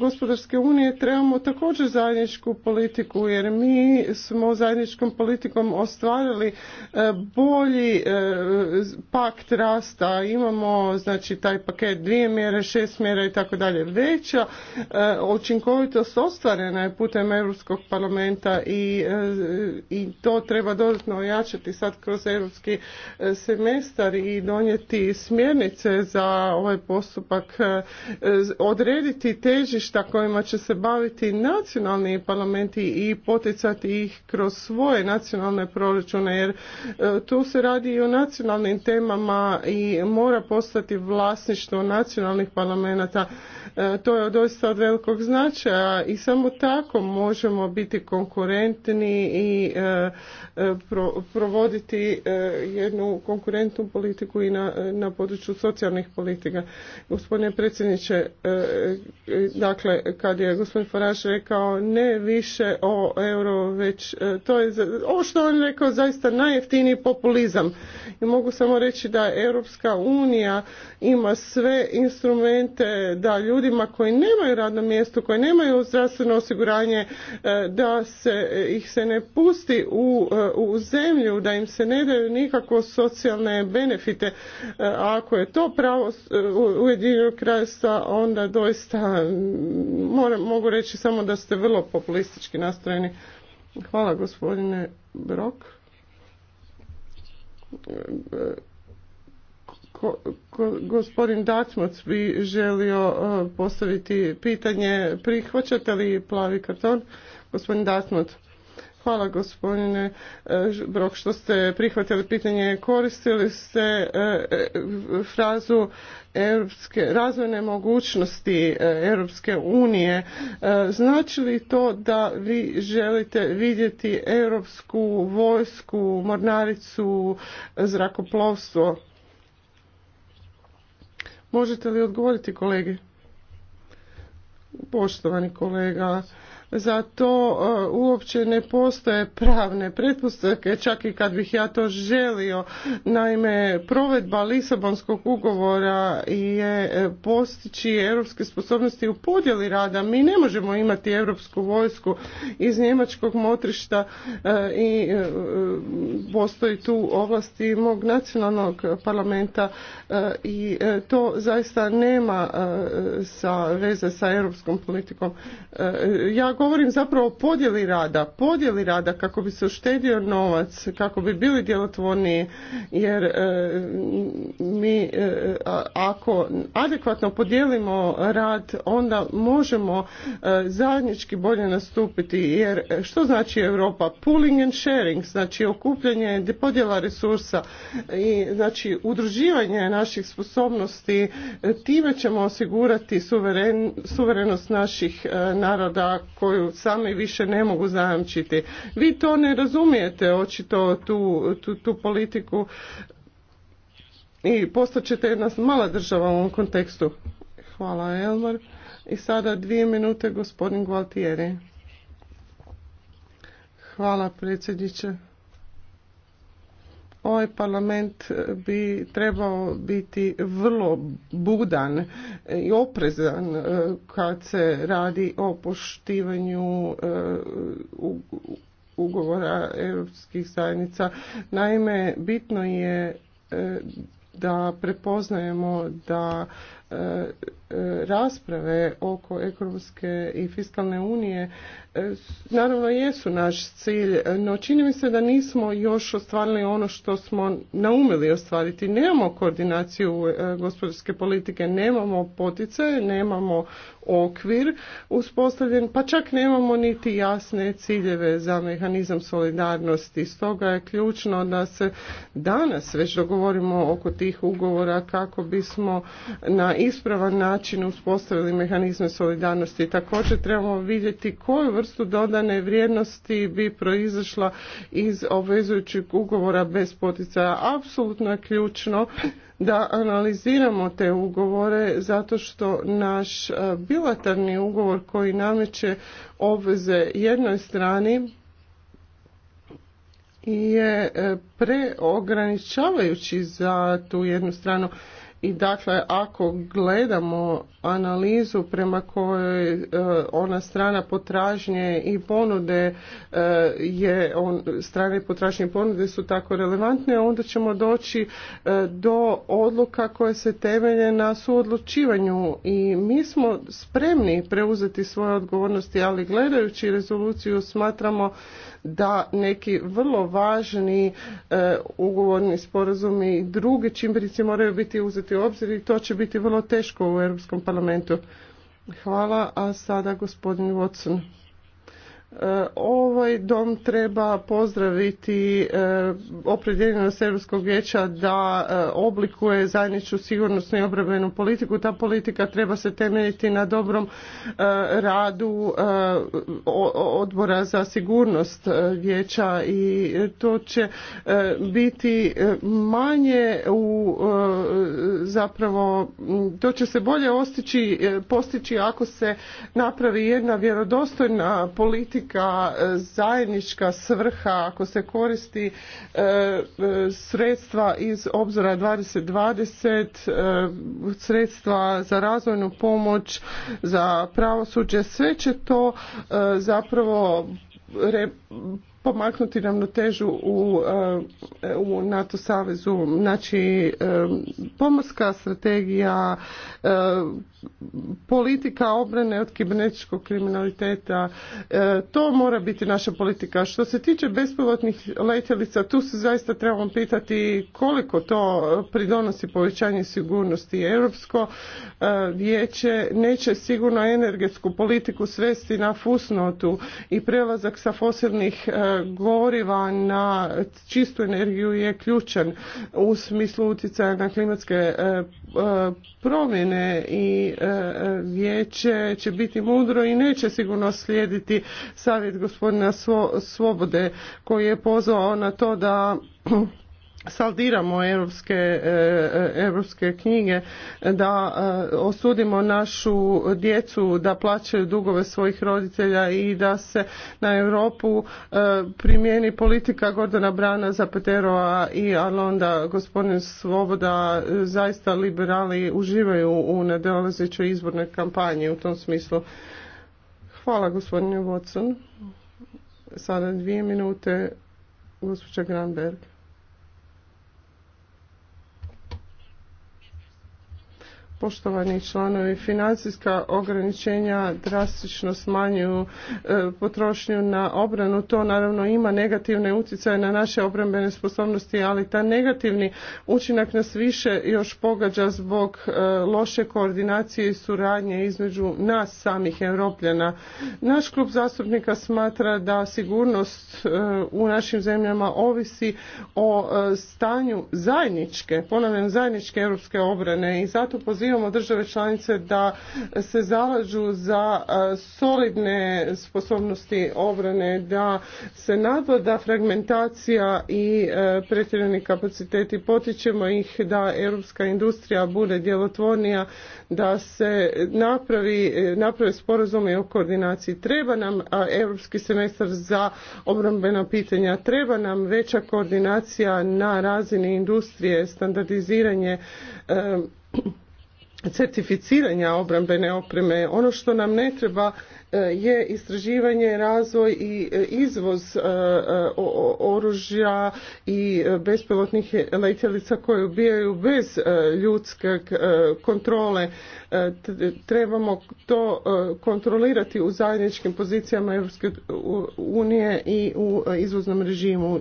Speaker 1: gospodarske unije trebamo također zajedničku politiku jer mi smo zajedničkom politikom ostvarili bolji pakt rasta. Imamo znači taj paket dvije mjere, šest mjera i tako dalje. Veća eh, učinkovitost ostvarena je putem Europskog parlamenta i, eh, i to treba dodatno ojačati sad kroz europski eh, semestar i donijeti smjernice za ovaj postupak, odrediti težišta kojima će se baviti nacionalni parlamenti i poticati ih kroz svoje nacionalne proračune jer tu se radi i o nacionalnim temama i mora postati vlasništvo što nacionalnih parlamenta. E, to je doista od velikog značaja i samo tako možemo biti konkurentni i e, e, provoditi jednu konkurentnu politiku i na, području socijalnih politika. Gospodine predsjedniče, dakle, kad je gospodin Faraš rekao ne više o euro, već to je, ovo što on rekao, zaista najjeftiniji populizam. I mogu samo reći da Europska unija ima sve instrumente da ljudima koji nemaju radno mjesto, koji nemaju zdravstveno osiguranje, e, da se ih se ne pusti u, e, u zemlju, da im se ne daju nikako socijalne benefite. E, ako je to pravo Ujedinjenog krajstva, onda doista mm, mogu reći samo da ste vrlo populistički nastrojeni. Hvala gospodine Brok Ko, gospodin Dacmoc bi želio e, postaviti pitanje prihvaćate li plavi karton? Gospodin Dacmoc. Hvala gospodine e, Brok što ste prihvatili pitanje. Koristili ste e, frazu europske razvojne mogućnosti Europske unije. Znači li to da vi želite vidjeti europsku vojsku, mornaricu, zrakoplovstvo? Možete li odgovoriti kolegi? Poštovani kolega, za to e, uopće ne postoje pravne pretpostavke, čak i kad bih ja to želio. Naime, provedba Lisabonskog ugovora je e, postići europske sposobnosti u podjeli rada. Mi ne možemo imati europsku vojsku iz njemačkog motrišta e, i postoji tu ovlasti mog nacionalnog parlamenta i to zaista nema sa veze sa europskom politikom. Ja govorim zapravo o podjeli rada, podjeli rada kako bi se uštedio novac, kako bi bili djelotvorniji jer e, mi e, ako adekvatno podijelimo rad onda možemo e, zajednički bolje nastupiti jer što znači Europa? Pooling and sharing, znači okupljanje podjela resursa i znači udruživanje naših sposobnosti, time ćemo osigurati suveren, suverenost naših naroda koji koju sami više ne mogu zajamčiti. Vi to ne razumijete očito tu, tu, tu politiku i postaćete ćete jedna mala država u ovom kontekstu. Hvala Elmar. I sada dvije minute gospodin Gualtieri. Hvala predsjedniče ovaj parlament eh, bi trebao biti vrlo budan i oprezan eh, kad se radi o poštivanju eh, ugovora europskih zajednica. Naime, bitno je da prepoznajemo da rasprave oko ekonomske i fiskalne unije e, naravno jesu naš cilj, no čini mi se da nismo još ostvarili ono što smo naumili ostvariti. Nemamo koordinaciju e, gospodarske politike, nemamo potice, nemamo okvir uspostavljen, pa čak nemamo niti jasne ciljeve za mehanizam solidarnosti. Stoga je ključno da se danas već dogovorimo oko tih ugovora kako bismo na ispravan način način uspostavili mehanizme solidarnosti. Također trebamo vidjeti koju vrstu dodane vrijednosti bi proizašla iz obvezujućeg ugovora bez poticaja. Apsolutno je ključno da analiziramo te ugovore zato što naš e, bilateralni ugovor koji nameće obveze jednoj strani je e, preograničavajući za tu jednu stranu. I dakle, ako gledamo analizu prema kojoj e, ona strana potražnje i ponude e, je, on, strane potražnje i ponude su tako relevantne, onda ćemo doći e, do odluka koje se temelje na suodlučivanju i mi smo spremni preuzeti svoje odgovornosti, ali gledajući rezoluciju smatramo da neki vrlo važni e, ugovorni sporazumi i drugi čimbenici moraju biti uzeti u obzir i to će biti vrlo teško u Europskom parlamentu. Hvala, a sada gospodin Watson. Ovaj dom treba pozdraviti e, opredjeljenost Europskog vijeća da e, oblikuje zajedničku sigurnosnu i obrambenu politiku. Ta politika treba se temeljiti na dobrom e, radu odbora za sigurnost vijeća i to će biti manje u zapravo to će se bolje postići ako se napravi jedna vjerodostojna politika politika e, zajednička svrha ako se koristi e, e, sredstva iz obzora 2020 sredstva za razvojnu pomoć za pravosuđe sve će to zapravo pomaknuti ravnotežu u, eh, u NATO savezu. Znači, eh, pomorska strategija, eh, politika obrane od kibernetičkog kriminaliteta, to mora biti naša politika. Što se tiče bespilotnih letjelica, tu se zaista trebamo pitati koliko to pridonosi povećanje sigurnosti. Europsko vijeće neće sigurno energetsku politiku svesti na fusnotu i prelazak sa fosilnih goriva na čistu energiju je ključan u smislu utjecaja na klimatske e, e, promjene i e, vijeće će biti mudro i neće sigurno slijediti savjet gospodina Svobode koji je pozvao na to da saldiramo europske, e, e, europske knjige, da e, osudimo našu djecu da plaćaju dugove svojih roditelja i da se na Europu primijeni politika Gordona Brana, Peterova i Arlonda. gospodin Svoboda, zaista liberali uživaju u nedolazećoj izbornoj kampanji u tom smislu. Hvala gospodinu Watson. Sada dvije minute, gospođa Granberg. Poštovani članovi, financijska ograničenja drastično smanjuju e, potrošnju na obranu. To naravno ima negativne utjecaje na naše obrambene sposobnosti, ali ta negativni učinak nas više još pogađa zbog e, loše koordinacije i suradnje između nas samih europljana. Naš klub zastupnika smatra da sigurnost e, u našim zemljama ovisi o stanju zajedničke, ponavljam zajedničke europske obrane i zato pozivam pozivamo države članice da se zalažu za solidne sposobnosti obrane, da se nadvoda fragmentacija i e, pretjerani kapaciteti. Potičemo ih da europska industrija bude djelotvornija, da se napravi, e, naprave sporazumi o koordinaciji. Treba nam europski semestar za obrambena pitanja, treba nam veća koordinacija na razini industrije, standardiziranje e, certificiranja obrambene opreme. Ono što nam ne treba e, je istraživanje, razvoj i e, izvoz e, oružja i bespilotnih letjelica koje ubijaju bez ljudske kontrole. Trebamo to kontrolirati u zajedničkim pozicijama Europske unije i u izvoznom režimu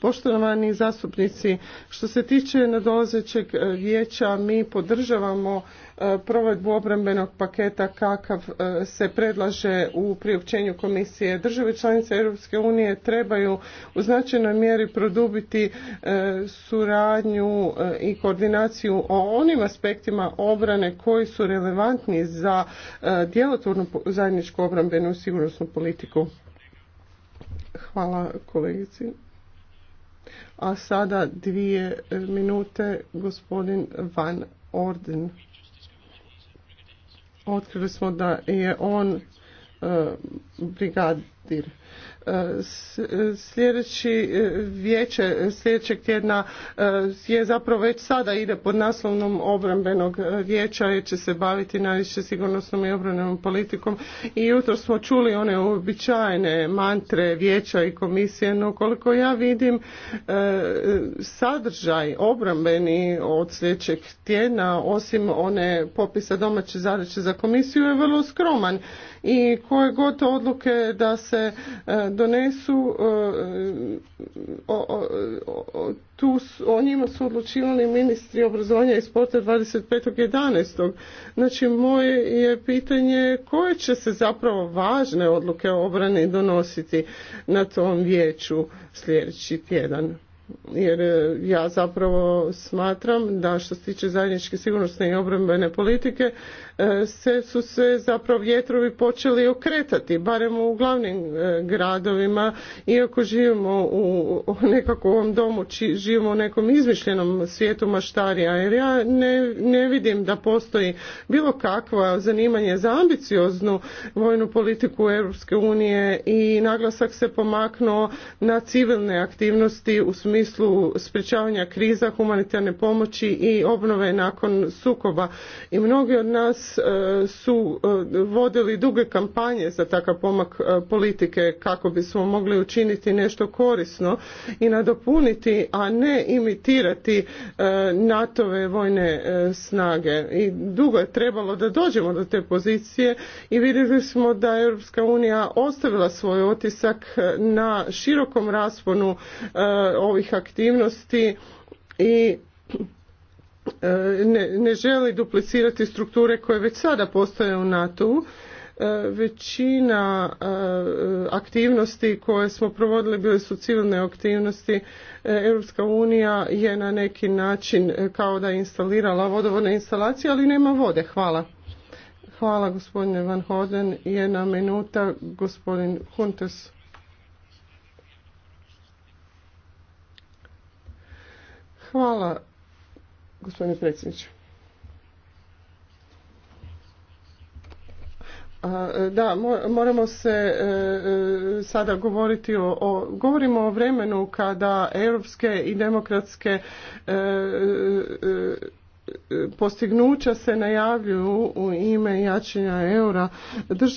Speaker 1: Poštovani zastupnici, što se tiče nadolazećeg e, vijeća, mi podržavamo e, provedbu obrambenog paketa kakav e, se predlaže u priopćenju komisije. Države članice Europske unije trebaju u značajnoj mjeri produbiti suradnju i koordinaciju o onim aspektima obrane koji su relevantni za djelotvornu zajedničku obrambenu i sigurnosnu politiku. Hvala kolegici. A sada dvije minute gospodin Van Orden. Otkrili smo da je on eh, brigadir sljedeći e, vijeće sljedećeg tjedna e, je zapravo već sada ide pod naslovnom obrambenog e, vijeća jer će se baviti najviše sigurnosnom i obrambenom politikom i jutro smo čuli one uobičajene mantre vijeća i komisije no koliko ja vidim sadržaj obrambeni od sljedećeg tjedna osim one popisa domaće zadaće za komisiju je vrlo skroman i koje god odluke da se e, donesu e, o, o, o, tu o njima su odlučivali ministri obrazovanja i sporta 25.11. Znači moje je pitanje koje će se zapravo važne odluke o obrani donositi na tom vijeću sljedeći tjedan. Jer e, ja zapravo smatram da što se tiče zajedničke sigurnosne i obrambene politike E, se su se zapravo vjetrovi počeli okretati, barem u glavnim e, gradovima, iako živimo u nekakvom domu, či, živimo u nekom izmišljenom svijetu maštarija, jer ja ne, ne vidim da postoji bilo kakva zanimanje za ambicioznu vojnu politiku Europske unije i naglasak se pomaknuo na civilne aktivnosti u smislu sprječavanja kriza, humanitarne pomoći i obnove nakon sukoba. I mnogi od nas E, su e, vodili duge kampanje za takav pomak e, politike kako bismo mogli učiniti nešto korisno i nadopuniti, a ne imitirati NATO-ve vojne snage. I dugo je trebalo da dođemo do te pozicije i vidjeli smo da je Europska unija ostavila svoj otisak na širokom rasponu ovih aktivnosti i E, ne, želi duplicirati strukture koje već sada postoje u NATO-u e, većina e, aktivnosti koje smo provodili bile su civilne aktivnosti. Europska unija je na neki način kao da je instalirala vodovodne instalacije, ali nema vode. Hvala. Hvala gospodine Van Hoden. Jedna minuta gospodin Huntes. Hvala gospodine predsjedniče. Da, moramo se e, e, sada govoriti o, o, govorimo o vremenu kada europske i demokratske e, postignuća se najavljuju u ime jačanja eura.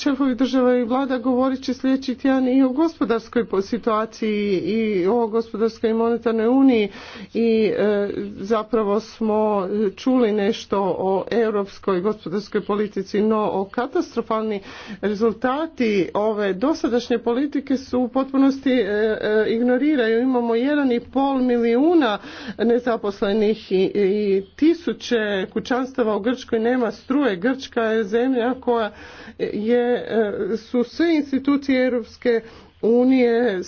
Speaker 1: Čelhovi država i vlada govorit će sljedeći tjedan i o gospodarskoj situaciji i o gospodarskoj i monetarnoj uniji i e, zapravo smo čuli nešto o europskoj gospodarskoj politici, no o katastrofalni rezultati ove dosadašnje politike su u potpunosti e, e, ignoriraju. Imamo 1,5 milijuna nezaposlenih i, i tisuće kućanstava u Grčkoj nema struje. Grčka je zemlja koja je, e, su sve institucije Europske unije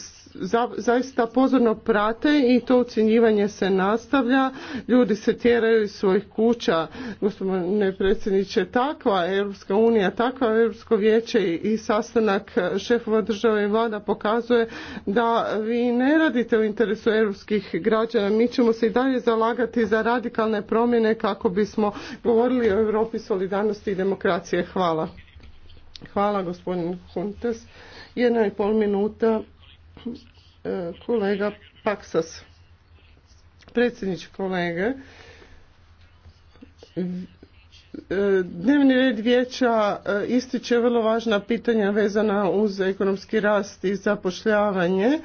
Speaker 1: zaista pozorno prate i to ocjenjivanje se nastavlja. Ljudi se tjeraju iz svojih kuća. Gospodine predsjedniče, takva Europska unija, takva Europsko vijeće i sastanak šefova države i vlada pokazuje da vi ne radite u interesu europskih građana. Mi ćemo se i dalje zalagati za radikalne promjene kako bismo govorili o Europi solidarnosti i demokracije. Hvala. Hvala gospodin Huntes. Jedna i pol minuta kolega Paksas. Predsjednič kolege, Dnevni red vijeća e, ističe vrlo važna pitanja vezana uz ekonomski rast i zapošljavanje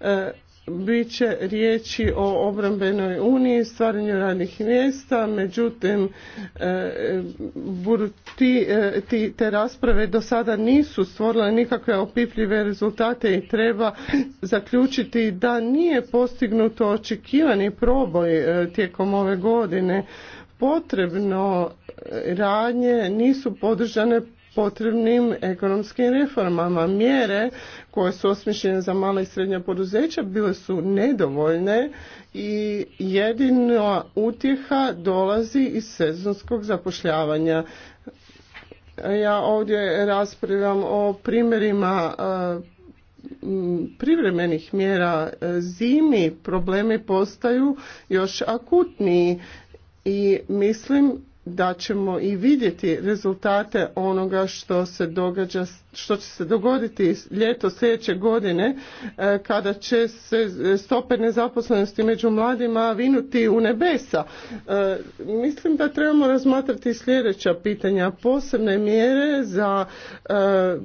Speaker 1: e, bit će riječi o obrambenoj uniji, stvaranju radnih mjesta, međutim e, ti, e, ti, te rasprave do sada nisu stvorile nikakve opipljive rezultate i treba zaključiti da nije postignuto očekivani proboj e, tijekom ove godine potrebno radnje nisu podržane potrebnim ekonomskim reformama. Mjere koje su osmišljene za mala i srednja poduzeća bile su nedovoljne i jedino utjeha dolazi iz sezonskog zapošljavanja. Ja ovdje raspravljam o primjerima e, privremenih mjera zimi problemi postaju još akutniji i mislim da ćemo i vidjeti rezultate onoga što se događa, što će se dogoditi ljeto sljedeće godine e, kada će se stope nezaposlenosti među mladima vinuti u nebesa. E, mislim da trebamo razmatrati sljedeća pitanja, posebne mjere za e,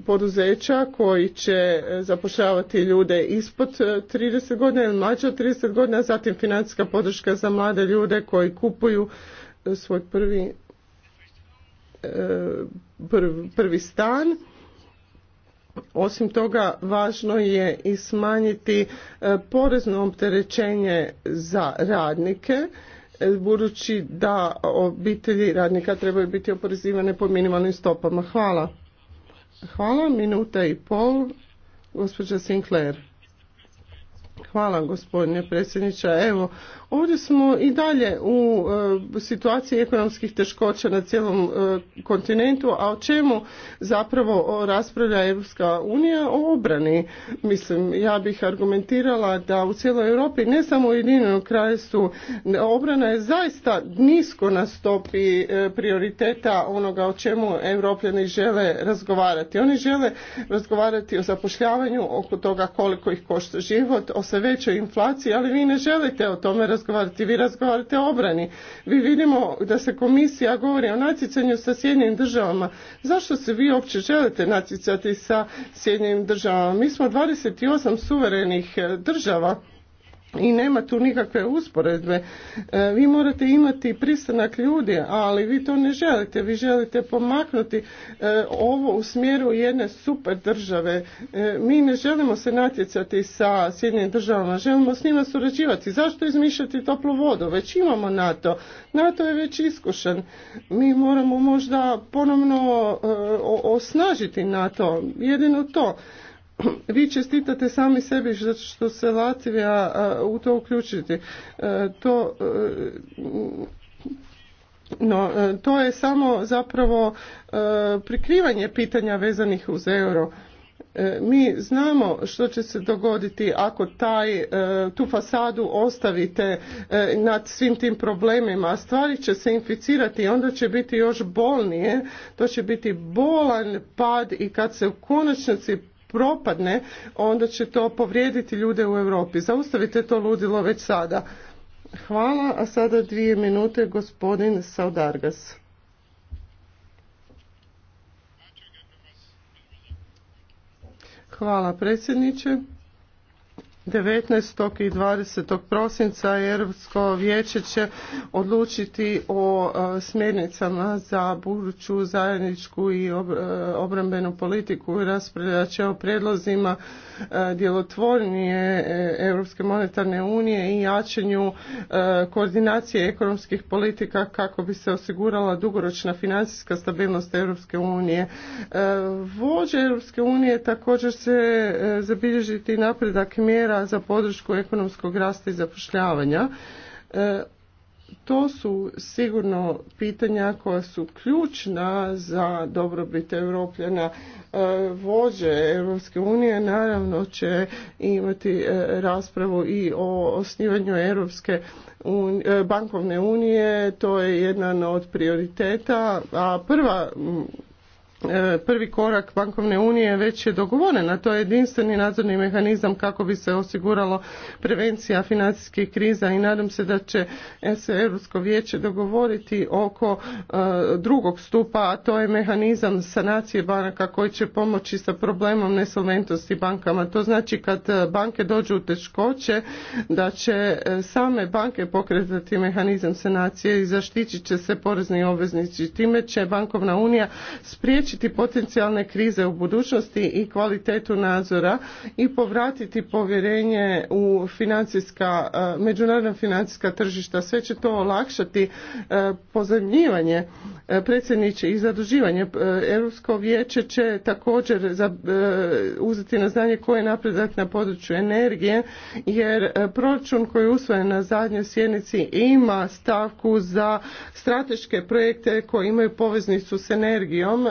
Speaker 1: poduzeća koji će zapošljavati ljude ispod 30 godina ili mlađe od 30 godina, zatim financijska podrška za mlade ljude koji kupuju svoj prvi e, prvi stan osim toga važno je i smanjiti e, porezno opterećenje za radnike e, budući da obitelji radnika trebaju biti oporezivane po minimalnim stopama. Hvala. Hvala, minuta i pol, gospođa Sinclair. Hvala, gospodine predsjedniče. Evo, Ovdje smo i dalje u e, situaciji ekonomskih teškoća na cijelom e, kontinentu, a o čemu zapravo raspravlja Europska unija? O obrani. Mislim, ja bih argumentirala da u cijeloj Europi, ne samo u kraju su obrana je zaista nisko na stopi e, prioriteta onoga o čemu europljani žele razgovarati. Oni žele razgovarati o zapošljavanju, oko toga koliko ih košta život, o sve većoj inflaciji, ali vi ne želite o tome razgovarati razgovarati, vi razgovarate o obrani. Vi vidimo da se komisija govori o natjecanju sa Sjedinjenim državama. Zašto se vi uopće želite natjecati sa Sjedinjenim državama? Mi smo 28 suverenih eh, država i nema tu nikakve usporedbe. E, vi morate imati pristanak ljudi, ali vi to ne želite. Vi želite pomaknuti e, ovo u smjeru jedne super države. E, mi ne želimo se natjecati sa Sjedinim državama, želimo s njima surađivati. Zašto izmišljati toplu vodu? Već imamo NATO. NATO je već iskušen. Mi moramo možda ponovno osnažiti NATO. Jedino to. vi čestitate sami sebi što se Latvija u to uključiti. E, to e, no, e, to je samo zapravo prikrivanje pitanja vezanih uz euro. Mi znamo što će se dogoditi ako taj, tu fasadu ostavite nad svim tim problemima. Stvari će se inficirati i onda će biti još bolnije. To će biti bolan pad i kad se u konačnici propadne, onda će to povrijediti ljude u Europi. Zaustavite to ludilo već sada. Hvala, a sada dvije minute gospodin Saudargas. Hvala predsjedniče. 19. i 20. prosinca Europsko vijeće će odlučiti o e, smjernicama za buduću zajedničku i e, obrambenu politiku i raspravljat će o prijedlozima e, djelotvornije Europske monetarne unije i jačanju koordinacije ekonomskih politika kako bi se osigurala dugoročna financijska stabilnost Europske unije. Vođe Europske unije također se zabilježiti napredak mjera za podršku ekonomskog rasta i zapošljavanja. E, to su sigurno pitanja koja su ključna za dobrobit europljana. E, vođe Europske unije naravno će imati e, raspravu i o osnivanju Europske bankovne unije. To je jedan od prioriteta, a prva E, prvi korak bankovne unije već je a To je jedinstveni nadzorni mehanizam kako bi se osiguralo prevencija financijskih kriza i nadam se da će se Europsko vijeće dogovoriti oko e, drugog stupa, a to je mehanizam sanacije banaka koji će pomoći sa problemom nesolventnosti bankama. To znači kad e, banke dođu u teškoće da će same banke pokretati mehanizam sanacije i zaštićit će se porezni obveznici. Time će bankovna unija spriječiti spriječiti potencijalne krize u budućnosti i kvalitetu nadzora i povratiti povjerenje u financijska, e, međunarodna financijska tržišta. Sve će to olakšati e, pozemljivanje e, predsjedniče i zaduživanje. Europsko vijeće će također uzeti na znanje koje je napredak na području energije jer proračun koji je usvojen na zadnjoj sjednici ima stavku za strateške projekte koji imaju poveznicu s energijom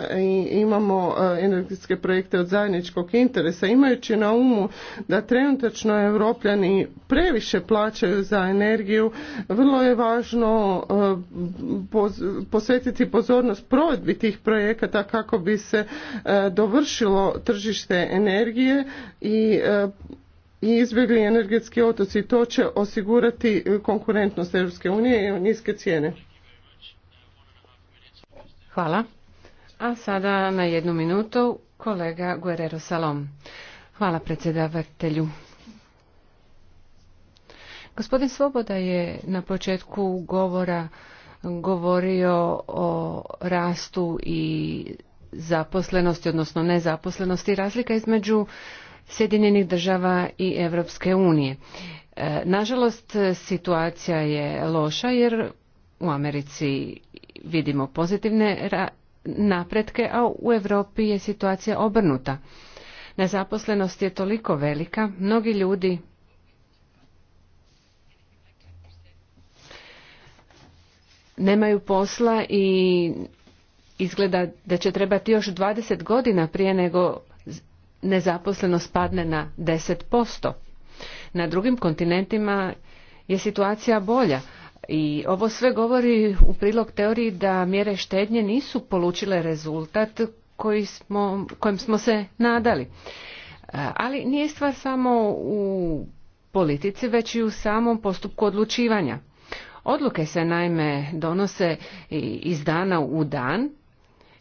Speaker 1: imamo e, energetske projekte od zajedničkog interesa, imajući na umu da trenutačno europljani previše plaćaju za energiju, vrlo je važno e, posvetiti pozornost provedbi tih projekata kako bi se e, dovršilo tržište energije i i izbjegli energetski otoci. To će osigurati konkurentnost Europske unije i niske cijene. Hvala. A sada na jednu minutu kolega Guerrero Salom.
Speaker 4: Hvala predsjedavatelju. Gospodin Svoboda je na početku govora govorio o rastu i zaposlenosti, odnosno nezaposlenosti, razlika između Sjedinjenih država i Europske unije. E, nažalost, situacija je loša jer u Americi vidimo pozitivne napretke, a u Europi je situacija obrnuta. Nezaposlenost je toliko velika, mnogi ljudi nemaju posla i izgleda da će trebati još 20 godina prije nego nezaposlenost padne na 10%. Na drugim kontinentima je situacija bolja. I ovo sve govori u prilog teoriji da mjere štednje nisu polučile rezultat koji smo, kojim smo se nadali. E, ali nije stvar samo u politici, već i u samom postupku odlučivanja. Odluke se naime donose iz dana u dan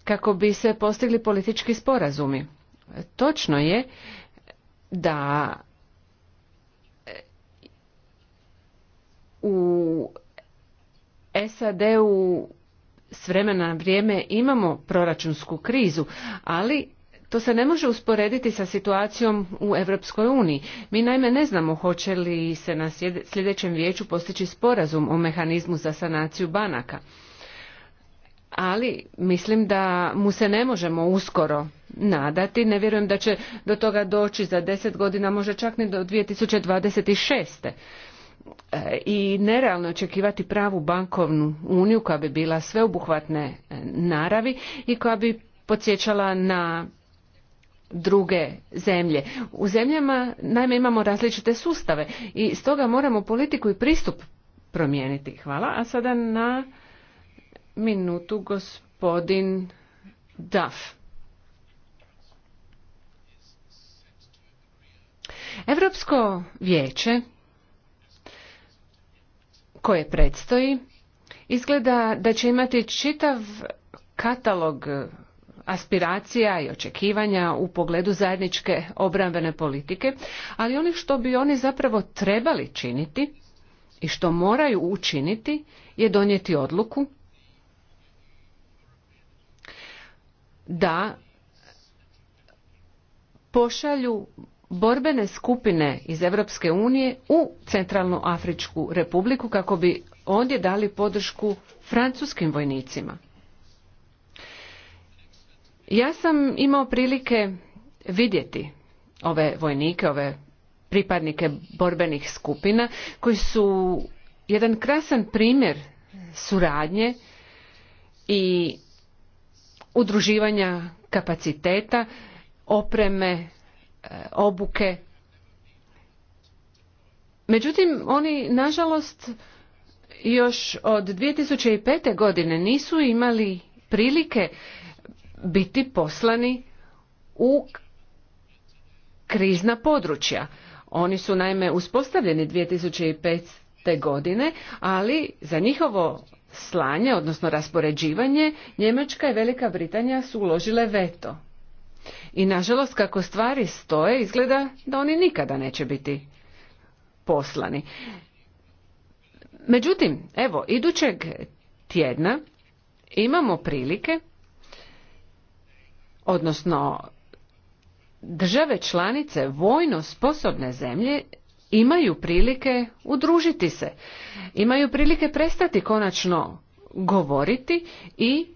Speaker 4: kako bi se postigli politički sporazumi. Točno je da u SAD-u s vremena na vrijeme imamo proračunsku krizu, ali to se ne može usporediti sa situacijom u Europskoj uniji. Mi naime ne znamo hoće li se na sljedećem vijeću postići sporazum o mehanizmu za sanaciju banaka. Ali mislim da mu se ne možemo uskoro nadati. Ne vjerujem da će do toga doći za deset godina, može čak ni do 2026. E, i nerealno očekivati pravu bankovnu uniju koja bi bila sveobuhvatne e, naravi i koja bi podsjećala na druge zemlje. U zemljama naime imamo različite sustave i stoga moramo politiku i pristup promijeniti. Hvala. A sada na minutu gospodin Duff. Europsko vijeće koje predstoji izgleda da će imati čitav katalog aspiracija i očekivanja u pogledu zajedničke obrambene politike, ali ono što bi oni zapravo trebali činiti i što moraju učiniti je donijeti odluku da pošalju borbene skupine iz Europske unije u Centralnu Afričku republiku kako bi ondje dali podršku francuskim vojnicima. Ja sam imao prilike vidjeti ove vojnike, ove pripadnike borbenih skupina koji su jedan krasan primjer suradnje i udruživanja kapaciteta, opreme E, obuke. Međutim, oni nažalost još od 2005. godine nisu imali prilike biti poslani u krizna područja. Oni su naime uspostavljeni 2005. godine, ali za njihovo slanje, odnosno raspoređivanje, Njemačka i Velika Britanija su uložile veto. I nažalost kako stvari stoje izgleda da oni nikada neće biti poslani. Međutim, evo, idućeg tjedna imamo prilike, odnosno države članice vojno sposobne zemlje imaju prilike udružiti se, imaju prilike prestati konačno govoriti i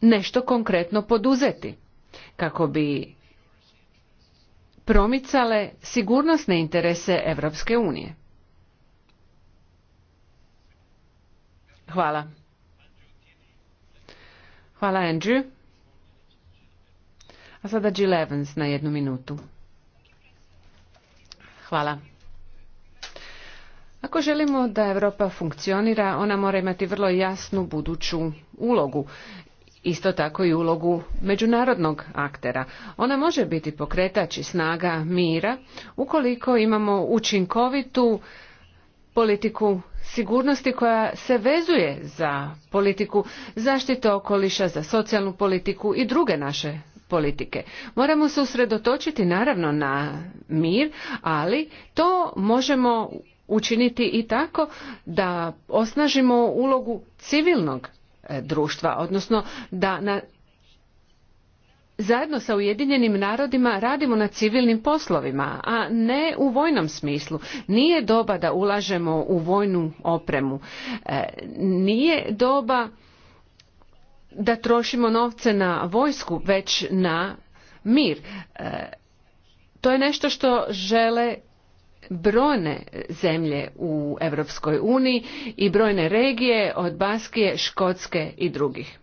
Speaker 4: nešto konkretno poduzeti kako bi promicale sigurnosne interese Europske unije. Hvala. Hvala Andrew. A sada Jill Evans na jednu minutu. Hvala. Ako želimo da Europa funkcionira, ona mora imati vrlo jasnu buduću ulogu isto tako i ulogu međunarodnog aktera. Ona može biti pokretač i snaga mira ukoliko imamo učinkovitu politiku sigurnosti koja se vezuje za politiku zaštite okoliša, za socijalnu politiku i druge naše politike. Moramo se usredotočiti naravno na mir, ali to možemo učiniti i tako da osnažimo ulogu civilnog E, društva, odnosno da zajedno sa ujedinjenim narodima radimo na civilnim poslovima a ne u vojnom smislu nije doba da ulažemo u vojnu opremu e, nije doba da trošimo novce na vojsku već na mir e, to je nešto što žele brojne zemlje u Europskoj uniji i brojne regije od Baskije, Škotske i drugih.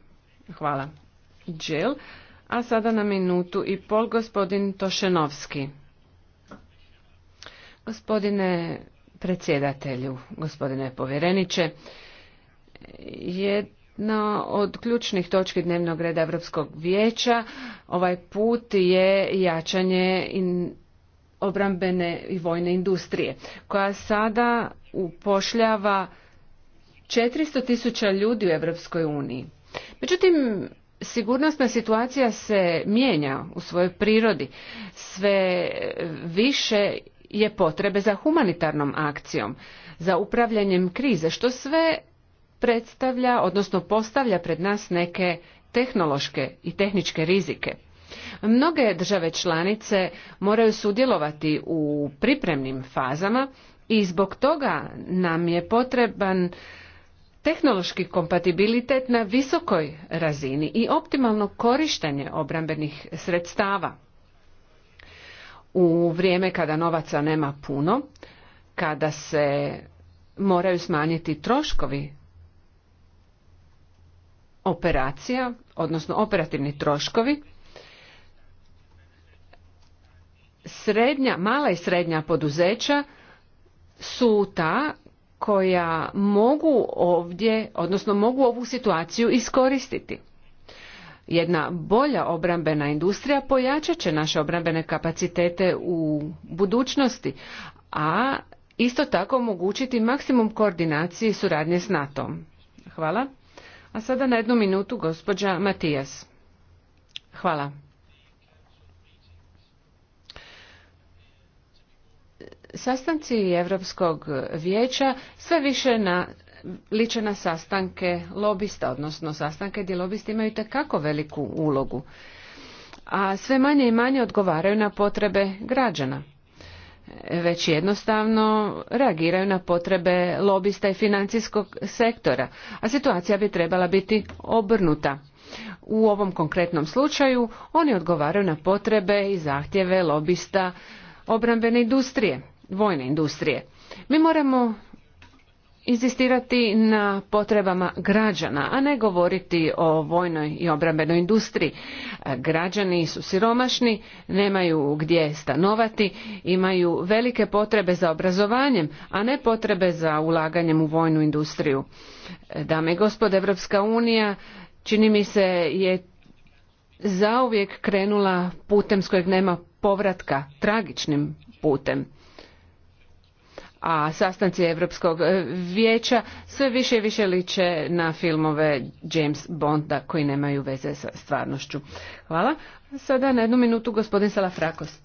Speaker 4: Hvala. Jill. A sada na minutu i pol gospodin Tošenovski. Gospodine predsjedatelju, gospodine povjereniče, jedna od ključnih točki dnevnog reda Europskog vijeća ovaj put je jačanje in obrambene i vojne industrije koja sada upošljava 400 tisuća ljudi u Europskoj uniji. Međutim, sigurnosna situacija se mijenja u svojoj prirodi. Sve više je potrebe za humanitarnom akcijom, za upravljanjem krize, što sve predstavlja, odnosno postavlja pred nas neke tehnološke i tehničke rizike. Mnoge države članice moraju sudjelovati u pripremnim fazama i zbog toga nam je potreban tehnološki kompatibilitet na visokoj razini i optimalno korištenje obrambenih sredstava. U vrijeme kada novaca nema puno, kada se moraju smanjiti troškovi operacija, odnosno operativni troškovi, srednja, mala i srednja poduzeća su ta koja mogu ovdje, odnosno mogu ovu situaciju iskoristiti. Jedna bolja obrambena industrija pojačat će naše obrambene kapacitete u budućnosti, a isto tako omogućiti maksimum koordinacije i suradnje s nato Hvala. A sada na jednu minutu gospođa Matijas. Hvala. Sastanci Europskog vijeća sve više na liče na sastanke lobista, odnosno sastanke gdje lobisti imaju tekako veliku ulogu, a sve manje i manje odgovaraju na potrebe građana već jednostavno reagiraju na potrebe lobista i financijskog sektora, a situacija bi trebala biti obrnuta. U ovom konkretnom slučaju oni odgovaraju na potrebe i zahtjeve lobista obrambene industrije vojne industrije. Mi moramo inzistirati na potrebama građana, a ne govoriti o vojnoj i obrambenoj industriji. Građani su siromašni, nemaju gdje stanovati, imaju velike potrebe za obrazovanjem, a ne potrebe za ulaganjem u vojnu industriju. Dame i gospode, Evropska unija čini mi se je zauvijek krenula putem s kojeg nema povratka, tragičnim putem a sastanci Europskog e, vijeća sve više i više liče na filmove James Bonda koji nemaju veze sa stvarnošću. Hvala. Sada na jednu minutu gospodin Salafrakos.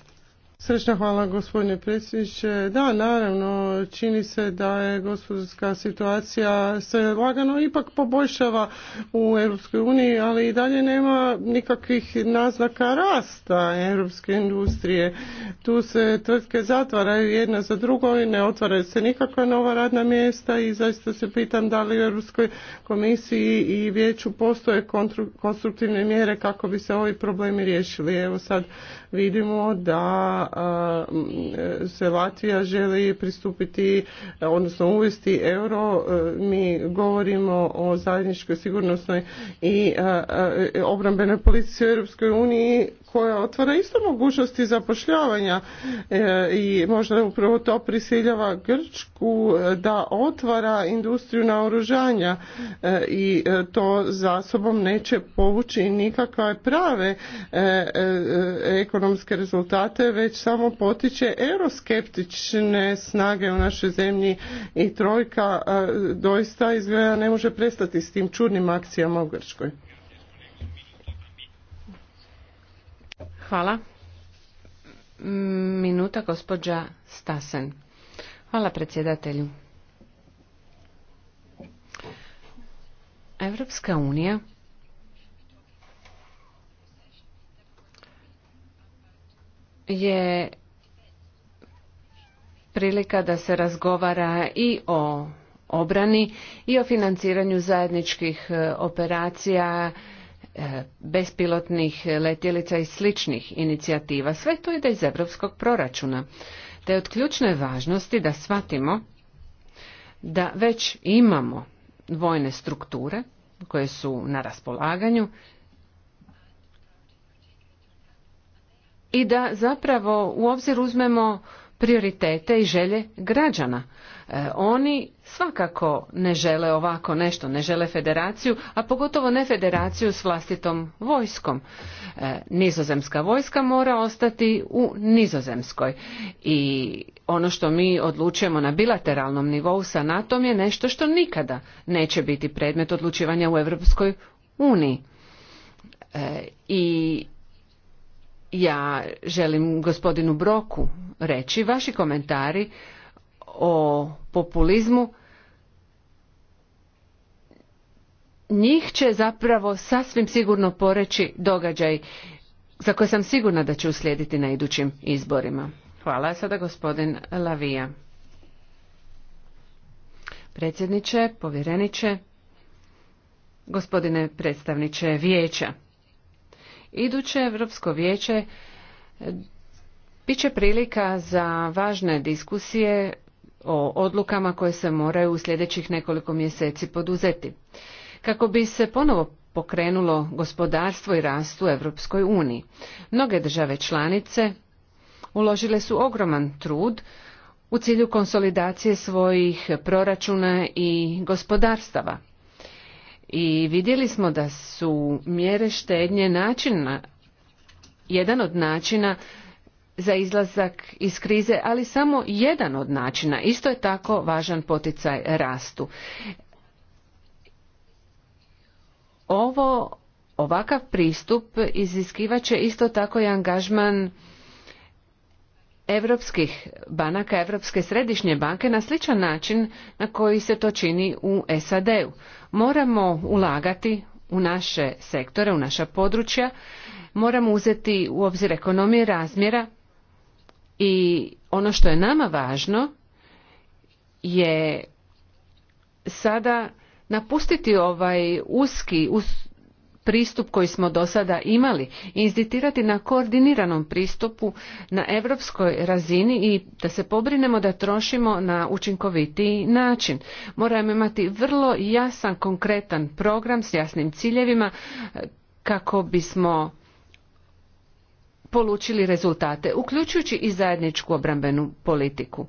Speaker 1: Srećna hvala gospodine predsjedniče. Da, naravno, čini se da je gospodarska situacija se lagano ipak poboljšava u Europskoj uniji, ali i dalje nema nikakvih naznaka rasta europske industrije. Tu se tvrtke zatvaraju jedna za drugo i ne otvaraju se nikakva nova radna mjesta i zaista se pitam da li u Europskoj komisiji i vijeću postoje konstruktivne mjere kako bi se ovi problemi riješili. Evo sad vidimo da se Latvija želi pristupiti, odnosno uvesti euro. E, mi govorimo o zajedničkoj sigurnosnoj i obrambenoj politici u Europskoj uniji koja otvara isto mogućnosti zapošljavanja e, i možda upravo to prisiljava Grčku e, da otvara industriju naoružanja i to za sobom neće povući nikakve prave ekonomije ekonomske rezultate, već samo potiče euroskeptične snage u našoj zemlji i trojka doista izgleda ne može prestati s tim čudnim akcijama u Grčkoj. Hvala.
Speaker 4: Minuta gospođa Stasen. Hvala predsjedatelju. europska unija je prilika da se razgovara i o obrani i o financiranju zajedničkih e, operacija e, bespilotnih letjelica i sličnih inicijativa. Sve to ide iz europskog proračuna. Te je od ključne važnosti da shvatimo da već imamo vojne strukture koje su na raspolaganju i da zapravo u obzir uzmemo prioritete i želje građana. E, oni svakako ne žele ovako nešto, ne žele federaciju, a pogotovo ne federaciju s vlastitom vojskom. E, nizozemska vojska mora ostati u nizozemskoj i ono što mi odlučujemo na bilateralnom nivou sa NATO-om je nešto što nikada neće biti predmet odlučivanja u Europskoj uniji. E, I ja želim gospodinu Broku reći vaši komentari o populizmu njih će zapravo sasvim sigurno poreći događaj za koje sam sigurna da će uslijediti na idućim izborima. Hvala. Sada gospodin Lavija. Predsjedniče, povjereniče, gospodine predstavniče vijeća. Iduće Europsko vijeće e, bit će prilika za važne diskusije o odlukama koje se moraju u sljedećih nekoliko mjeseci poduzeti. Kako bi se ponovo pokrenulo gospodarstvo i rast u Europskoj uniji, mnoge države članice uložile su ogroman trud u cilju konsolidacije svojih proračuna i gospodarstava i vidjeli smo da su mjere štednje načina, jedan od načina za izlazak iz krize, ali samo jedan od načina. Isto je tako važan poticaj rastu. Ovo, ovakav pristup iziskivaće isto tako i angažman europskih banaka, Europske središnje banke na sličan način na koji se to čini u SAD-u. Moramo ulagati u naše sektore, u naša područja, moramo uzeti u obzir ekonomije razmjera i ono što je nama važno je sada napustiti ovaj uski, us, pristup koji smo do sada imali i inzistirati na koordiniranom pristupu na europskoj razini i da se pobrinemo da trošimo na učinkovitiji način. Moramo imati vrlo jasan, konkretan program s jasnim ciljevima e, kako bismo polučili rezultate, uključujući i zajedničku obrambenu politiku.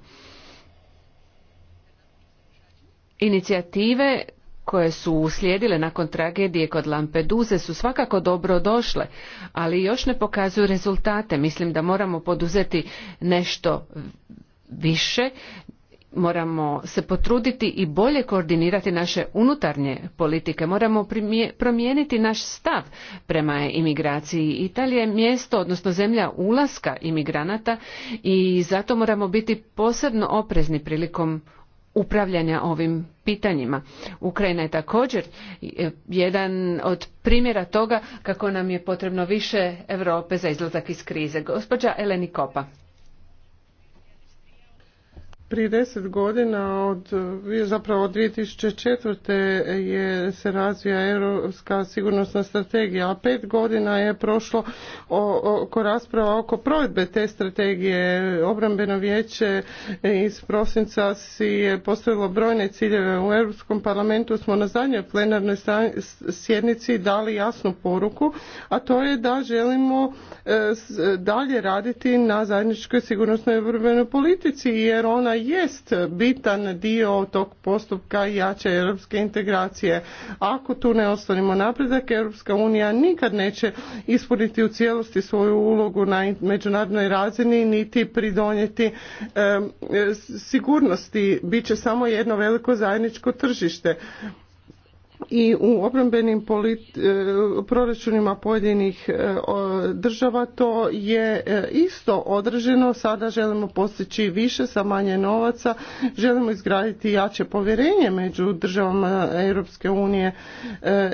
Speaker 4: Inicijative koje su uslijedile nakon tragedije kod Lampeduze su svakako dobro došle, ali još ne pokazuju rezultate. Mislim da moramo poduzeti nešto više, moramo se potruditi i bolje koordinirati naše unutarnje politike moramo promijeniti naš stav prema imigraciji italija je mjesto odnosno zemlja ulaska imigranata i zato moramo biti posebno oprezni prilikom upravljanja ovim pitanjima. Ukrajina je također e, jedan od primjera toga kako nam je potrebno više Europe za izlazak iz krize. Gospođa Eleni Kopa
Speaker 1: prije deset godina, od, zapravo od 2004. je se razvija europska sigurnosna strategija, a pet godina je prošlo oko rasprava oko provedbe te strategije. Obrambeno vijeće iz prosinca si je postavilo brojne ciljeve. U Europskom parlamentu smo na zadnjoj plenarnoj sjednici dali jasnu poruku, a to je da želimo e, dalje raditi na zajedničkoj sigurnosnoj obrambenoj politici, jer ona jest bitan dio tog postupka jače europske integracije. Ako tu ne ostvarimo napredak, Europska unija nikad neće ispuniti u cijelosti svoju ulogu na međunarodnoj razini niti pridonijeti sigurnosti. Biće samo jedno veliko zajedničko tržište i u obrambenim e, proračunima pojedinih e, država to je e, isto održeno. Sada želimo postići više sa manje novaca, želimo izgraditi jače povjerenje među državama Europske unije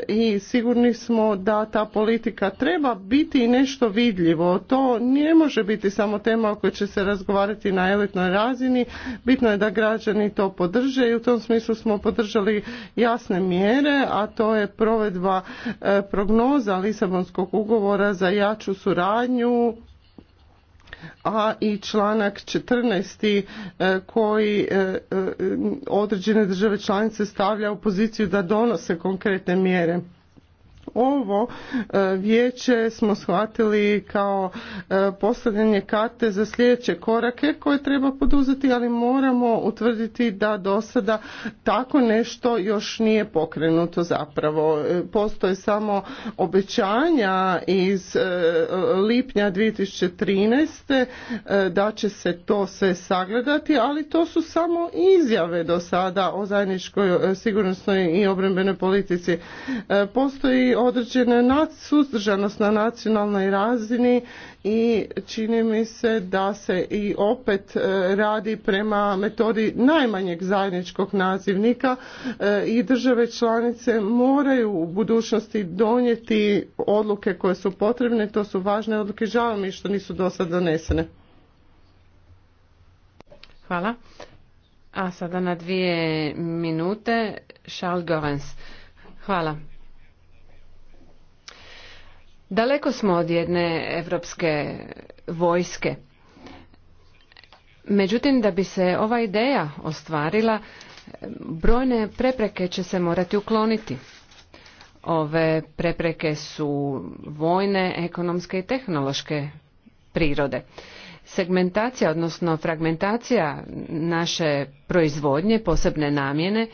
Speaker 1: i sigurni smo da ta politika treba biti nešto vidljivo. To ne može biti samo tema o kojoj će se razgovarati na elitnoj razini. Bitno je da građani to podrže i u tom smislu smo podržali jasne mjere a to je provedba e, prognoza Lisabonskog ugovora za jaču suradnju a i članak 14. E, koji e, određene države članice stavlja u poziciju da donose konkretne mjere ovo e, vijeće smo shvatili kao e, postavljanje karte za sljedeće korake koje treba poduzeti, ali moramo utvrditi da do sada tako nešto još nije pokrenuto zapravo. E, postoje samo obećanja iz lipnja 2013. da će se to sve sagledati, ali to su samo izjave do sada o zajedničkoj sigurnosnoj i obrambenoj politici. Postoji određene određena suzdržanost na nacionalnoj razini i čini mi se da se i opet e, radi prema metodi najmanjeg zajedničkog nazivnika e, i države članice moraju u budućnosti donijeti odluke koje su potrebne, to su važne odluke, žao mi što nisu do sad donesene. Hvala. A sada na dvije
Speaker 4: minute Charles Hvala. Daleko smo od jedne europske vojske. Međutim, da bi se ova ideja ostvarila, brojne prepreke će se morati ukloniti. Ove prepreke su vojne, ekonomske i tehnološke prirode. Segmentacija, odnosno fragmentacija naše proizvodnje, posebne namjene,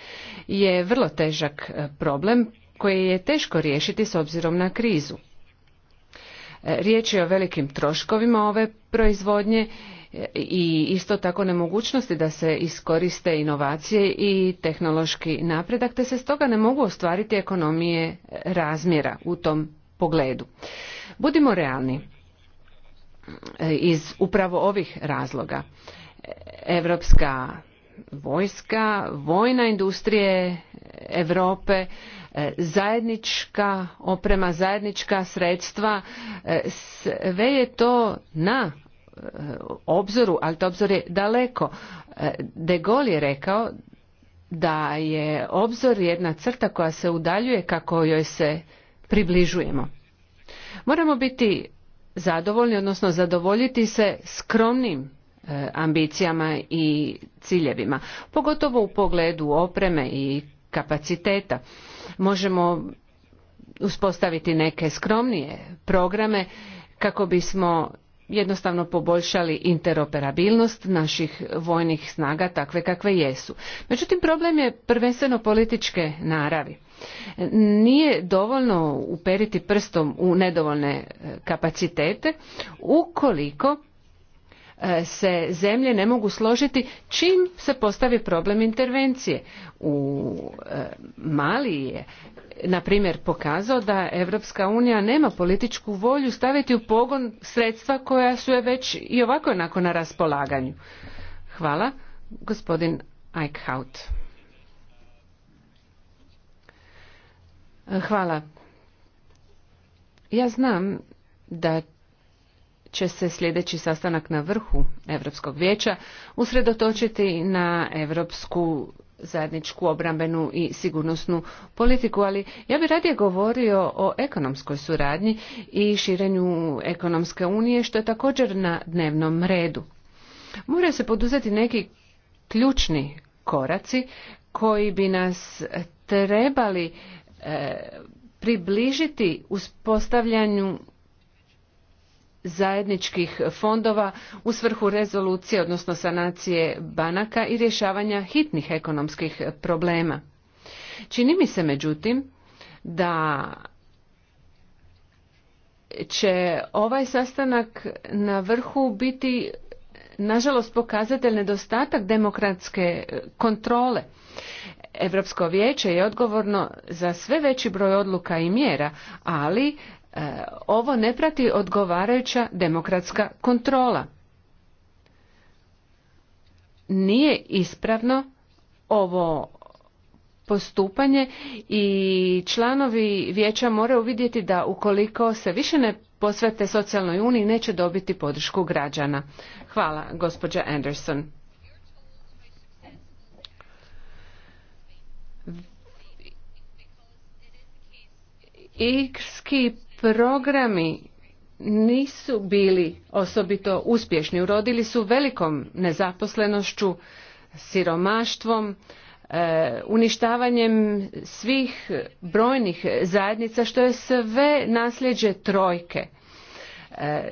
Speaker 4: je vrlo težak problem koji je teško riješiti s obzirom na krizu. Riječ je o velikim troškovima ove proizvodnje i isto tako nemogućnosti da se iskoriste inovacije i tehnološki napredak, te se stoga ne mogu ostvariti ekonomije razmjera u tom pogledu. Budimo realni, iz upravo ovih razloga europska vojska, vojna industrije Europe, e, zajednička oprema, zajednička sredstva, e, sve je to na e, obzoru, ali to obzor je daleko. De Gaulle je rekao da je obzor jedna crta koja se udaljuje kako joj se približujemo. Moramo biti zadovoljni, odnosno zadovoljiti se skromnim E, ambicijama i ciljevima, pogotovo u pogledu opreme i kapaciteta. Možemo uspostaviti neke skromnije programe kako bismo jednostavno poboljšali interoperabilnost naših vojnih snaga takve kakve jesu. Međutim, problem je prvenstveno političke naravi. Nije dovoljno uperiti prstom u nedovoljne e, kapacitete ukoliko se zemlje ne mogu složiti čim se postavi problem intervencije. U e, Mali je na primjer pokazao da Evropska unija nema političku volju staviti u pogon sredstva koja su je već i ovako onako na raspolaganju. Hvala. Gospodin Eichhout. Hvala. Ja znam da će se sljedeći sastanak na vrhu Europskog vijeća usredotočiti na europsku zajedničku obrambenu i sigurnosnu politiku, ali ja bih radije govorio o ekonomskoj suradnji i širenju ekonomske unije, što je također na dnevnom redu. Moraju se poduzeti neki ključni koraci koji bi nas trebali e, približiti uspostavljanju zajedničkih fondova u svrhu rezolucije, odnosno sanacije banaka i rješavanja hitnih ekonomskih problema. Čini mi se međutim da će ovaj sastanak na vrhu biti nažalost pokazatelj nedostatak demokratske kontrole. Europsko vijeće je odgovorno za sve veći broj odluka i mjera, ali E, ovo ne prati odgovarajuća demokratska kontrola. Nije ispravno ovo postupanje i članovi vijeća moraju vidjeti da ukoliko se više ne posvete socijalnoj uniji neće dobiti podršku građana. Hvala, gospođa Anderson. Irski programi nisu bili osobito uspješni. Urodili su velikom nezaposlenošću, siromaštvom, e, uništavanjem svih brojnih zajednica što je sve nasljeđe trojke. E,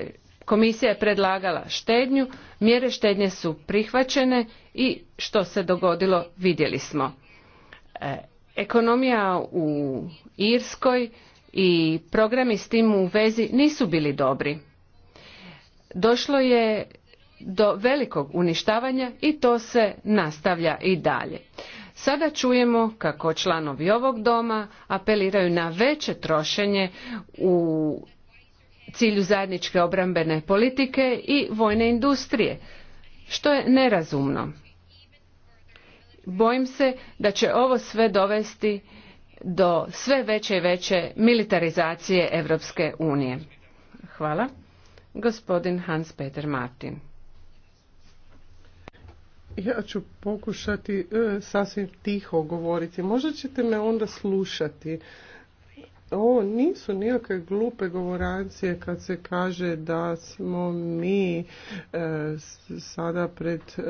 Speaker 4: komisija je predlagala štednju, mjere štednje su prihvaćene i što se dogodilo vidjeli smo. E, ekonomija u Irskoj i programi s tim u vezi nisu bili dobri. Došlo je do velikog uništavanja i to se nastavlja i dalje. Sada čujemo kako članovi ovog doma apeliraju na veće trošenje u cilju zajedničke obrambene politike i vojne industrije, što je nerazumno. Bojim se da će ovo sve dovesti do sve veće i veće militarizacije Europske unije. Hvala. Gospodin Hans Peter Martin.
Speaker 1: Ja ću pokušati e, sasvim tiho govoriti. Možda ćete me onda slušati. Ovo nisu nikakve glupe govorancije kad se kaže da smo mi e, sada pred e,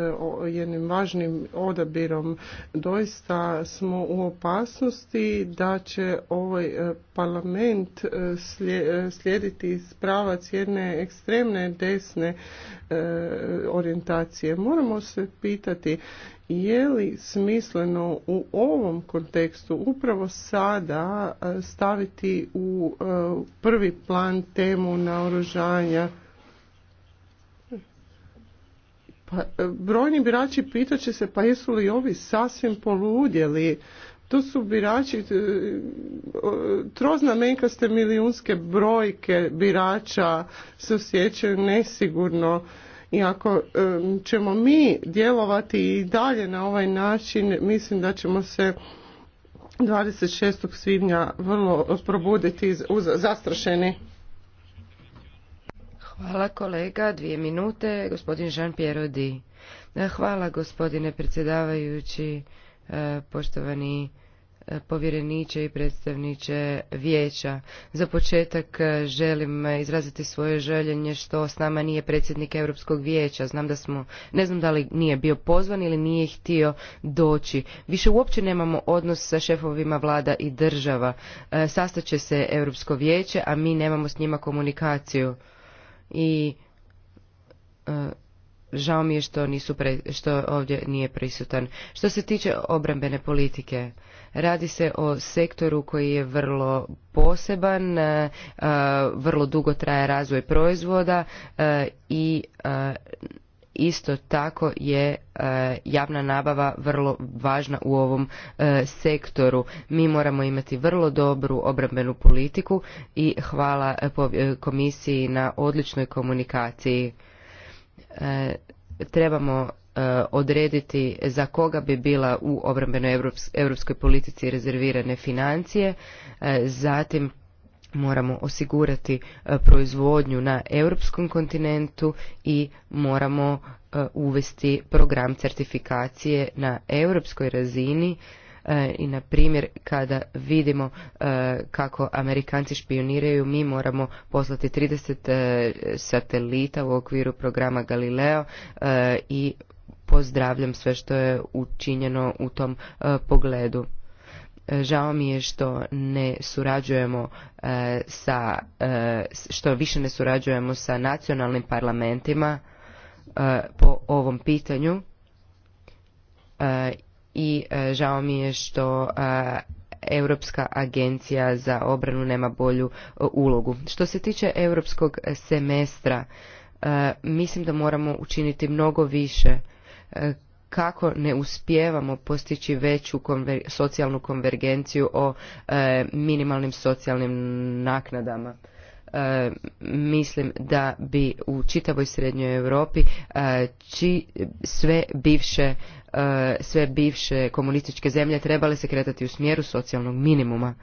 Speaker 1: jednim važnim odabirom. Doista smo u opasnosti da će ovaj e, parlament slijediti slijediti pravac jedne ekstremne desne orijentacije. Moramo se pitati je li smisleno u ovom kontekstu upravo sada staviti u e, prvi plan temu naoružanja? Pa, e, brojni birači pitaće se pa jesu li ovi sasvim poludjeli? To su birači, e, troznamenkaste milijunske brojke birača se osjećaju nesigurno i ako ćemo mi djelovati i dalje na ovaj način, mislim da ćemo se 26. svibnja vrlo probuditi
Speaker 3: zastrašeni. Hvala kolega, dvije minute, gospodin Jean Pierre Hvala gospodine predsjedavajući, e, poštovani povjereniče i predstavniče vijeća. Za početak e, želim izraziti svoje željenje što s nama nije predsjednik Europskog vijeća. Znam da smo, ne znam da li nije bio pozvan ili nije htio doći. Više uopće nemamo odnos sa šefovima vlada i država. E, Sastaće se Europsko vijeće, a mi nemamo s njima komunikaciju. I e, žao mi je što, nisu što ovdje nije prisutan. Što se tiče obrambene politike, Radi se o sektoru koji je vrlo poseban, e, e, vrlo dugo traje razvoj proizvoda e, i isto tako je javna nabava vrlo važna u ovom sektoru. Mi moramo imati vrlo dobru obrambenu politiku i hvala komisiji na odličnoj komunikaciji. Trebamo E, odrediti za koga bi bila u obrambenoj europskoj politici rezervirane financije, e, zatim moramo osigurati e, proizvodnju na europskom kontinentu i moramo uvesti program certifikacije na europskoj razini i na primjer kada vidimo kako Amerikanci špioniraju mi moramo poslati 30 satelita u okviru programa Galileo i pozdravljam sve što je učinjeno u tom e, pogledu. E, žao mi je što ne surađujemo e, sa, što više ne surađujemo sa nacionalnim parlamentima po ovom pitanju i žao mi je što Europska agencija za obranu nema bolju ulogu. Što se tiče europskog semestra, mislim da moramo učiniti mnogo više E, kako ne uspijevamo postići veću socijalnu konvergenciju o e, minimalnim socijalnim naknadama e, mislim da bi u čitavoj srednjoj europi sve bivše sve bivše komunističke zemlje trebale se kretati u smjeru socijalnog minimuma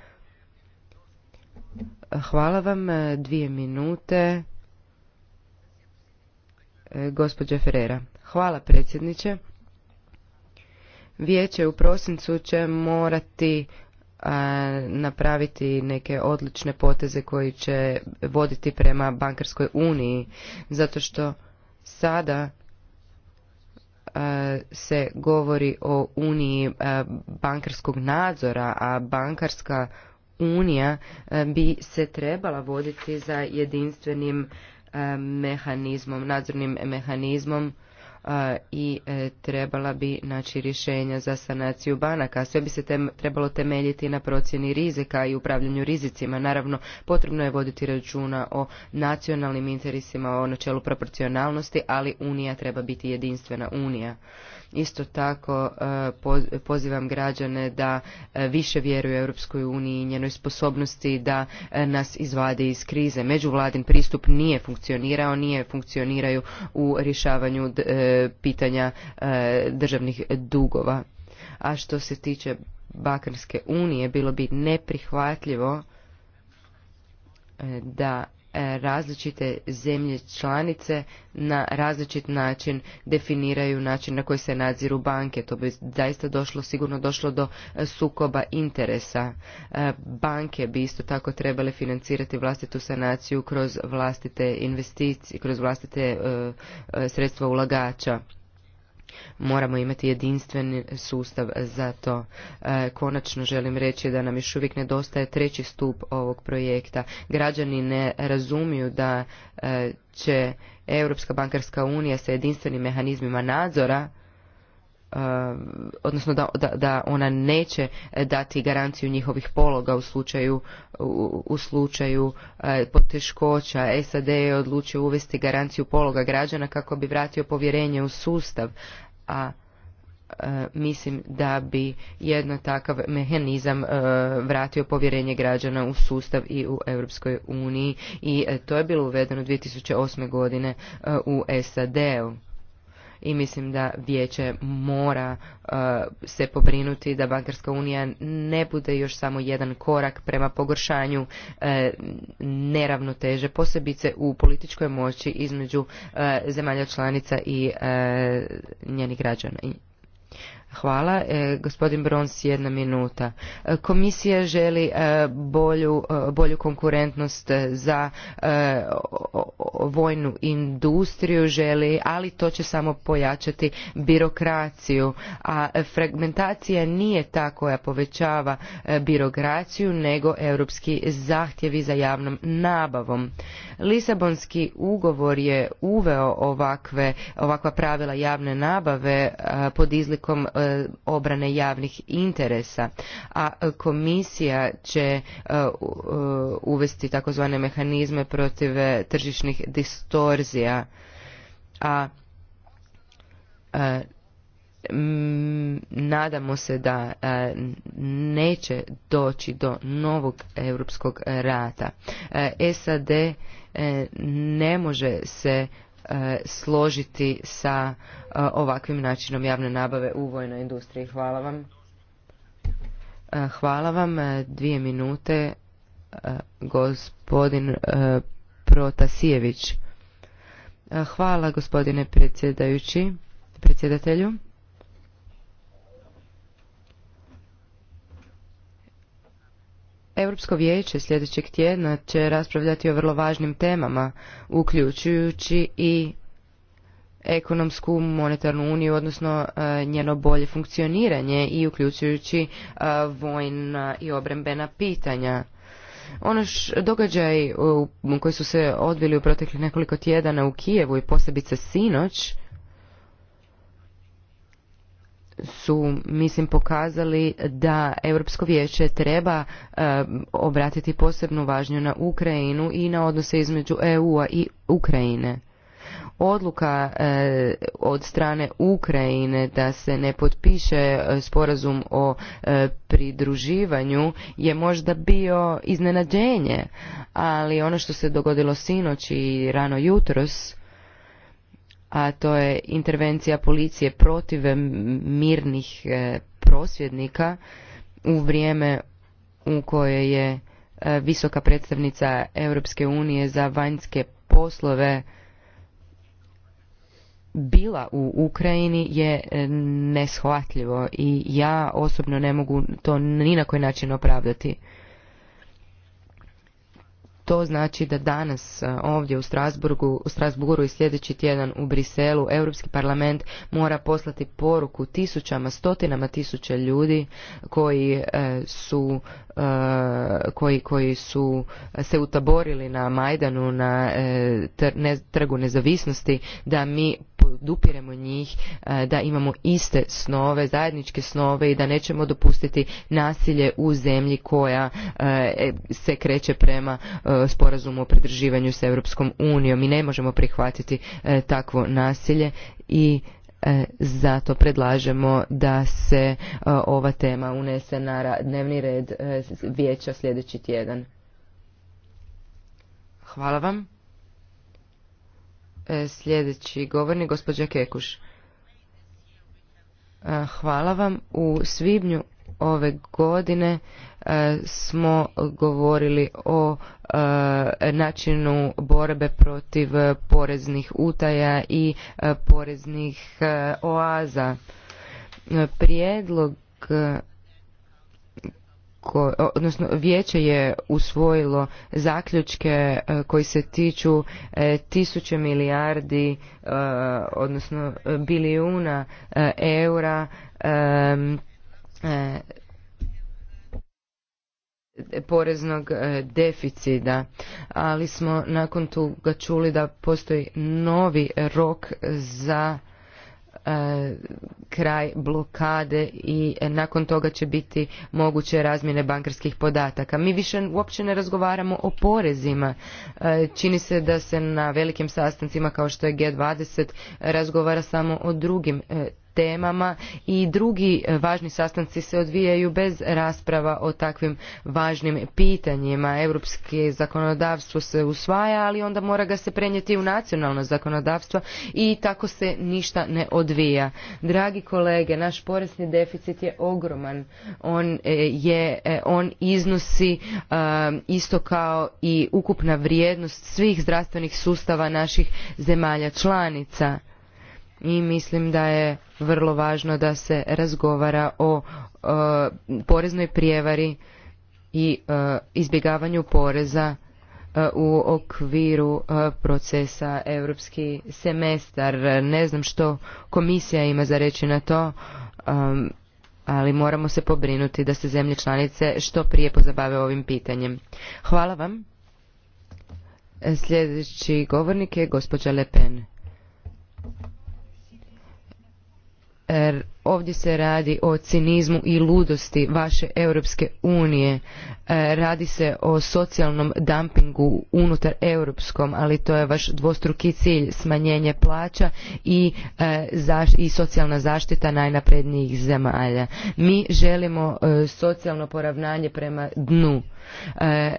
Speaker 3: hvala vam dvije minute gospođa ferreira Hvala predsjedniče. Vijeće u prosincu će morati e, napraviti neke odlične poteze koji će voditi prema bankarskoj uniji, zato što sada e, se govori o uniji e, bankarskog nadzora, a bankarska unija bi se trebala voditi za jedinstvenim mehanizmom, nadzornim mehanizmom i e, trebala bi naći rješenja za sanaciju banaka. Sve bi se tem, trebalo temeljiti na procjeni rizika i upravljanju rizicima. Naravno, potrebno je voditi računa o nacionalnim interesima, o načelu proporcionalnosti, ali Unija treba biti jedinstvena Unija. Isto tako e, pozivam građane da e, više vjeruju Europskoj uniji i njenoj sposobnosti da e, nas izvade iz krize. Međuvladin pristup nije funkcionirao, nije funkcioniraju u rješavanju pitanja državnih dugova. A što se tiče Bakarske unije, bilo bi neprihvatljivo da E, različite zemlje članice na različit način definiraju način na koji se nadziru banke. To bi zaista došlo, sigurno došlo do e, sukoba interesa. E, banke bi isto tako trebale financirati vlastitu sanaciju kroz vlastite investicije, kroz vlastite sredstva ulagača. Moramo imati jedinstveni sustav za to. E, konačno želim reći da nam još uvijek nedostaje treći stup ovog projekta. Građani ne razumiju da e, će Europska bankarska unija sa jedinstvenim mehanizmima nadzora e, odnosno da, da, ona neće dati garanciju njihovih pologa u slučaju, u, u slučaju poteškoća. SAD je odlučio uvesti garanciju pologa građana kako bi vratio povjerenje u sustav, a e, mislim da bi jedno takav mehanizam e, vratio povjerenje građana u sustav i u Europskoj uniji i e, to je bilo uvedeno 2008. godine u SAD-u i mislim da vijeće mora e, se pobrinuti da bankarska unija ne bude još samo jedan korak prema pogoršanju e, neravnoteže posebice u političkoj moći između e, zemalja članica i njenih građana Hvala. E, gospodin Brons, jedna minuta. E, komisija želi e, bolju, e, bolju konkurentnost za vojnu industriju, želi, ali to će samo pojačati birokraciju. A fragmentacija nije ta koja povećava birokraciju, nego europski zahtjevi za javnom nabavom. Lisabonski ugovor je uveo ovakve, ovakva pravila javne nabave pod izlikom E, obrane javnih interesa, a komisija će e, e, uvesti takozvane mehanizme protiv tržišnih distorzija, a nadamo se da neće doći do novog europskog rata. SAD ne može se E, složiti sa e, ovakvim načinom javne nabave u vojnoj industriji. Hvala vam. E, hvala vam. Dvije minute. Gospodin Protasijević. Hvala gospodine predsjedajući, predsjedatelju. Europsko vijeće sljedećeg tjedna će raspravljati o vrlo važnim temama, uključujući i ekonomsku monetarnu uniju, odnosno e, njeno bolje funkcioniranje i uključujući e, vojna i obrembena pitanja. Ono š, događaj koji su se odvili u proteklih nekoliko tjedana u Kijevu i posebice sinoć, su mislim pokazali da Europsko vijeće treba eh, obratiti posebnu važnju na Ukrajinu i na odnose između EU-a i Ukrajine. Odluka eh, od strane Ukrajine da se ne potpiše eh, sporazum o pridruživanju je možda bio iznenađenje, ali ono što se dogodilo sinoć i rano jutros a to je intervencija policije protiv mirnih e, prosvjednika u vrijeme u koje je e, visoka predstavnica Europske unije za vanjske poslove bila u Ukrajini je e, neshvatljivo i ja osobno ne mogu to ni na koji način opravdati. To znači da danas ovdje u Strasburgu, u Strasburgu i sljedeći tjedan u Briselu Europski parlament mora poslati poruku tisućama, stotinama tisuća ljudi koji e, su e, koji, koji su se utaborili na Majdanu na e, trgu nezavisnosti da mi podupiremo njih da imamo iste snove, zajedničke snove i da nećemo dopustiti nasilje u zemlji koja se kreće prema E, sporazumu o pridruživanju s Europskom unijom i ne možemo prihvatiti e, takvo nasilje i e, zato predlažemo da se ova tema unese na dnevni red vijeća sljedeći tjedan. Hvala vam. Sljedeći govornik, gospođa Kekuš. Hvala vam. U svibnju ove godine e, smo govorili o e, načinu borbe protiv poreznih utaja i e, poreznih oaza. Prijedlog odnosno vijeće je usvojilo zaključke koji se tiču tisuće milijardi odnosno bilijuna eura E, poreznog e, deficita, ali smo nakon toga čuli da postoji novi rok za e, kraj blokade i nakon toga će biti moguće razmjene bankarskih podataka. Mi više uopće ne razgovaramo o porezima. čini se da se na velikim sastancima kao što je G20 razgovara samo o drugim temama i drugi e, važni sastanci se odvijaju bez rasprava o takvim važnim pitanjima. Europske zakonodavstvo se usvaja, ali onda mora ga se prenijeti u nacionalno zakonodavstvo i tako se ništa ne odvija. Dragi kolege, naš porezni deficit je ogroman. On, e, e, iznosi isto kao i ukupna vrijednost svih zdravstvenih sustava naših zemalja članica i mislim da je vrlo važno da se razgovara o e, poreznoj prijevari i e, izbjegavanju poreza e, u okviru procesa europski semestar ne znam što komisija ima za reći na to ali moramo se pobrinuti da se zemlje članice što prije pozabave ovim pitanjem hvala vam sljedeći govornik je gospođa Lepen Er, ovdje se radi o cinizmu i ludosti vaše Europske unije. Er, radi se o socijalnom dumpingu unutar europskom, ali to je vaš dvostruki cilj, smanjenje plaća i, e, i socijalna zaštita najnaprednijih zemalja. Mi želimo e, socijalno poravnanje prema dnu. E,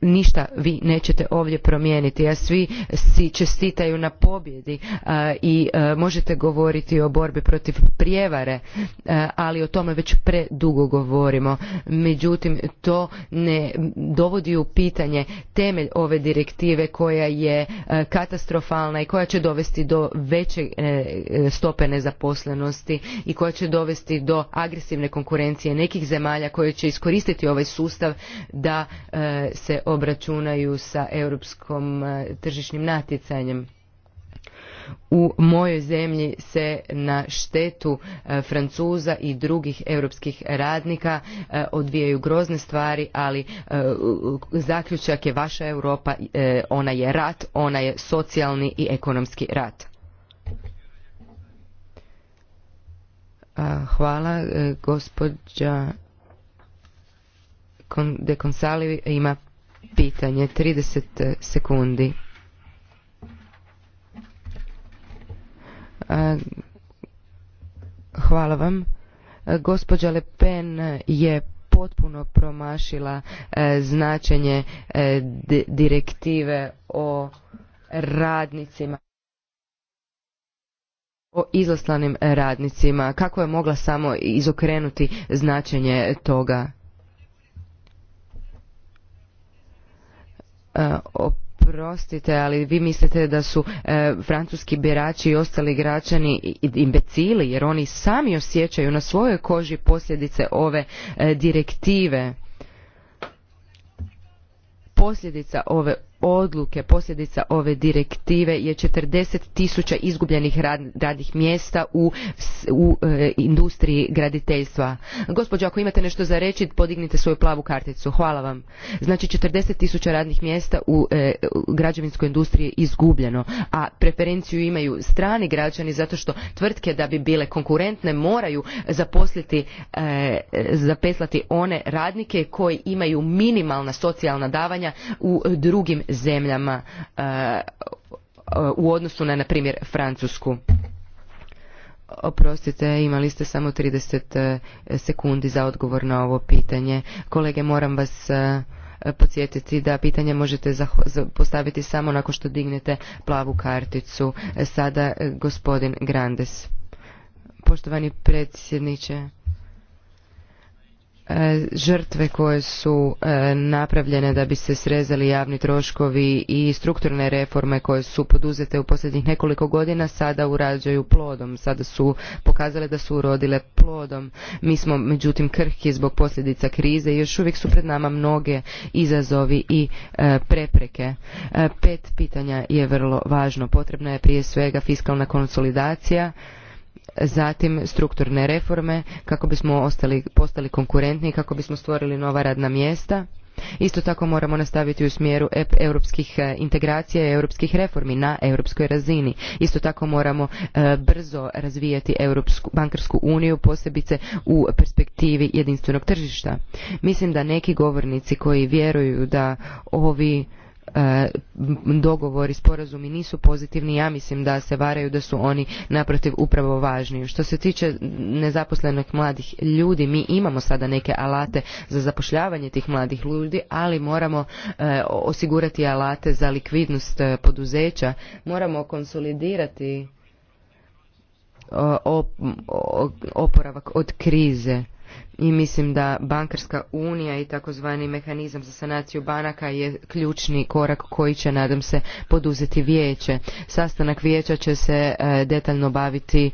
Speaker 3: ništa vi nećete ovdje promijeniti a svi si čestitaju na pobjedi i e, možete govoriti o borbi protiv prijevare e, ali o tome već predugo govorimo međutim to ne dovodi u pitanje temelj ove direktive koja je e, katastrofalna i koja će dovesti do veće stope nezaposlenosti i koja će dovesti do agresivne konkurencije nekih zemalja koje će iskoristiti ovaj sustav da se obračunaju sa europskom e, tržišnim natjecanjem. U mojoj zemlji se na štetu e, Francuza i drugih europskih radnika e, odvijaju grozne stvari, ali zaključak je vaša Europa, ona je rat, ona je socijalni i ekonomski rat. Hvala, gospođa de Consali ima pitanje, 30 sekundi. E, hvala vam. E, gospođa Le Pen je potpuno promašila e, značenje direktive o radnicima o izoslanim radnicima. Kako je mogla samo izokrenuti značenje toga E, oprostite, ali vi mislite da su e, francuski birači i ostali građani imbecili jer oni sami osjećaju na svojoj koži posljedice ove e, direktive posljedica ove odluke posljedica ove direktive je 40 tisuća izgubljenih radnih mjesta u, e, industriji graditeljstva. Gospođo, ako imate nešto za reći, podignite svoju plavu karticu. Hvala vam. Znači 40 tisuća radnih mjesta e, u, građevinskoj industriji je izgubljeno, a preferenciju imaju strani građani zato što tvrtke da bi bile konkurentne moraju zaposliti, e, zapeslati one radnike koji imaju minimalna socijalna davanja u drugim zemljama e, u odnosu na, na primjer, Francusku. Oprostite, imali ste samo 30 e, sekundi za odgovor na ovo pitanje. Kolege, moram vas e, podsjetiti da pitanje možete postaviti samo nakon što dignete plavu karticu. Sada gospodin Grandes. Poštovani predsjedniče, E, žrtve koje su e, napravljene da bi se srezali javni troškovi i strukturne reforme koje su poduzete u posljednjih nekoliko godina sada urađaju plodom, sada su pokazale da su urodile plodom. Mi smo međutim krhki zbog posljedica krize i još uvijek su pred nama mnoge izazovi i e, prepreke. Pet pitanja je vrlo važno. Potrebna je prije svega fiskalna konsolidacija, zatim strukturne reforme kako bismo ostali, postali konkurentni kako bismo stvorili nova radna mjesta. Isto tako moramo nastaviti u smjeru europskih e, integracija i europskih reformi na europskoj razini. Isto tako moramo e, brzo razvijati Europsku bankarsku uniju, posebice u perspektivi jedinstvenog tržišta. Mislim da neki govornici koji vjeruju da ovi E, dogovori, sporazumi nisu pozitivni, ja mislim da se varaju da su oni naprotiv upravo važniji. Što se tiče nezaposlenih mladih ljudi, mi imamo sada neke alate za zapošljavanje tih mladih ljudi, ali moramo e, osigurati alate za likvidnost e, poduzeća, moramo konsolidirati oporavak od krize i mislim da bankarska unija i takozvani mehanizam za sanaciju banaka je ključni korak koji će nadam se poduzeti vijeće. Sastanak vijeća će se e, detaljno baviti e,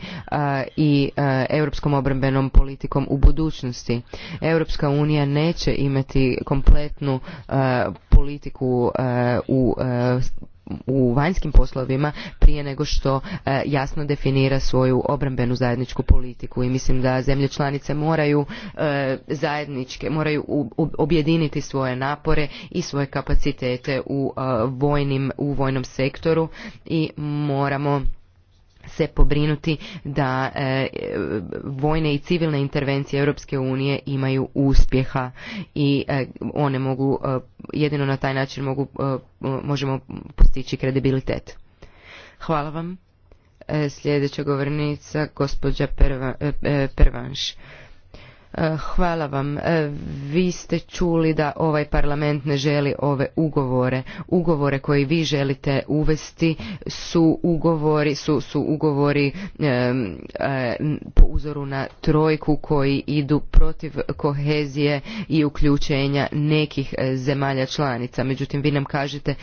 Speaker 3: i e, europskom obrambenom politikom u budućnosti. Europska unija neće imati kompletnu politiku u u vanjskim poslovima prije nego što e, jasno definira svoju obrambenu zajedničku politiku i mislim da zemlje članice moraju e, zajedničke moraju objediniti svoje napore i svoje kapacitete u e, vojnim u vojnom sektoru i moramo se pobrinuti da e, vojne i civilne intervencije Europske unije imaju uspjeha i e, one mogu e, jedino na taj način mogu možemo postići kredibilitet. Hvala vam. Sljedeća govornica gospođa Pervanš. E, hvala vam. E, vi ste čuli da ovaj parlament ne želi ove ugovore. Ugovore koje vi želite uvesti su ugovori, su, su ugovori e, po uzoru na trojku koji idu protiv kohezije i uključenja nekih zemalja članica. Međutim, vi nam kažete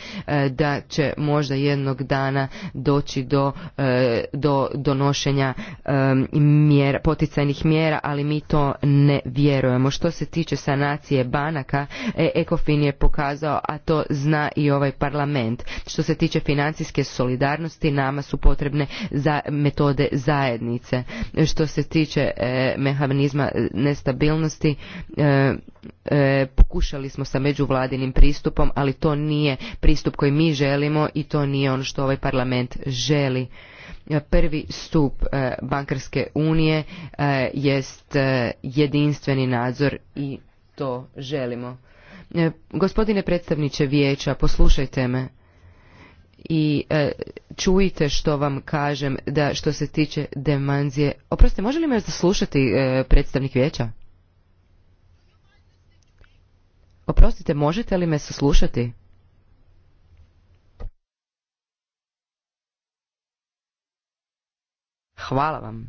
Speaker 3: da će možda jednog dana doći do, do donošenja mjera, poticajnih mjera, ali mi to ne ne vjerujemo. Što se tiče sanacije banaka, e, ECOFIN je pokazao, a to zna i ovaj parlament. Što se tiče financijske solidarnosti, nama su potrebne za metode zajednice. Što se tiče e, mehanizma e, nestabilnosti, pokušali smo sa međuvladinim pristupom, ali to nije pristup koji mi želimo i to nije ono što ovaj parlament želi. Prvi stup e, bankarske unije e, jest e, jedinstveni nadzor i to želimo. Gospodine predstavniče vijeća, poslušajte me i čujte što vam kažem da što se tiče demanzije. Oprostite, može li me zaslušati predstavnik vijeća? Oprostite, možete li me saslušati? Hvala vam.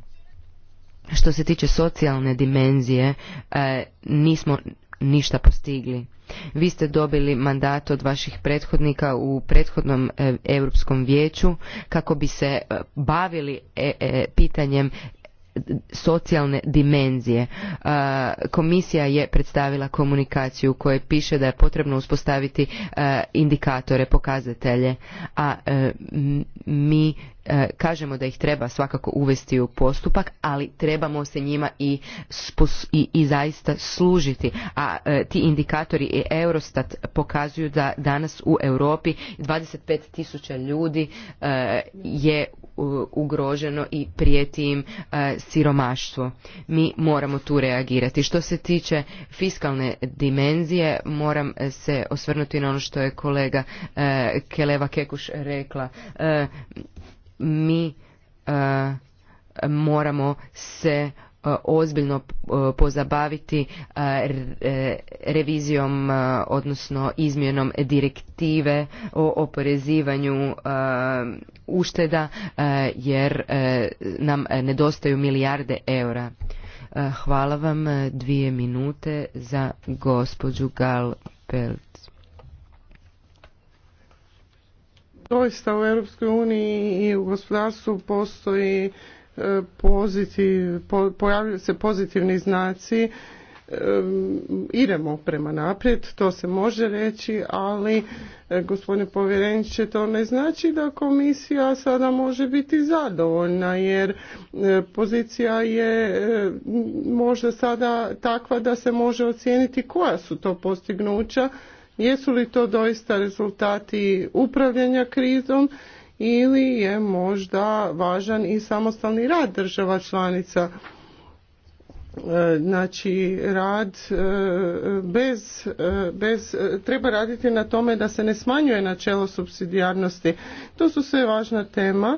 Speaker 3: Što se tiče socijalne dimenzije, e, nismo ništa postigli. Vi ste dobili mandat od vaših prethodnika u prethodnom e, Europskom vijeću kako bi se e, bavili pitanjem socijalne dimenzije. Komisija je predstavila komunikaciju koja piše da je potrebno uspostaviti indikatore, pokazatelje, a mi E, kažemo da ih treba svakako uvesti u postupak, ali trebamo se njima i, i, zaista služiti. A e, ti indikatori i Eurostat pokazuju da danas u Europi 25 tisuća ljudi e, je ugroženo i prijeti im siromaštvo. Mi moramo tu reagirati. Što se tiče fiskalne dimenzije, moram se osvrnuti na ono što je kolega Keleva Kekuš rekla mi e, moramo se e, ozbiljno e, pozabaviti revizijom odnosno izmjenom direktive o oporezivanju ušteda jer nam nedostaju milijarde eura. Hvala vam dvije minute za gospođu Gal Pelt.
Speaker 1: doista u Europskoj uniji i u gospodarstvu postoji e, pozitiv, pojavljuju se pozitivni znaci e, idemo prema naprijed, to se može reći, ali e, gospodine povjereniče, to ne znači da komisija sada može biti zadovoljna, jer pozicija je možda sada takva da se može ocijeniti koja su to postignuća Jesu li to doista rezultati upravljanja krizom ili je možda važan i samostalni rad država članica? E, znači rad e, bez, e, bez, treba raditi na tome da se ne smanjuje načelo supsidijarnosti. To su sve važna tema.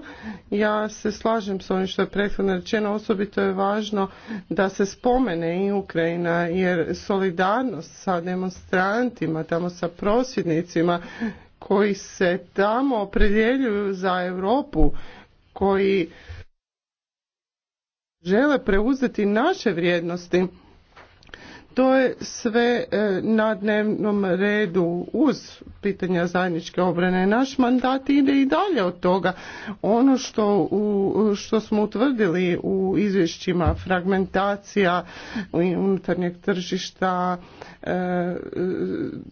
Speaker 1: Ja se slažem s ovim što je prethodno rečeno, osobito je važno da se spomene i Ukrajina jer solidarnost sa demonstrantima, tamo sa prosvjednicima koji se tamo opredjeljuju za Europu, koji žele preuzeti naše vrijednosti to je sve e, na dnevnom redu uz pitanja zajedničke obrane. Naš mandat ide i dalje od toga. Ono što, što smo utvrdili u izvješćima fragmentacija unutarnjeg tržišta e,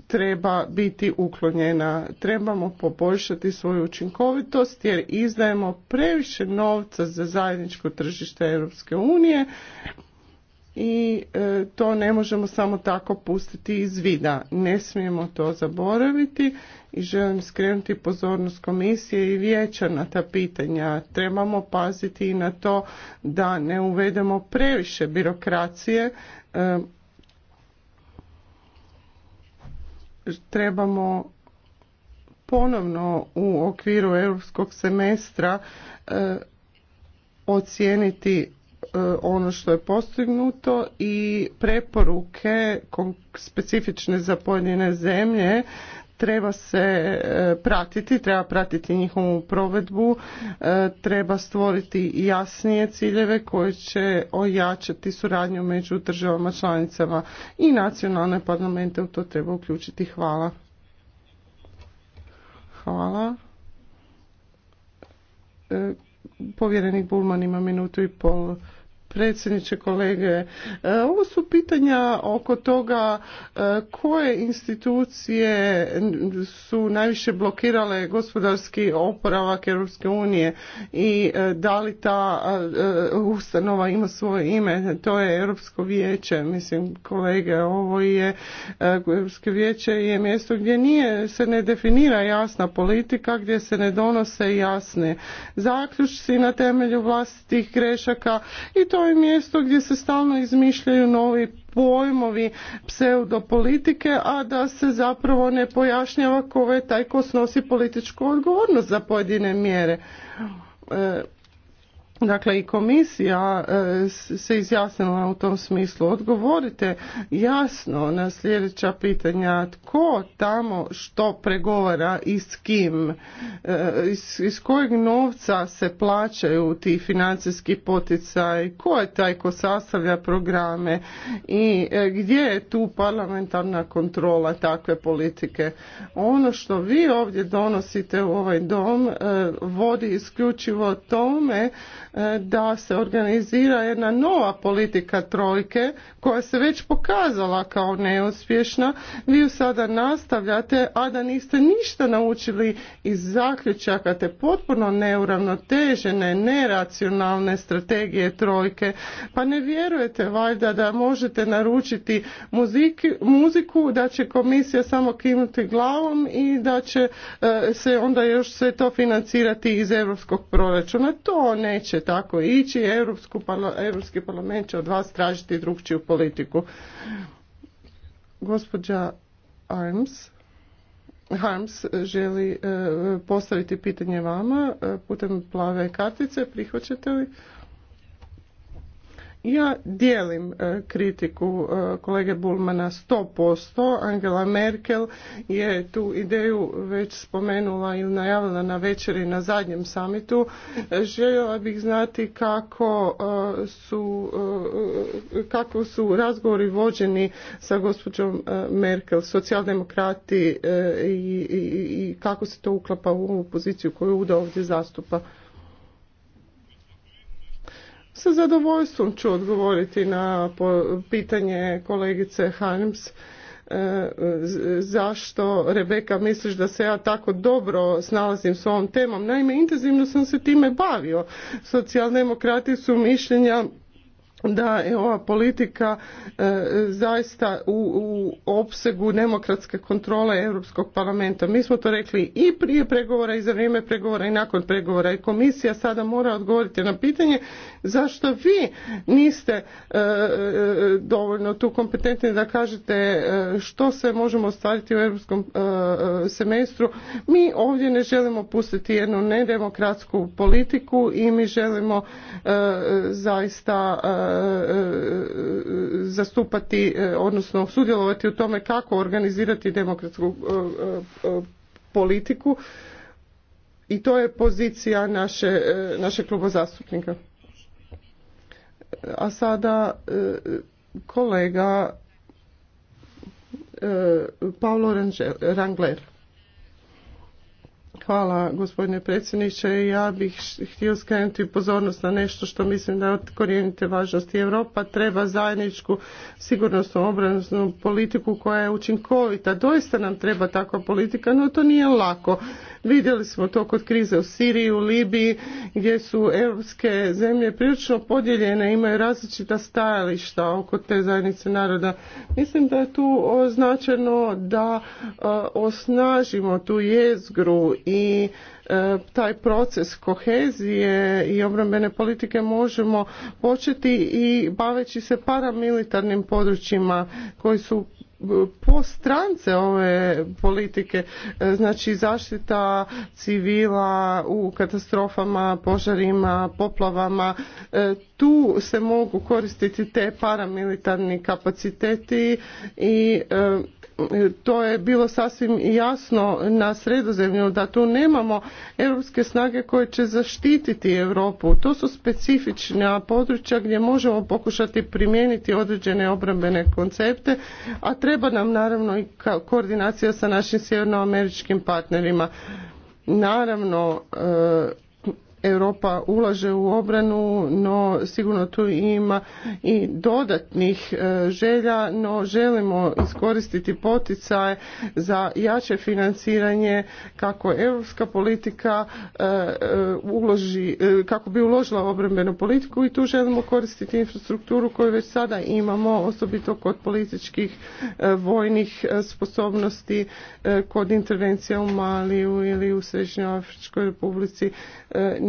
Speaker 1: treba biti uklonjena. Trebamo poboljšati svoju učinkovitost jer izdajemo previše novca za zajedničko tržište Europske unije i e, to ne možemo samo tako pustiti iz vida. Ne smijemo to zaboraviti i želim skrenuti pozornost komisije i vijeća na ta pitanja. Trebamo paziti i na to da ne uvedemo previše birokracije. E, trebamo ponovno u okviru europskog semestra e, ocijeniti E, ono što je postignuto i preporuke specifične za pojedine zemlje treba se e, pratiti, treba pratiti njihovu provedbu, e, treba stvoriti jasnije ciljeve koje će ojačati suradnju među državama članicama i nacionalne parlamente u to treba uključiti. Hvala. Hvala. Povjerenik Bulman ima minutu i pol predsjedniče kolege. E, ovo su pitanja oko toga e, koje institucije su najviše blokirale gospodarski oporavak Europske unije i e, da li ta ustanova ima svoje ime. To je Europsko vijeće. Mislim, kolege, ovo je Europsko vijeće je mjesto gdje nije se ne definira jasna politika, gdje se ne donose jasne zaključci na temelju vlastitih grešaka i to je mjesto gdje se stalno izmišljaju novi pojmovi pseudopolitike, a da se zapravo ne pojašnjava ko je taj ko snosi političku odgovornost za pojedine mjere. E, Dakle, i komisija e, se izjasnila u tom smislu. Odgovorite jasno na sljedeća pitanja tko tamo što pregovara i s kim, e, iz, kojeg novca se plaćaju ti financijski poticaj, ko je taj ko sastavlja programe i e, gdje je tu parlamentarna kontrola takve politike. Ono što vi ovdje donosite u ovaj dom vodi isključivo tome da se organizira jedna nova politika trojke koja se već pokazala kao neuspješna. Vi ju sada nastavljate, a da niste ništa naučili iz zaključaka te potpuno neuravnotežene, neracionalne strategije trojke. Pa ne vjerujete valjda da možete naručiti muziku, da će komisija samo kinuti glavom i da će e, se onda još sve to financirati iz europskog proračuna. To neće tako ići, Europski parlament će od vas tražiti drugčiju politiku. Gospođa Arms, Harms želi eh, postaviti pitanje vama eh, putem plave kartice. Prihvaćate li? Ja dijelim e, kritiku e, kolege Bulmana 100%. Angela Merkel je tu ideju već spomenula ili najavila na večeri na zadnjem samitu. E, željela bih znati kako su, kako su razgovori vođeni sa gospođom Merkel, socijaldemokrati i, kako se to uklapa u ovu poziciju koju UDA ovdje zastupa. Sa zadovoljstvom ću odgovoriti na pitanje kolegice Harms e, zašto Rebeka misliš da se ja tako dobro snalazim s ovom temom. Naime, intenzivno sam se time bavio. Socijaldemokrati su mišljenja da je ova politika e, zaista u, u opsegu demokratske kontrole Europskog parlamenta. Mi smo to rekli i prije pregovora i za vrijeme pregovora i nakon pregovora i komisija sada mora odgovoriti na pitanje zašto vi niste e, e, dovoljno tu kompetentni da kažete što se možemo ostvariti u europskom semestru. Mi ovdje ne želimo pustiti jednu nedemokratsku politiku i mi želimo zaista zastupati, e, odnosno sudjelovati u tome kako organizirati demokratsku e, e, politiku i to je pozicija naše, naše kluba zastupnika. A sada kolega Paolo Rangler. Hvala gospodine predsjedniče. Ja bih htio skrenuti pozornost na nešto što mislim da je od korijenite važnosti. Europa treba zajedničku sigurnosnu obranostnu politiku koja je učinkovita. Doista nam treba takva politika, no to nije lako. Vidjeli smo to kod krize u Siriji, u Libiji, gdje su europske zemlje prilično podijeljene, imaju različita stajališta oko te zajednice naroda. Mislim da je tu značajno da e, osnažimo tu jezgru i e, taj proces kohezije i obrambene politike možemo početi i baveći se paramilitarnim područjima koji su e, po strance ove politike, e, znači zaštita civila u katastrofama, požarima, poplavama, tu se mogu koristiti te paramilitarni kapaciteti i to je bilo sasvim jasno na sredozemlju da tu nemamo europske snage koje će zaštititi Europu. To su specifična područja gdje možemo pokušati primijeniti određene obrambene koncepte, a treba nam naravno i koordinacija sa našim sjevernoameričkim partnerima. Naravno, e, Europa ulaže u obranu, no sigurno tu ima i dodatnih e, želja, no želimo iskoristiti poticaje za jače financiranje kako europska politika e, e, uloži, kako bi uložila obrambenu politiku i tu želimo koristiti infrastrukturu koju već sada imamo, osobito kod političkih vojnih sposobnosti, kod intervencija u Maliju ili u Srednjoj Afričkoj republici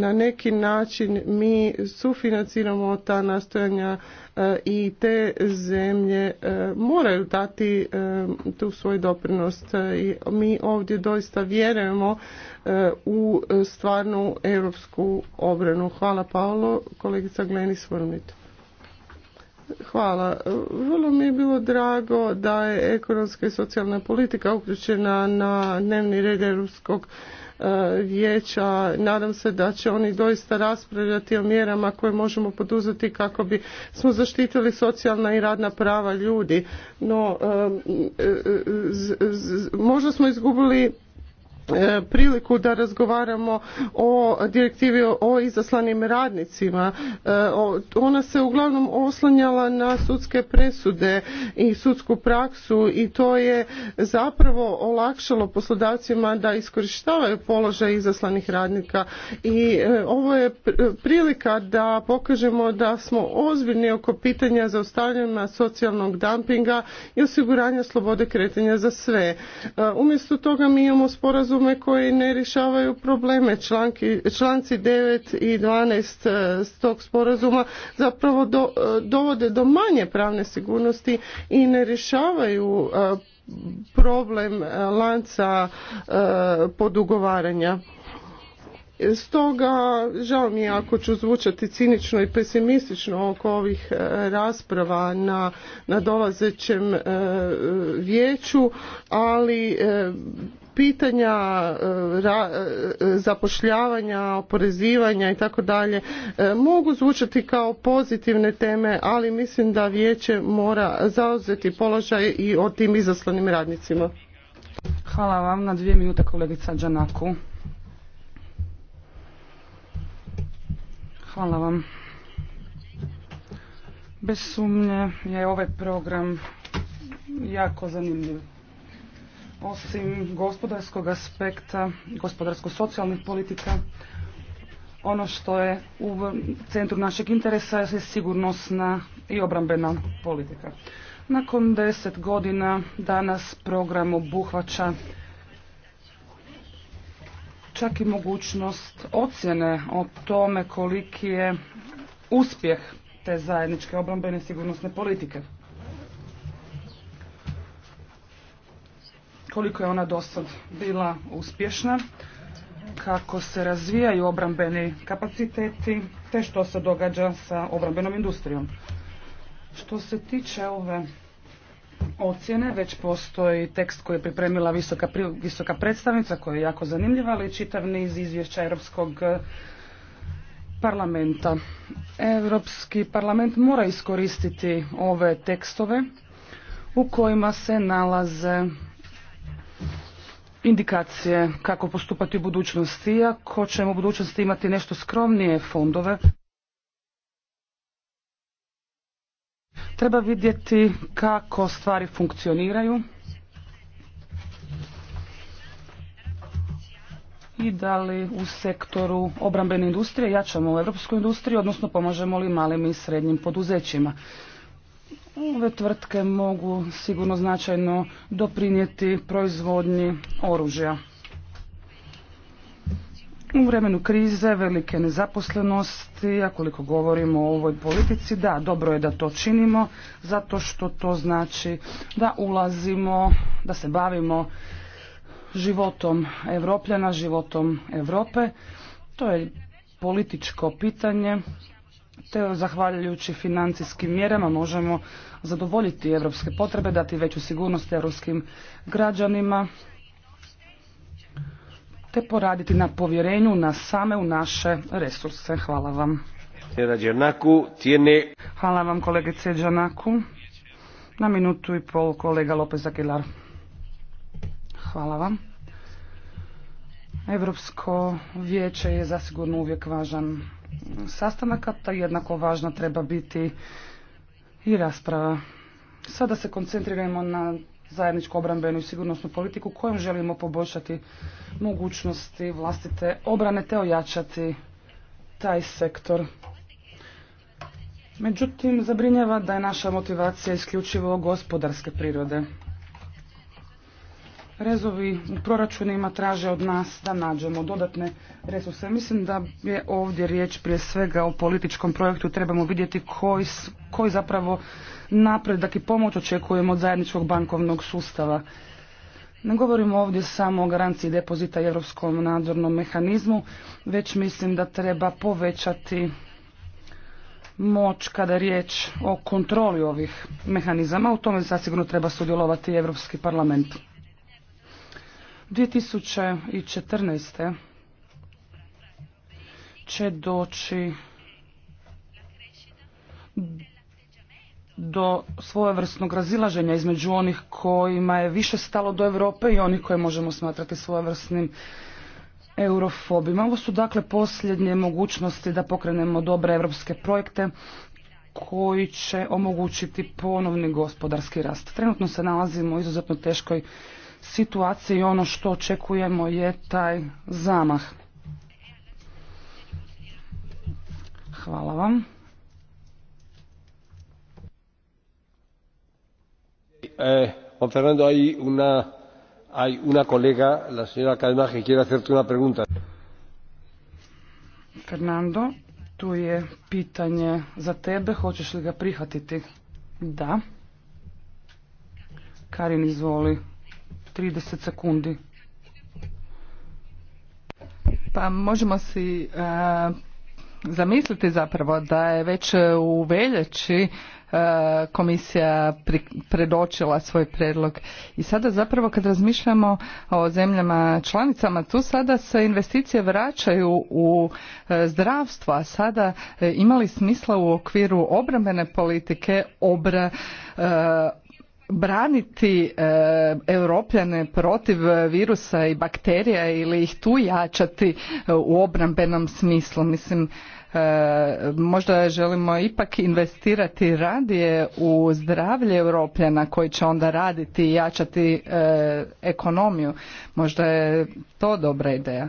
Speaker 1: na neki način mi sufinanciramo ta nastojanja e, i te zemlje e, moraju dati e, tu svoj doprinos. I mi ovdje doista vjerujemo u stvarnu europsku obranu. Hvala Paolo, kolegica Glenis Vrmit. Hvala. Vrlo mi je bilo drago da je ekonomska i socijalna politika uključena na dnevni red Europskog E, vijeća. Nadam se da će oni doista raspravljati o mjerama koje možemo poduzeti kako bi smo zaštitili socijalna i radna prava ljudi. No, e, e, možda smo izgubili E, priliku da razgovaramo o direktivi o izaslanim radnicima. E, ona se uglavnom oslanjala na sudske presude i sudsku praksu i to je zapravo olakšalo poslodavcima da iskorištavaju položaj izaslanih radnika i e, ovo je prilika da pokažemo da smo ozbiljni oko pitanja zaustavljanja socijalnog dumpinga i osiguranja slobode kretanja za sve. Umjesto toga mi imamo sporazum sporazume koji ne rješavaju probleme. članci 9 i 12 e, tog sporazuma zapravo e, dovode do manje pravne sigurnosti i ne rješavaju e, problem lanca podugovaranja. Stoga, žao mi je ako ću zvučati cinično i pesimistično oko ovih rasprava na, na dolazećem vijeću, ali pitanja e, e, zapošljavanja, oporezivanja i tako dalje e, mogu zvučati kao pozitivne teme, ali mislim da vijeće mora zauzeti položaj i o tim izaslanim radnicima.
Speaker 5: Hvala vam na dvije minute
Speaker 1: kolegica Đanaku.
Speaker 5: Hvala vam. Bez sumnje je ovaj program jako zanimljiv. Osim gospodarskog aspekta, gospodarsko-socijalnih politika, ono što je u centru našeg interesa je sigurnosna i obrambena politika. Nakon deset godina danas program obuhvaća čak i mogućnost ocjene o tome koliki je uspjeh te zajedničke obrambene sigurnosne politike. koliko je ona dosad bila uspješna, kako se razvijaju obrambeni kapaciteti, te što se događa sa obrambenom industrijom. Što se tiče ove ocjene, već postoji tekst koji je pripremila visoka, visoka predstavnica, koja je jako zanimljiva, ali čitav niz izvješća Europskog eh, parlamenta. Europski parlament mora iskoristiti ove tekstove u kojima se nalaze indikacije kako postupati u budućnosti, iako ćemo u budućnosti imati nešto skromnije fondove. Treba vidjeti kako stvari funkcioniraju i da li u sektoru obrambene industrije jačamo u europsku industriju, odnosno pomažemo li malim i srednjim poduzećima. Ove tvrtke mogu sigurno značajno doprinijeti proizvodnji oružja. U vremenu krize, velike nezaposlenosti, a koliko govorimo o ovoj politici, da, dobro je da to činimo, zato što to znači da ulazimo, da se bavimo životom Evropljana, životom Europe. To je političko pitanje te zahvaljujući financijskim mjerama možemo zadovoljiti europske potrebe, dati veću sigurnost europskim građanima, te poraditi na povjerenju na same u naše resurse. Hvala vam. Hvala vam kolegice Đanaku. Na minutu i pol kolega Lopez Aguilar. Hvala vam. Europsko vijeće je zasigurno uvijek važan sastanaka, ta jednako važna treba biti i rasprava. Sada se koncentriramo na zajedničku obrambenu i sigurnosnu politiku kojom želimo poboljšati mogućnosti vlastite obrane te ojačati taj sektor. Međutim, zabrinjava da je naša motivacija isključivo gospodarske prirode rezovi u proračunima traže od nas da nađemo dodatne resurse. Mislim da je ovdje riječ prije svega o političkom projektu. Trebamo vidjeti koji, koji zapravo napredak i pomoć očekujemo od zajedničkog bankovnog sustava. Ne govorimo ovdje samo o garanciji depozita i europskom nadzornom mehanizmu, već mislim da treba povećati moć kada je riječ o kontroli ovih mehanizama. U tome zasigurno treba sudjelovati Europski parlament. 2014. će doći do svojevrsnog razilaženja između onih kojima je više stalo do Europe i onih koje možemo smatrati svojevrsnim eurofobima. Ovo su dakle posljednje mogućnosti da pokrenemo dobre europske projekte koji će omogućiti ponovni gospodarski rast. Trenutno se nalazimo u izuzetno teškoj i ono što očekujemo je taj zamah. Hvala vam.
Speaker 2: Eh, Juan Fernando, hay una, hay una colega, la señora Calma, que quiere hacerte una pregunta.
Speaker 5: Fernando, tu je pitanje za tebe, hoćeš li ga prihvatiti? Da. Karin, izvoli. 30 sekundi. Pa možemo si e, zamisliti zapravo da
Speaker 6: je već u veljači e, komisija pri, predočila svoj predlog i sada zapravo kad razmišljamo o zemljama članicama tu sada se investicije vraćaju u e, zdravstvo a sada imali smisla u okviru obrambene politike obra braniti e, europljane protiv virusa i bakterija ili ih tu jačati e, u obrambenom smislu mislim e, možda želimo ipak investirati radije u zdravlje europljana koji će onda raditi i jačati e, ekonomiju možda je to dobra ideja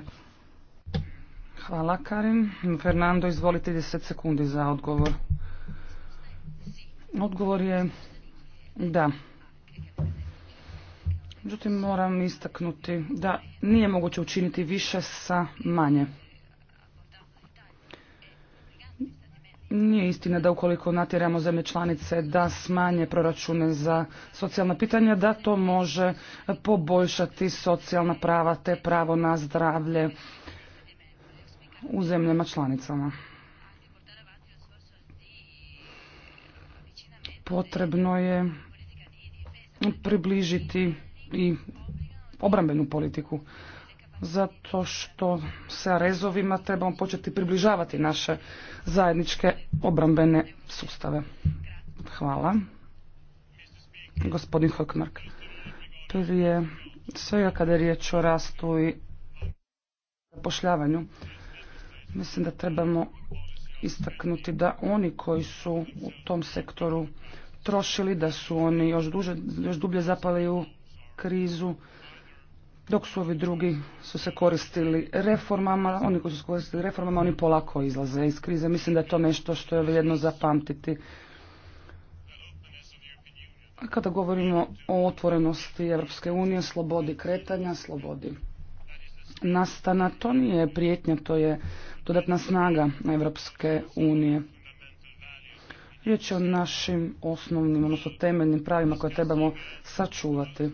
Speaker 5: Hvala Karin. Fernando, izvolite 10 sekundi za odgovor. Odgovor je da. Međutim, moram istaknuti da nije moguće učiniti više sa manje. Nije istina da ukoliko natjeramo zemlje članice da smanje proračune za socijalna pitanja, da to može poboljšati socijalna prava te pravo na zdravlje u zemljama članicama. Potrebno je približiti i obrambenu politiku zato što sa rezovima trebamo početi približavati naše zajedničke obrambene sustave. Hvala. Gospodin Hockmark. Prije svega kada je riječ o rastu i pošljavanju, mislim da trebamo istaknuti da oni koji su u tom sektoru trošili, da su oni još, duže, još dublje zapali u krizu, dok su ovi drugi su se koristili reformama, oni koji su se koristili reformama, oni polako izlaze iz krize. Mislim da je to nešto što je vrijedno zapamtiti. A kada govorimo o otvorenosti Europske unije, slobodi kretanja, slobodi nastana, to nije prijetnja, to je dodatna snaga Europske unije. Riječ je o našim osnovnim, odnosno temeljnim pravima koje trebamo sačuvati.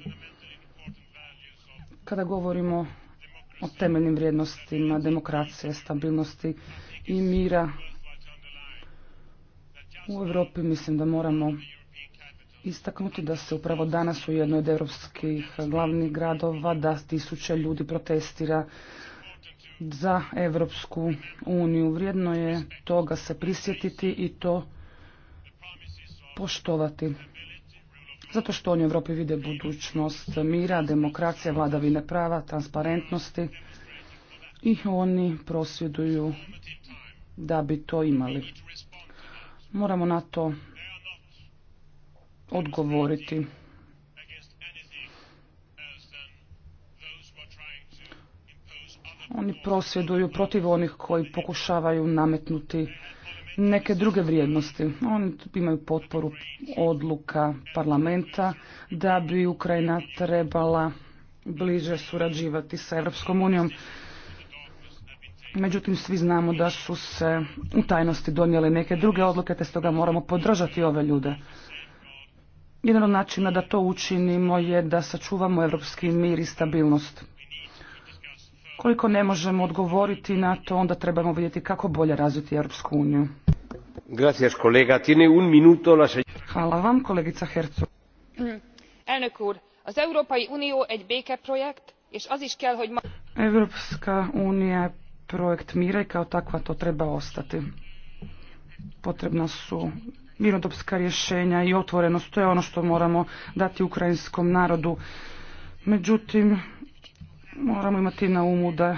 Speaker 5: Kada govorimo o temeljnim vrijednostima demokracije, stabilnosti i mira u Europi mislim da moramo istaknuti da se upravo danas u jednoj od europskih glavnih gradova da tisuće ljudi protestira za Europsku uniju. Vrijedno je toga se prisjetiti i to poštovati. Zato što oni u Europi vide budućnost mira, demokracije, vladavine prava, transparentnosti i oni prosvjeduju da bi to imali. Moramo na to odgovoriti. Oni prosvjeduju protiv onih koji pokušavaju nametnuti neke druge vrijednosti. Oni imaju potporu odluka parlamenta da bi Ukrajina trebala bliže surađivati sa Europskom unijom. Međutim, svi znamo da su se u tajnosti donijele neke druge odluke, te stoga moramo podržati ove ljude. Jedan od načina da to učinimo je da sačuvamo evropski mir i stabilnost. Koliko ne možemo odgovoriti na to, onda trebamo vidjeti kako bolje razviti Europsku uniju. Hvala vam, kolegica
Speaker 2: Hercu. Mm, Evropska
Speaker 5: unija je projekt mira i kao takva to treba ostati. Potrebna su mirnodopska rješenja i otvorenost. To je ono što moramo dati ukrajinskom narodu. Međutim, moramo imati na umu da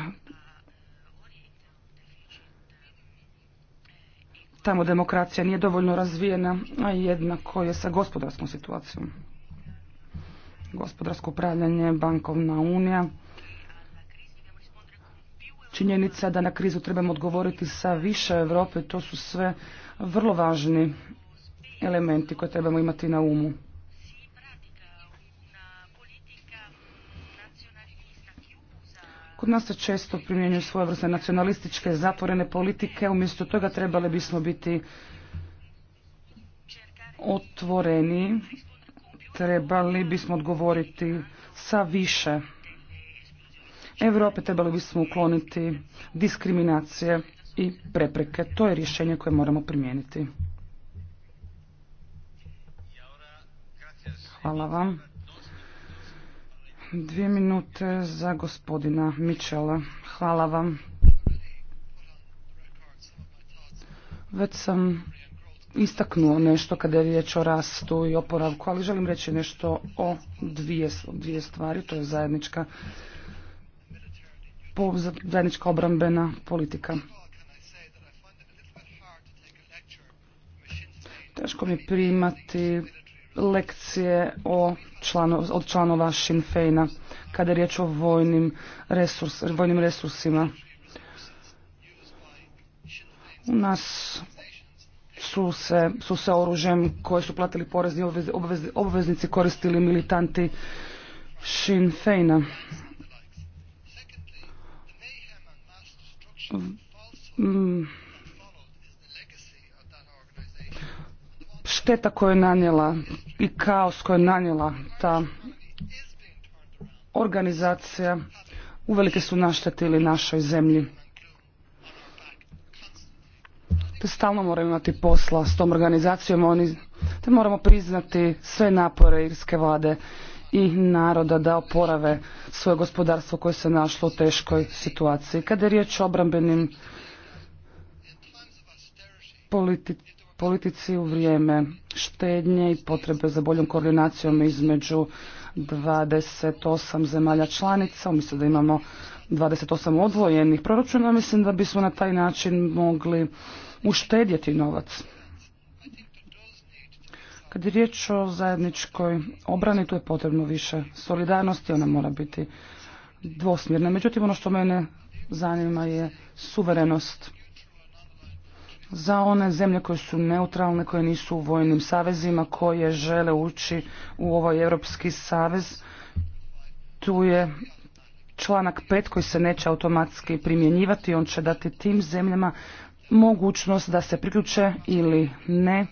Speaker 5: tamo demokracija nije dovoljno razvijena, a jednako je sa gospodarskom situacijom. Gospodarsko upravljanje, bankovna unija. Činjenica da na krizu trebamo odgovoriti sa više Europe, to su sve vrlo važni elementi koje trebamo imati na umu. Kod nas se često primjenjuju svoje nacionalističke zatvorene politike, umjesto toga trebali bismo biti otvoreni, trebali bismo odgovoriti sa više. Europe trebali bismo ukloniti diskriminacije i prepreke. To je rješenje koje moramo primijeniti. Hvala vam. Dvije minute za gospodina Michela. Hvala vam. Već sam istaknuo nešto kada je riječ o rastu i oporavku, ali želim reći nešto o dvije, dvije stvari. To je zajednička, zajednička obrambena politika. Teško mi primati lekcije o od članova Sinn Feina kada je riječ o vojnim, resurs, resursima. U nas su se, su se oružjem koje su platili porezni obvez, obveznici koristili militanti Sinn Feina. šteta koju je nanijela i kaos koju je nanijela ta organizacija uvelike su naštetili našoj zemlji. Te stalno moramo imati posla s tom organizacijom, oni, te moramo priznati sve napore irske vlade i naroda da oporave svoje gospodarstvo koje se našlo u teškoj situaciji. Kada je riječ o obrambenim politici politici u vrijeme štednje i potrebe za boljom koordinacijom između 28 zemalja članica. Mislim da imamo 28 odvojenih proračuna. Mislim da bismo na taj način mogli uštedjeti novac. Kad je riječ o zajedničkoj obrani, tu je potrebno više solidarnosti, ona mora biti dvosmjerna. Međutim, ono što mene zanima je suverenost za one zemlje koje su neutralne, koje nisu u vojnim savezima, koje žele ući u ovaj Europski savez. Tu je članak 5 koji se neće automatski primjenjivati, on će dati tim zemljama mogućnost da se priključe ili ne.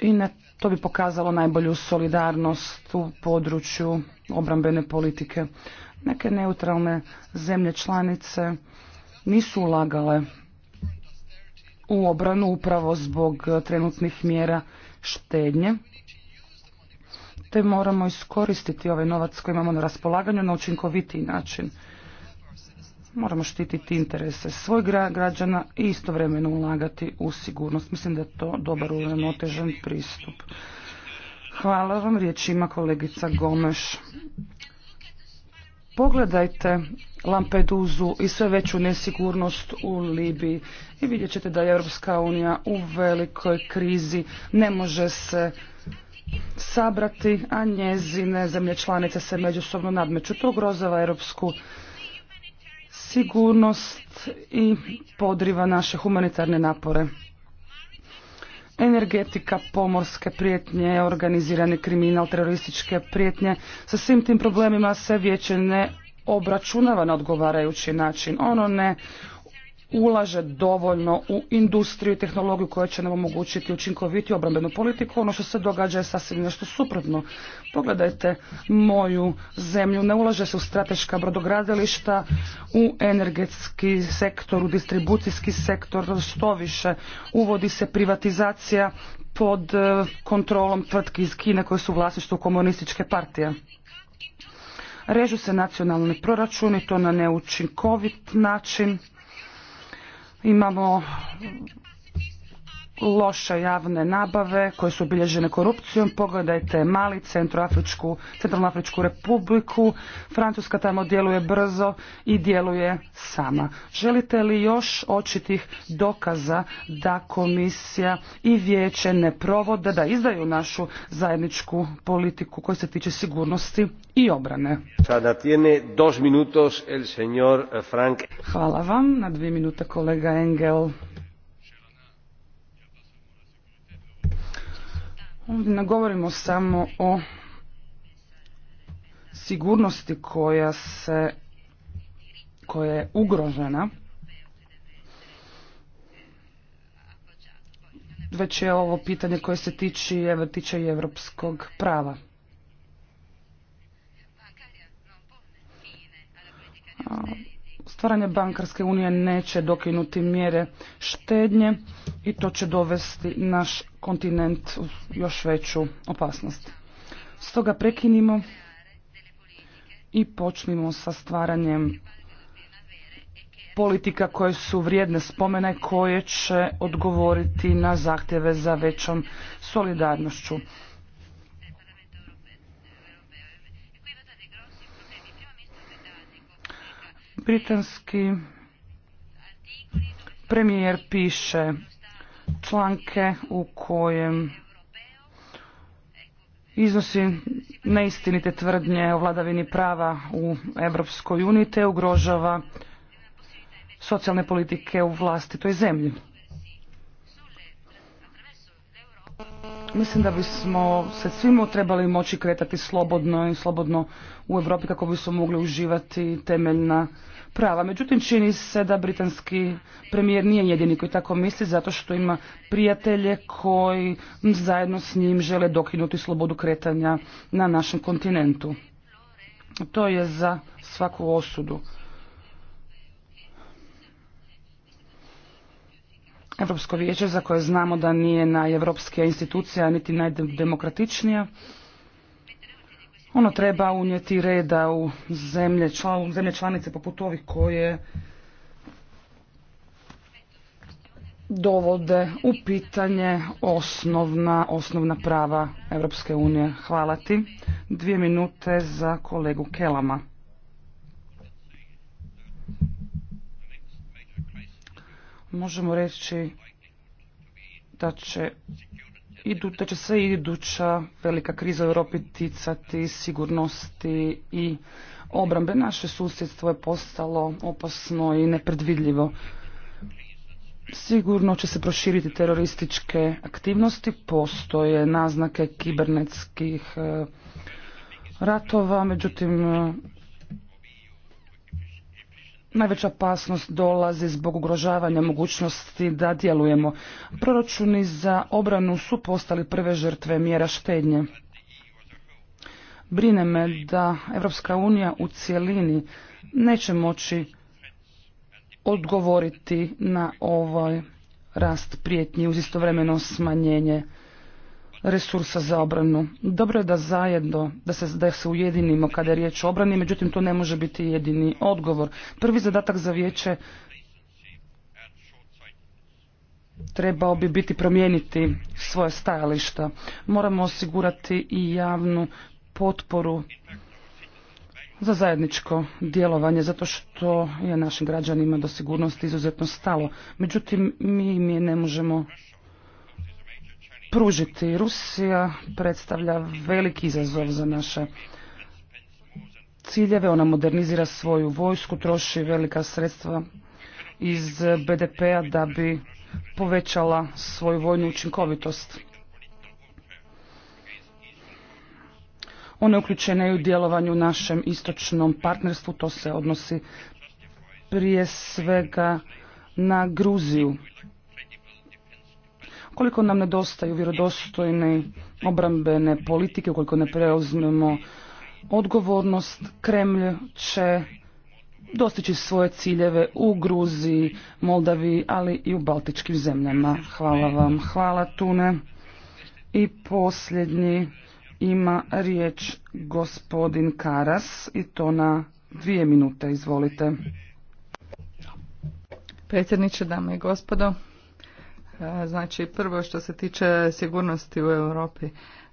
Speaker 5: I to bi pokazalo najbolju solidarnost u području obrambene politike. Neke neutralne zemlje članice nisu ulagale u obranu upravo zbog trenutnih mjera štednje te moramo iskoristiti ovaj novac koji imamo na raspolaganju na učinkovitiji način. Moramo štititi interese svojih građana i istovremeno ulagati u sigurnost. Mislim da je to dobar uravnotežen pristup. Hvala vam. Riječ ima kolegica Gomeš. Pogledajte Lampeduzu i sve veću nesigurnost u Libiji i vidjet ćete da je Europska unija u velikoj krizi, ne može se sabrati, a njezine zemlje članice se međusobno nadmeću. To grozava Europsku sigurnost i podriva naše humanitarne napore energetika, pomorske prijetnje, organizirani kriminal, terorističke prijetnje. Sa svim tim problemima se vijeće ne obračunava na odgovarajući način. Ono ne ulaže dovoljno u industriju i tehnologiju koja će nam omogućiti učinkoviti obrambenu politiku. Ono što se događa je sasvim nešto suprotno. Pogledajte moju zemlju. Ne ulaže se u strateška brodogradilišta, u energetski sektor, u distribucijski sektor, što više. Uvodi se privatizacija pod e, kontrolom tvrtki iz Kine koje su vlasništvo komunističke partije. Režu se nacionalni proračuni, to na neučinkovit način imamo loše javne nabave koje su obilježene korupcijom. Pogledajte Mali, Centroafričku, Centralnoafričku republiku. Francuska tamo djeluje brzo i djeluje sama. Želite li još očitih dokaza da komisija i vijeće ne provode, da izdaju našu zajedničku politiku koja se tiče sigurnosti i obrane?
Speaker 2: Sada tiene dos minutos el Frank. Hvala
Speaker 5: vam. Na dvije minute kolega Engel. Ovdje ne govorimo samo o sigurnosti koja se koja je ugrožena već je ovo pitanje koje se tiče, tiče i evropskog prava. Stvaranje bankarske unije neće dokinuti mjere štednje i to će dovesti naš kontinent u još veću opasnost. Stoga prekinimo i počnimo sa stvaranjem politika koje su vrijedne spomene koje će odgovoriti na zahtjeve za većom solidarnošću. Britanski premijer piše članke u kojem iznosi neistinite tvrdnje o vladavini prava u Europskoj uniji te ugrožava socijalne politike u vlastitoj zemlji. Mislim da bismo se svima trebali moći kretati slobodno i slobodno u Europi kako bismo mogli uživati temeljna prava. Međutim, čini se da britanski premijer nije jedini koji tako misli zato što ima prijatelje koji zajedno s njim žele dokinuti slobodu kretanja na našem kontinentu. To je za svaku osudu. Europsko vijeće za koje znamo da nije najevropskija institucija niti najdemokratičnija. Ono treba unijeti reda u zemlje, zemlje članice poput ovih koje dovode u pitanje osnovna, osnovna prava Europske unije. Hvala ti. Dvije minute za kolegu Kelama. možemo reći da će, idu, da će se iduća velika kriza u Europi ticati sigurnosti i obrambe. Naše susjedstvo je postalo opasno i nepredvidljivo. Sigurno će se proširiti terorističke aktivnosti, postoje naznake kibernetskih eh, ratova, međutim eh, najveća opasnost dolazi zbog ugrožavanja mogućnosti da djelujemo. Proračuni za obranu su postali prve žrtve mjera štednje. Brine me da Evropska unija u cjelini neće moći odgovoriti na ovaj rast prijetnji uz istovremeno smanjenje resursa za obranu. Dobro je da zajedno, da se, da se ujedinimo kada je riječ o obrani, međutim to ne može biti jedini odgovor. Prvi zadatak za vijeće trebao bi biti promijeniti svoje stajališta. Moramo osigurati i javnu potporu za zajedničko djelovanje, zato što je našim građanima do sigurnosti izuzetno stalo. Međutim, mi im je ne možemo pružiti. Rusija predstavlja veliki izazov za naše ciljeve. Ona modernizira svoju vojsku, troši velika sredstva iz BDP-a da bi povećala svoju vojnu učinkovitost. Ona je uključena i u djelovanju našem istočnom partnerstvu, to se odnosi prije svega na Gruziju. Koliko nam nedostaju vjerodostojne obrambene politike, koliko ne preuzmemo odgovornost, Kremlj će dostići svoje ciljeve u Gruziji, Moldaviji, ali i u baltičkim zemljama. Hvala vam. Hvala Tune. I posljednji ima riječ gospodin Karas i to na dvije minute. Izvolite.
Speaker 6: Predsjedniče, dame i gospodo, E, znači, prvo što se tiče sigurnosti u Europi.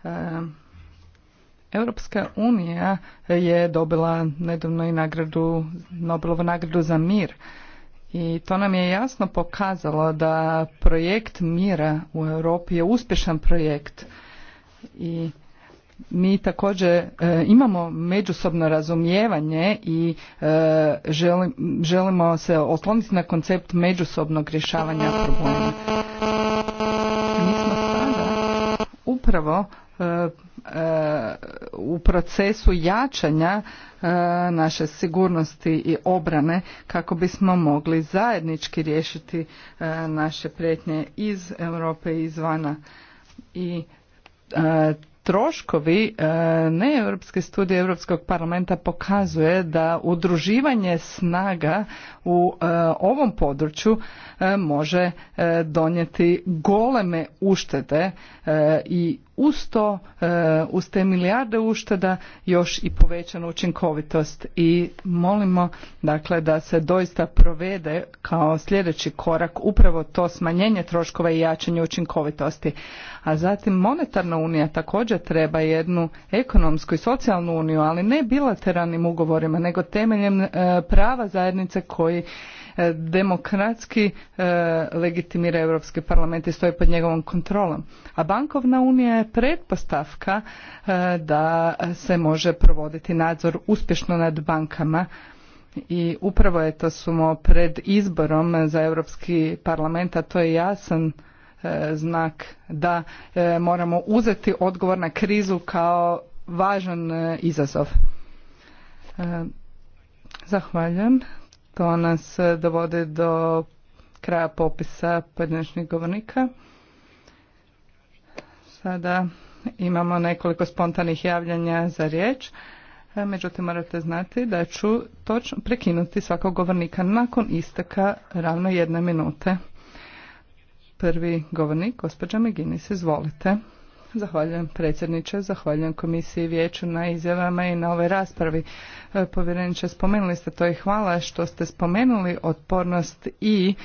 Speaker 6: E, Europska unija je dobila nedavno i nagradu, Nobelovu nagradu za mir. I to nam je jasno pokazalo da projekt mira u Europi je uspješan projekt. I mi također e, imamo međusobno razumijevanje i e, želimo se osloniti na koncept međusobnog rješavanja problema. upravo e, e, u procesu jačanja e, naše sigurnosti i obrane kako bismo mogli zajednički riješiti naše prijetnje iz Europe i izvana i troškovi e, neeuropske studije Europskog parlamenta pokazuje da udruživanje snaga u e, ovom području e, može donijeti goleme uštede i uz to, e, uz te milijarde ušteda, još i povećanu učinkovitost. I molimo dakle da se doista provede kao sljedeći korak upravo to smanjenje troškova i jačanje učinkovitosti. A zatim monetarna unija također treba jednu ekonomsku i socijalnu uniju, ali ne bilateralnim ugovorima, nego temeljem e, prava zajednice koji E, demokratski e, legitimira Europski parlament i stoji pod njegovom kontrolom. A bankovna unija je pretpostavka e, da se može provoditi nadzor uspješno nad bankama i upravo je to smo pred izborom za Europski parlament, a to je jasan znak da moramo uzeti odgovor na krizu kao važan izazov. Zahvaljujem. To nas e, dovodi do kraja popisa pojedinačnih govornika. Sada imamo nekoliko spontanih javljanja za riječ. E, međutim, morate znati da ću točno prekinuti svakog govornika nakon isteka ravno jedne minute. Prvi govornik, gospođa Meginis, izvolite. Zahvaljujem predsjedniče, zahvaljujem komisiji vijeću na izjavama i na ovoj raspravi. E, povjereniče, spomenuli ste to i hvala što ste spomenuli otpornost i e,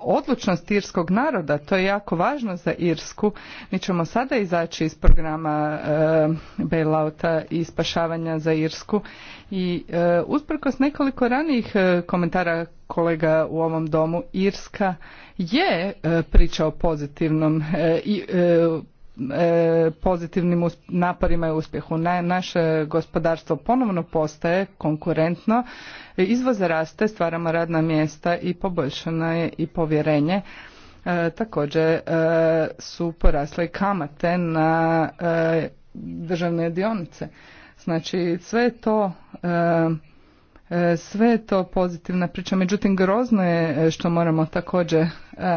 Speaker 6: odlučnost irskog naroda. To je jako važno za Irsku. Mi ćemo sada izaći iz programa e, bailouta i spašavanja za Irsku i usprkos nekoliko ranijih komentara kolega u ovom domu Irska je priča pozitivnom i E, pozitivnim naporima i uspjehu. Naše gospodarstvo ponovno postaje konkurentno, izvoz raste, stvaramo radna mjesta i poboljšano je i povjerenje. E, također e, su porasle kamate na državne dionice. Znači sve to E, sve je to pozitivna priča, međutim grozno je e, što moramo također e,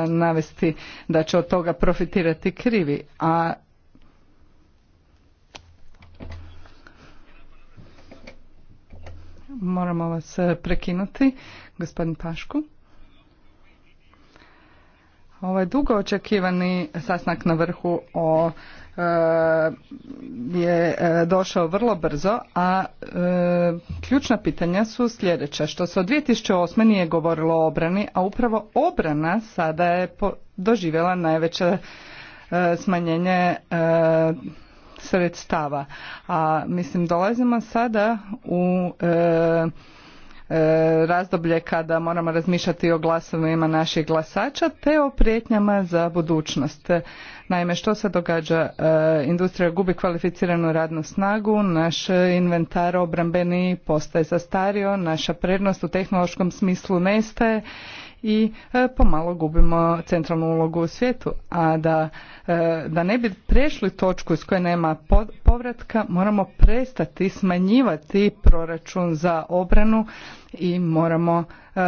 Speaker 6: navesti da će od toga profitirati krivi, a moramo vas prekinuti, gospodin Pašku. Ovo je dugo očekivani sasnak na vrhu o je e, došao vrlo brzo, a e, ključna pitanja su sljedeća. Što se od 2008. nije govorilo o obrani, a upravo obrana sada je doživjela najveće e, smanjenje sredstava. A mislim dolazimo sada u E, razdoblje kada moramo razmišljati o glasovima naših glasača te o prijetnjama za budućnost. Naime, što se događa? E, industrija gubi kvalificiranu radnu snagu, naš inventar obrambeni postaje zastario, naša prednost u tehnološkom smislu nestaje i e, pomalo gubimo centralnu ulogu u svijetu. A da, e, da ne bi prešli točku iz koje nema povratka, moramo prestati smanjivati proračun za obranu i moramo e,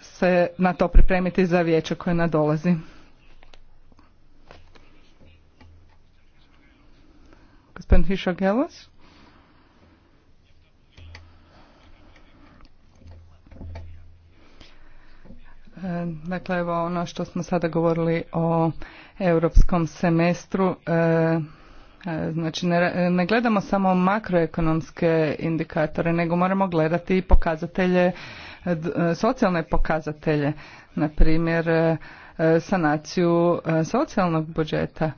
Speaker 6: se na to pripremiti za vijeće koje nadolazi. Gospodin E, dakle, evo ono što smo sada govorili o europskom semestru, e, e, znači ne, gledamo samo makroekonomske indikatore, nego moramo gledati i pokazatelje, socijalne pokazatelje, na primjer sanaciju socijalnog budžeta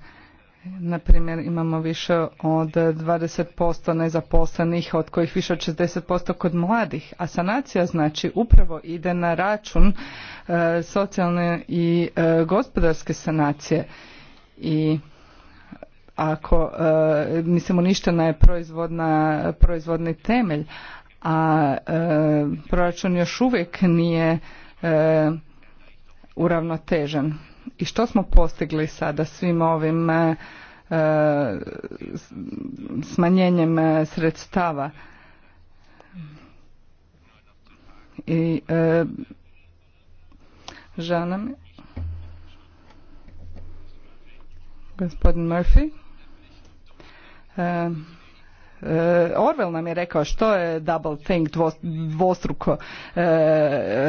Speaker 6: na primjer, imamo više od 20% nezaposlenih, od kojih više od 60% kod mladih, a sanacija znači upravo ide na račun e, socijalne i e, gospodarske sanacije. I ako, e, mislim, uništena je proizvodni temelj, a e, proračun još uvijek nije uravnotežen i što smo postigli sada svim ovim e, e, smanjenjem e, sredstava i e, žena mi gospodin Murphy e, E, Orwell nam je rekao što je double think, dvostruko e,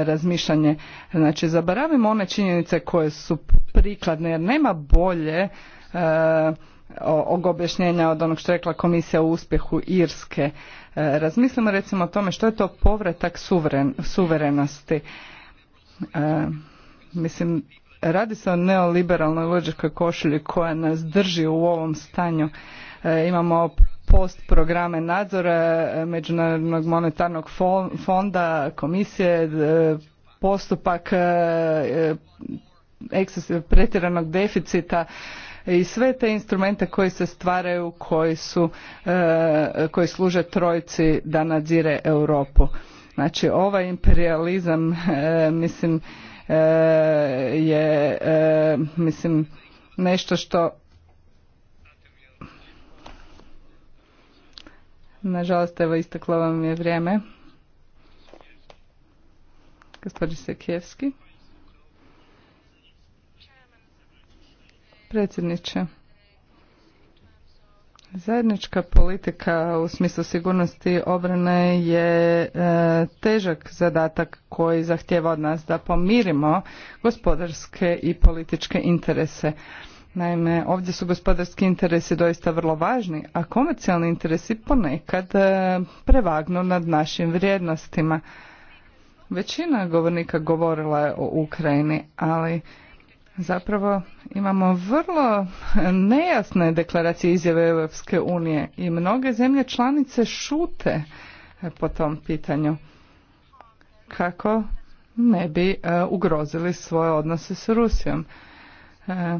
Speaker 6: razmišljanje. Znači, zaboravimo one činjenice koje su prikladne, jer nema bolje e, objašnjenja od onog što je rekla komisija o uspjehu Irske. Razmislimo recimo o tome što je to povratak suverenosti. Mislim, radi se o neoliberalnoj lođeškoj košulji koja nas drži u ovom stanju. Imamo post programe nadzora e, Međunarodnog monetarnog fonda, komisije, e, postupak e, pretjeranog deficita i sve te instrumente koji se stvaraju, koji, su, koji služe trojci da nadzire Europu. Znači ovaj imperializam mislim je mislim nešto što Nažalost, evo isteklo vam je vrijeme. Gospodin Sekijevski. Predsjedniče, zajednička politika u smislu sigurnosti obrane je e, težak zadatak koji zahtjeva od nas da pomirimo gospodarske i političke interese. Naime, ovdje su gospodarski interesi doista vrlo važni, a komercijalni interesi ponekad e, prevagnu nad našim vrijednostima. Većina govornika govorila je o Ukrajini, ali zapravo imamo vrlo nejasne deklaracije izjave Europske unije i mnoge zemlje članice šute po tom pitanju kako ne bi e, ugrozili svoje odnose s Rusijom. E,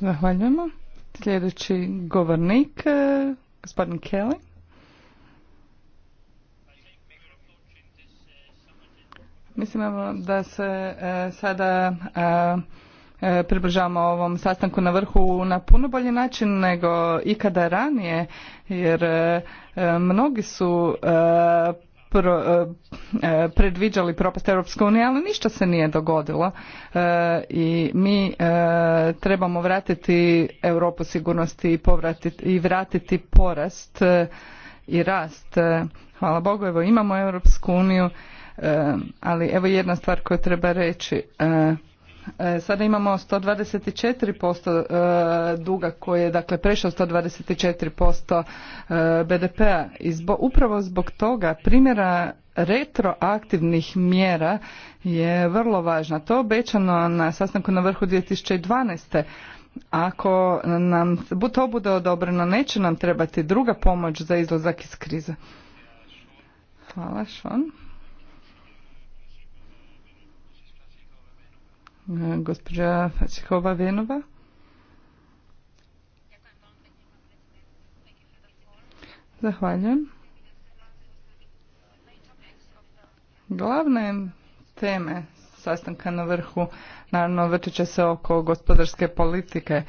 Speaker 6: Zahvaljujemo. Sljedeći govornik, e, gospodin Kelly. Mislim da se e, sada e, e približavamo ovom sastanku na vrhu na puno bolji način nego ikada ranije jer mnogi su pro, e, e, predviđali propast Europske unije, ali ništa se nije dogodilo e, i mi e, trebamo vratiti Europu sigurnosti i, povratiti, i vratiti porast i rast. Hvala Bogu, evo imamo Europsku uniju, ali evo jedna stvar koju treba reći. E, sada imamo 124% e, duga koji je dakle prešao 124% e, BDP-a upravo zbog toga primjera retroaktivnih mjera je vrlo važna. To je obećano na sastanku na vrhu 2012. Ako nam to bude odobreno, neće nam trebati druga pomoć za izlazak iz krize. Hvala, Gospođa Fasihova Venova. Zahvaljujem. Glavne teme sastanka na vrhu naravno vrtiće se oko gospodarske politike.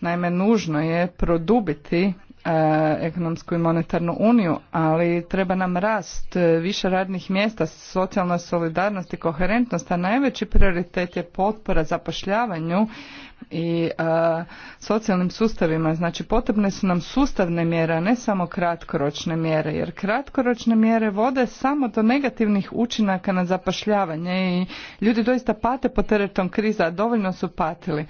Speaker 6: Naime, nužno je produbiti E, ekonomsku i monetarnu uniju, ali treba nam rast, e, više radnih mjesta, socijalna solidarnost i koherentnost, a najveći prioritet je potpora zapošljavanju i e, socijalnim sustavima. Znači potrebne su nam sustavne mjere, a ne samo kratkoročne mjere, jer kratkoročne mjere vode samo do negativnih učinaka na zapošljavanje i ljudi doista pate pod teretom kriza, a dovoljno su patili.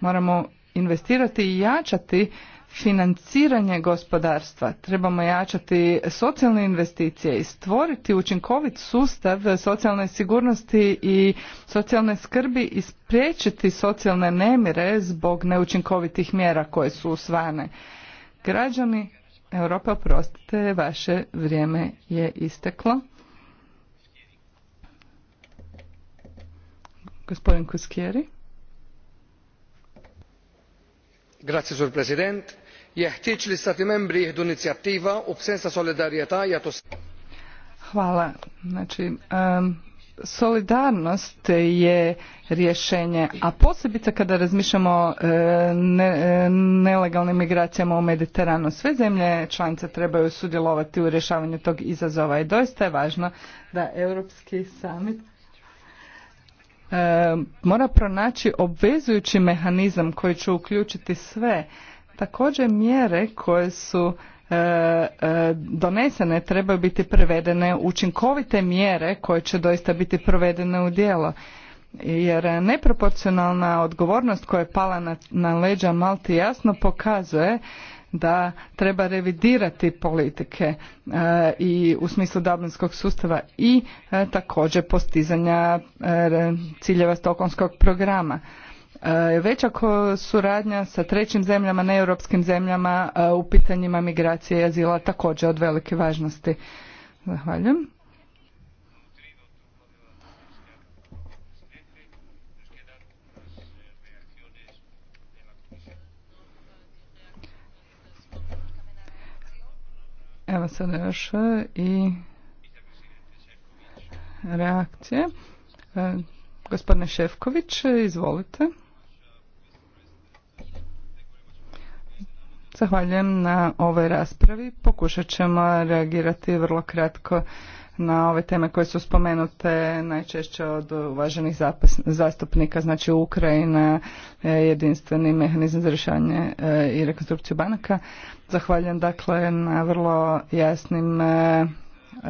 Speaker 6: Moramo investirati i jačati financiranje gospodarstva, trebamo jačati socijalne investicije i stvoriti učinkovit sustav socijalne sigurnosti i socijalne skrbi i spriječiti socijalne nemire zbog neučinkovitih mjera koje su usvane. Građani Europa, oprostite, vaše vrijeme je isteklo. Gospodin Kuskjeri sur president jeħtieġ li stati membri jieħdu inizjattiva u b'sens ta'
Speaker 5: solidarjetà
Speaker 6: Hvala. Znači, solidarnost je rješenje, a posebice kada razmišljamo o e, e, nelegalnim migracijama u Mediteranu. Sve zemlje članice trebaju sudjelovati u rješavanju tog izazova i doista je važno da Europski summit E, mora pronaći obvezujući mehanizam koji će uključiti sve. Također mjere koje su e, e, donesene trebaju biti prevedene učinkovite mjere koje će doista biti provedene u djelo jer neproporcionalna odgovornost koja je pala na, na leđa Malti jasno pokazuje da treba revidirati politike e, i u smislu Dublinskog sustava i e, također postizanja e, ciljeva Stokonskog programa. Veća suradnja sa trećim zemljama, neeuropskim zemljama u pitanjima migracije i azila također od velike važnosti. Zahvaljujem. Evo sada još e, i reakcije. E, gospodine Šefković, izvolite. Zahvaljujem na ovoj raspravi. Pokušat ćemo reagirati vrlo kratko na ove teme koje su spomenute najčešće od uvaženih zastupnika, znači Ukrajina, e, jedinstveni mehanizam za rješavanje e, i rekonstrukciju banaka. Zahvaljujem dakle na vrlo jasnim e,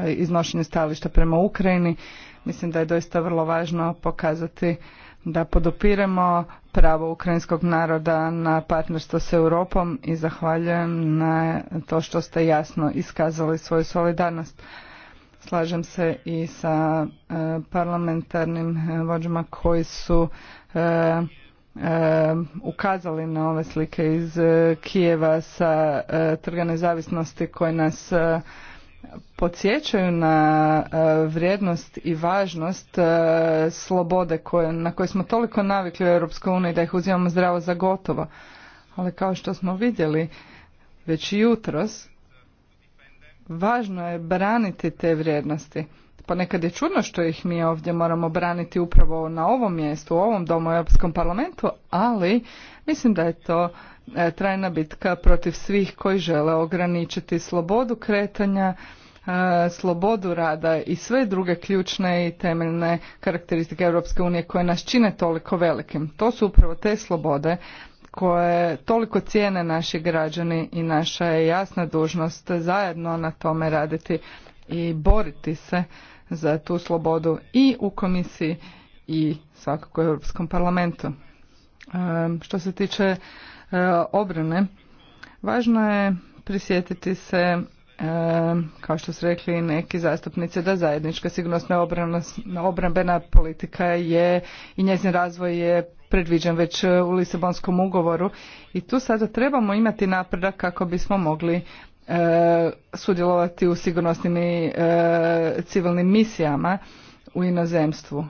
Speaker 6: iznošenju stajališta prema Ukrajini. Mislim da je doista vrlo važno pokazati da podopiremo pravo ukrajinskog naroda na partnerstvo s Europom i zahvaljujem na to što ste jasno iskazali svoju solidarnost slažem se i sa e, parlamentarnim e, vođama koji su e, ukazali na ove slike iz Kijeva sa trga nezavisnosti koje nas podsjećaju na vrijednost i važnost slobode na koje smo toliko navikli u EU da ih uzimamo zdravo za gotovo. Ali kao što smo vidjeli već jutros, Važno je braniti te vrijednosti. Ponekad je čudno što ih mi ovdje moramo braniti upravo na ovom mjestu, u ovom domu u Europskom parlamentu, ali mislim da je to e, trajna bitka protiv svih koji žele ograničiti slobodu kretanja, e, slobodu rada i sve druge ključne i temeljne karakteristike Europske unije koje nas čine toliko velikim. To su upravo te slobode koje toliko cijene naši građani i naša je jasna dužnost zajedno na tome raditi i boriti se za tu slobodu i u komisiji i svakako u Europskom parlamentu. E, što se tiče e, obrane, važno je prisjetiti se kao što su rekli neki zastupnici, da zajednička sigurnosna obrambena politika je i njezin razvoj je predviđen već u Lisabonskom ugovoru i tu sada trebamo imati napredak kako bismo mogli e, sudjelovati u sigurnosnim i e, civilnim misijama u inozemstvu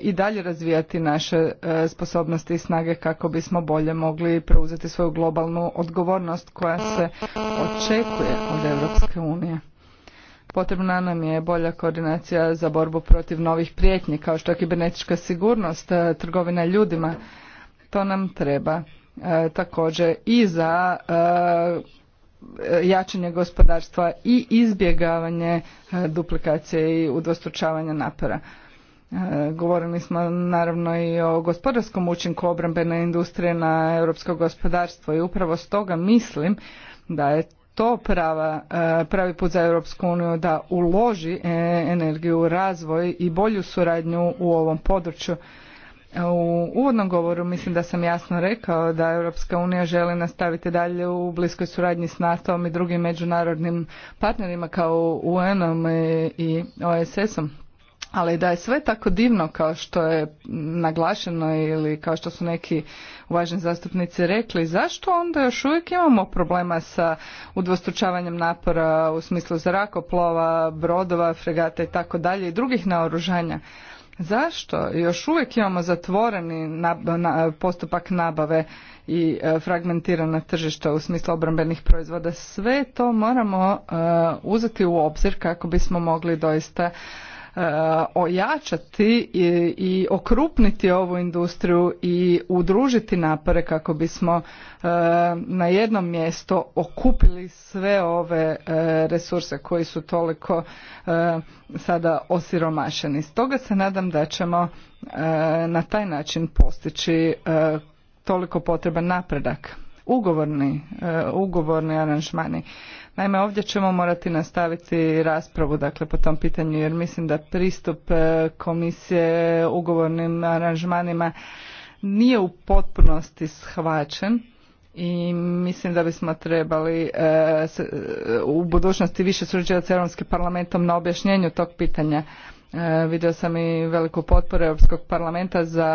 Speaker 6: i dalje razvijati naše e, sposobnosti i snage kako bismo bolje mogli preuzeti svoju globalnu odgovornost koja se očekuje od Europske unije. Potrebna nam je bolja koordinacija za borbu protiv novih prijetnji, kao što je kibernetička sigurnost, e, trgovina ljudima. To nam treba e, također i za e, jačanje gospodarstva i izbjegavanje e, duplikacije i udvostručavanja napora. E, govorili smo naravno i o gospodarskom učinku obrambene industrije na europsko gospodarstvo i upravo stoga mislim da je to prava, e, pravi put za Europsku uniju da uloži e, energiju, razvoj i bolju suradnju u ovom području. U uvodnom govoru mislim da sam jasno rekao da Europska unija želi nastaviti dalje u bliskoj suradnji s NATO-om i drugim međunarodnim partnerima kao UN-om i OSS-om ali da je sve tako divno kao što je naglašeno ili kao što su neki uvaženi zastupnici rekli, zašto onda još uvijek imamo problema sa udvostručavanjem napora u smislu zrakoplova, brodova, fregata i tako dalje i drugih naoružanja? Zašto? Još uvijek imamo zatvoreni postupak nabave i e, fragmentirana tržišta u smislu obrambenih proizvoda. Sve to moramo e, uzeti u obzir kako bismo mogli doista E, ojačati i, i okrupniti ovu industriju i udružiti napore kako bismo e, na jednom mjesto okupili sve ove e, resurse koji su toliko sada osiromašeni. Stoga se nadam da ćemo na taj način postići toliko potreban napredak. Ugovorni, ugovorni aranžmani Naime, ovdje ćemo morati nastaviti raspravu dakle, po tom pitanju jer mislim da pristup e, komisije ugovornim aranžmanima nije u potpunosti shvaćen i mislim da bismo trebali e, e, u budućnosti više surađivati s Europskim parlamentom na objašnjenju tog pitanja. E, vidio sam i veliku potporu Europskog parlamenta za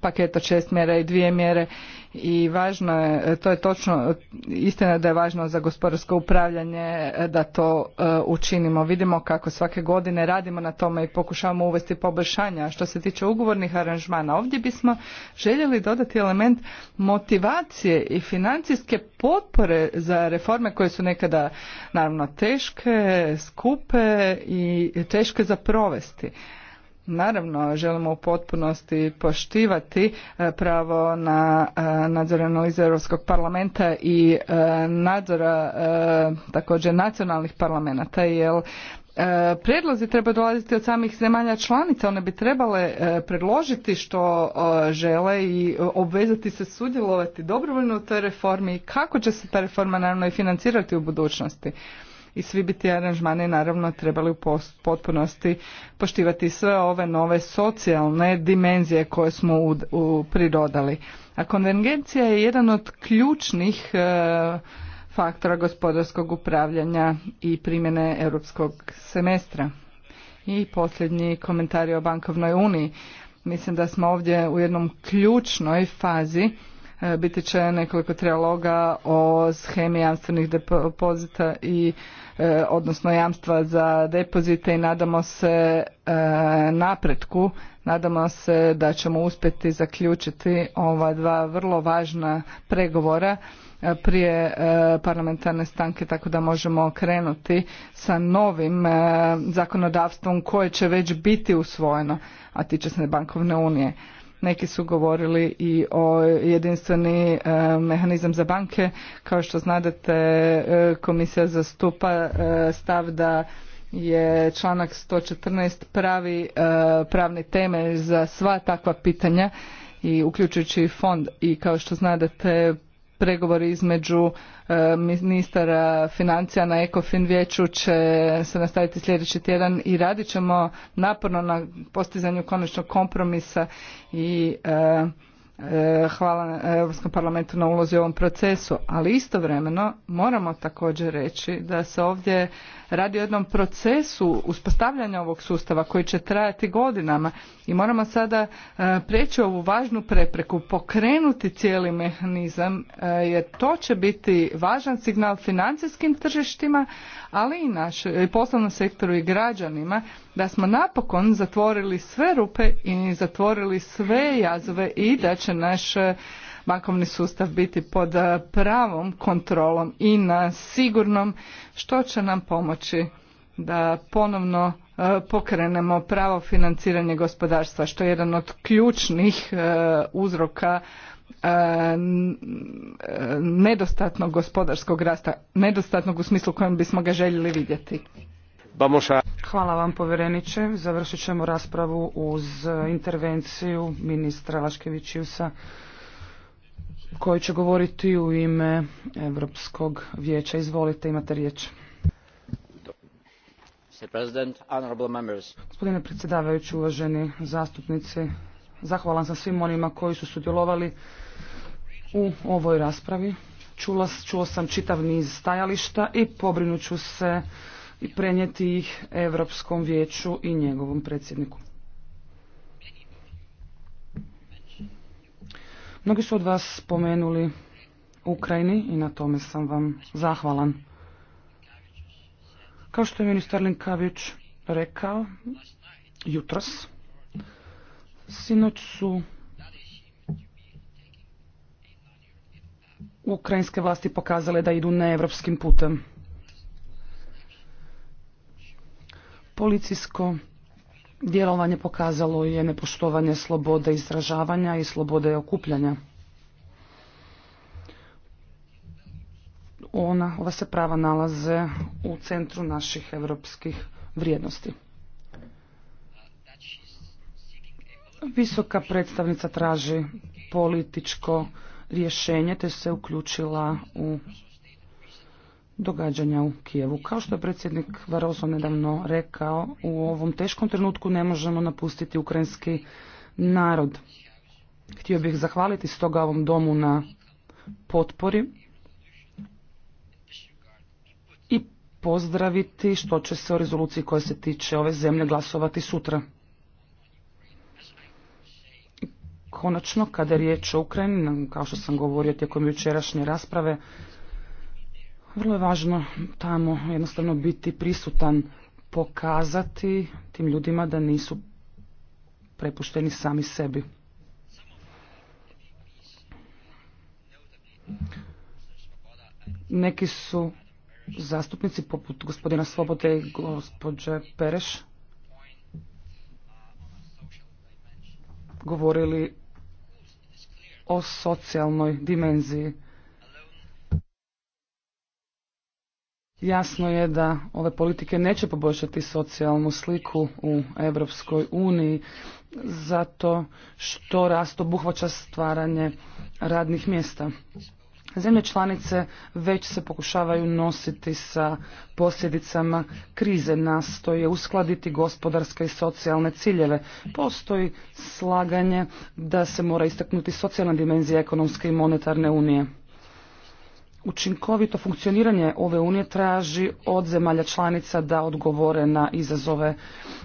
Speaker 6: paket šest mjera i dvije mjere i važno je, to je točno, istina da je važno za gospodarsko upravljanje e, da to e, učinimo. Vidimo kako svake godine radimo na tome i pokušavamo uvesti poboljšanja. što se tiče ugovornih aranžmana, ovdje bismo željeli dodati element motivacije i financijske potpore za reforme koje su nekada naravno teške, skupe i teške za provesti. Naravno, želimo u potpunosti poštivati e, pravo na e, nadzor analize Europskog parlamenta i e, nadzora također nacionalnih parlamenta, jer predlozi treba dolaziti od samih zemalja članica, one bi trebale predložiti što žele i obvezati se sudjelovati dobrovoljno u toj reformi i kako će se ta reforma naravno i financirati u budućnosti i svi bi ti aranžmani naravno trebali u potpunosti poštivati sve ove nove socijalne dimenzije koje smo u, pridodali. A konvergencija je jedan od ključnih e, faktora gospodarskog upravljanja i primjene europskog semestra. I posljednji komentari o bankovnoj uniji. Mislim da smo ovdje u jednom ključnoj fazi E, biti će nekoliko trialoga o schemi jamstvenih depozita i e, odnosno jamstva za depozite i nadamo se e, napretku, nadamo se da ćemo uspjeti zaključiti ova dva vrlo važna pregovora prije parlamentarne stanke tako da možemo krenuti sa novim zakonodavstvom koje će već biti usvojeno, a tiče se bankovne unije. Neki su govorili i o jedinstveni e, mehanizam za banke. Kao što znadete, e, komisija zastupa e, stav da je članak 114 pravi pravni temelj za sva takva pitanja i uključujući fond i kao što znadete pregovori između e, ministara financija na ECOFIN vijeću će se nastaviti sljedeći tjedan i radit ćemo naporno na postizanju konačnog kompromisa i e, e, hvala Europskom parlamentu na ulozi u ovom procesu, ali istovremeno moramo također reći da se ovdje radi o jednom procesu uspostavljanja ovog sustava koji će trajati godinama i moramo sada e, preći ovu važnu prepreku, pokrenuti cijeli mehanizam e, jer to će biti važan signal financijskim tržištima, ali i našoj poslovnom sektoru i građanima da smo napokon zatvorili sve rupe i zatvorili sve jazove i da će naš bankovni sustav biti pod eh, pravom kontrolom i na sigurnom što će nam pomoći da ponovno eh, pokrenemo pravo financiranje gospodarstva što je jedan od ključnih eh, uzroka nedostatnog gospodarskog rasta, nedostatnog u smislu kojem bismo ga željeli vidjeti.
Speaker 5: Hvala vam povjereniče. Završit ćemo raspravu uz intervenciju ministra Laškevićiusa koji će govoriti u ime Europskog vijeća. Izvolite, imate riječ. Gospodine predsjedavajući, uvaženi zastupnici, zahvalan sam svim onima koji su sudjelovali u ovoj raspravi. Čula, čuo sam čitav niz stajališta i pobrinuću se i prenijeti ih Europskom vijeću i njegovom predsjedniku. Mnogi su od vas spomenuli Ukrajini i na tome sam vam zahvalan. Kao što je ministar Linkavić rekao, jutros, sinoć su ukrajinske vlasti pokazale da idu neevropskim putem. Policijsko djelovanje pokazalo je nepoštovanje slobode izražavanja i slobode okupljanja. Ona, ova se prava nalaze u centru naših europskih vrijednosti. Visoka predstavnica traži političko rješenje te se uključila u događanja u Kijevu. Kao što je predsjednik Varoso nedavno rekao, u ovom teškom trenutku ne možemo napustiti ukrajinski narod. Htio bih zahvaliti stoga ovom domu na potpori i pozdraviti što će se o rezoluciji koja se tiče ove zemlje glasovati sutra. Konačno, kada je riječ o Ukrajini, kao što sam govorio tijekom jučerašnje rasprave, vrlo je važno tamo jednostavno biti prisutan, pokazati tim ljudima da nisu prepušteni sami sebi. Neki su zastupnici poput gospodina Svobode i gospođe Pereš govorili o socijalnoj dimenziji. Jasno je da ove politike neće poboljšati socijalnu sliku u Europskoj uniji zato što rast obuhvaća stvaranje radnih mjesta. Zemlje članice već se pokušavaju nositi sa posljedicama krize, nastoje uskladiti gospodarske i socijalne ciljeve. Postoji slaganje da se mora istaknuti socijalna dimenzija ekonomske i monetarne unije učinkovito funkcioniranje ove unije traži od zemalja članica da odgovore na izazove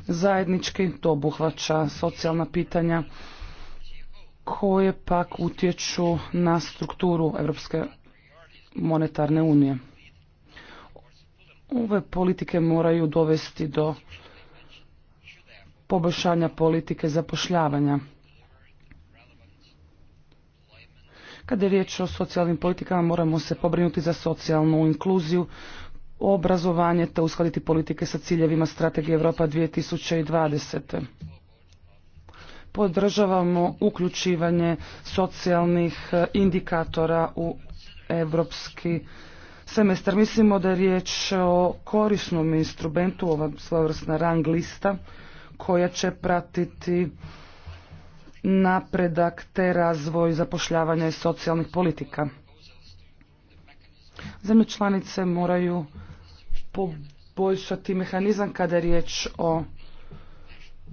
Speaker 5: zajednički, to obuhvaća socijalna pitanja koje pak utječu na strukturu Europske monetarne unije. Ove politike moraju dovesti do poboljšanja politike zapošljavanja. Kada je riječ o socijalnim politikama moramo se pobrinuti za socijalnu inkluziju, obrazovanje te uskladiti politike sa ciljevima strategije Europa 2020. Podržavamo uključivanje socijalnih eh, indikatora u europski semestar. Mislimo da je riječ o korisnom instrumentu, ova svojevrsna rang lista koja će pratiti napredak te razvoj zapošljavanja i socijalnih politika. Zemlje članice moraju poboljšati mehanizam kada je riječ o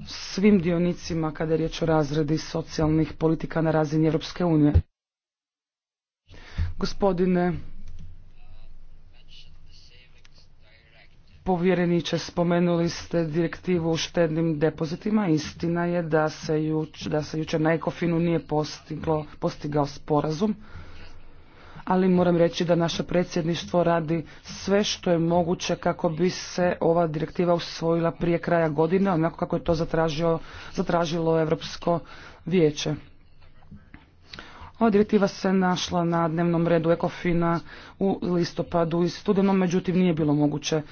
Speaker 5: svim dionicima kada je riječ o razredi socijalnih politika na razini Europske unije. Gospodine povjereniče, spomenuli ste direktivu u štednim depozitima. Istina je da se, juč, da se jučer na Ekofinu nije postiglo, postigao sporazum, ali moram reći da naše predsjedništvo radi sve što je moguće kako bi se ova direktiva usvojila prije kraja godine, onako kako je to zatražio, zatražilo Europsko vijeće. Ova direktiva se našla na dnevnom redu Ekofina u listopadu i studenom, međutim nije bilo moguće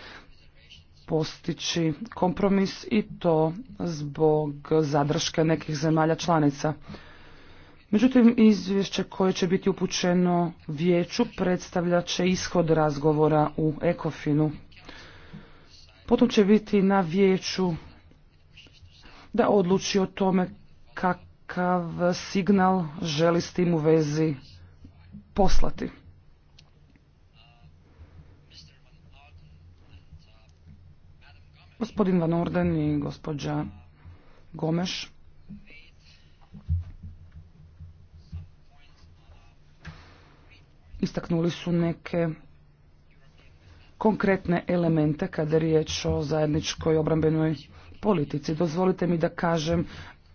Speaker 5: postići kompromis i to zbog zadrške nekih zemalja članica. Međutim, izvješće koje će biti upućeno vijeću predstavljat će ishod razgovora u Ekofinu. Potom će biti na vijeću da odluči o tome kakav signal želi s tim u vezi poslati. Gospodin Van Orden i gospođa Gomeš. Istaknuli su neke konkretne elemente kada je riječ o zajedničkoj obrambenoj politici. Dozvolite mi da kažem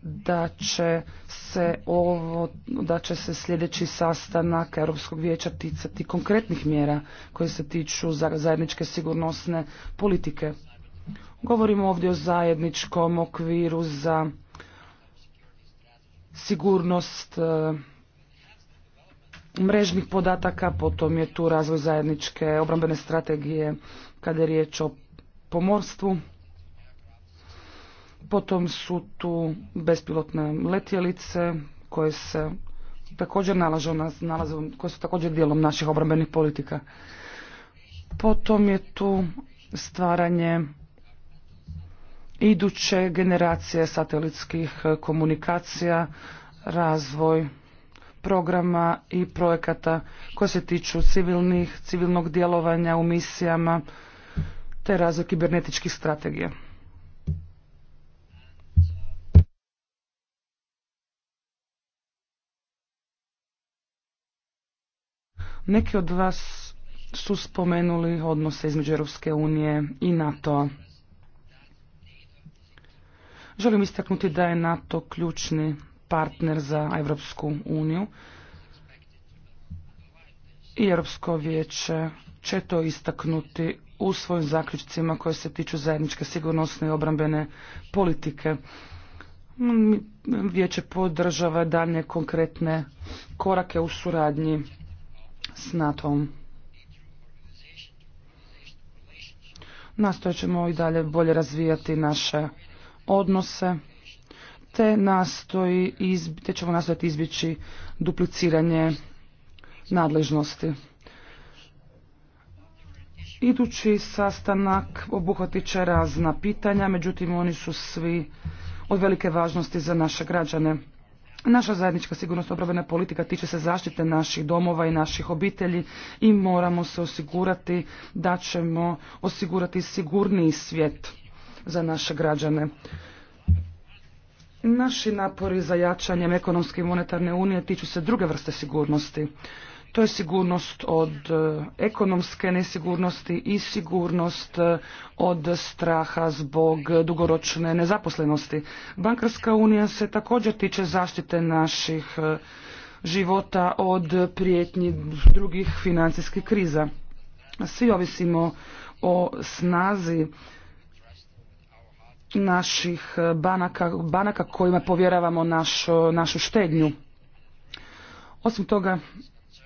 Speaker 5: da će se ovo, da će se sljedeći sastanak Europskog vijeća ticati konkretnih mjera koje se tiču zajedničke sigurnosne politike. Govorimo ovdje o zajedničkom okviru za sigurnost e, mrežnih podataka, potom je tu razvoj zajedničke obrambene strategije kada je riječ o pomorstvu. Potom su tu bespilotne letjelice koje se također nalažu, nalaze, koje su također dijelom naših obrambenih politika. Potom je tu stvaranje iduće generacije satelitskih komunikacija, razvoj programa i projekata koje se tiču civilnih, civilnog djelovanja u misijama te razvoj kibernetičkih strategija. Neki od vas su spomenuli odnose između Europske unije i NATO-a. Želim istaknuti da je NATO ključni partner za Europsku uniju i Europsko vijeće će to istaknuti u svojim zaključcima koje se tiču zajedničke sigurnosne i obrambene politike. Vijeće podržava dalje konkretne korake u suradnji s NATO-om. Nastojećemo ćemo i dalje bolje razvijati naše odnose te, nastoji te ćemo nastojati izbjeći dupliciranje nadležnosti. Idući sastanak obuhvatit će razna pitanja, međutim oni su svi od velike važnosti za naše građane. Naša zajednička sigurnost obrambena politika tiče se zaštite naših domova i naših obitelji i moramo se osigurati da ćemo osigurati sigurniji svijet za naše građane. Naši napori za jačanjem ekonomske i monetarne unije tiču se druge vrste sigurnosti. To je sigurnost od e, ekonomske nesigurnosti i sigurnost e, od straha zbog dugoročne nezaposlenosti. Bankarska unija se također tiče zaštite naših e, života od prijetnji drugih financijskih kriza. Svi ovisimo o snazi naših e, banaka, banaka kojima povjeravamo e, našu štednju. Osim toga,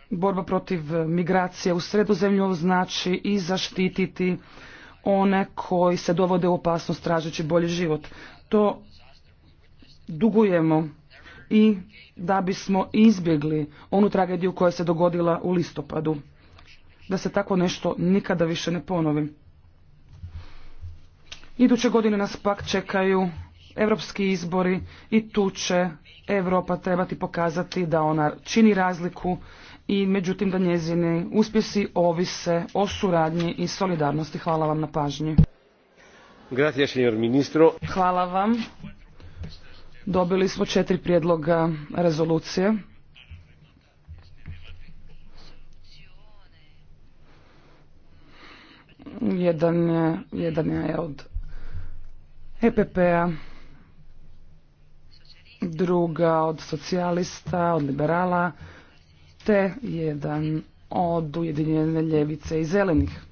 Speaker 5: borba protiv migracije u sredozemlju znači i zaštititi one koji se dovode u opasnost tražeći bolji život. To dugujemo i da bismo izbjegli onu tragediju koja se dogodila u listopadu. Da se tako nešto nikada više ne ponovi. Iduće godine nas pak čekaju europski izbori i tu će Europa trebati pokazati da ona čini razliku i međutim da njezini uspjesi ovise o suradnji i solidarnosti. Hvala vam na pažnji.
Speaker 2: Hvala vam.
Speaker 5: Dobili smo četiri prijedloga rezolucije. jedan je od EPP-a, druga od socijalista, od liberala, te jedan od ujedinjene ljevice i zelenih.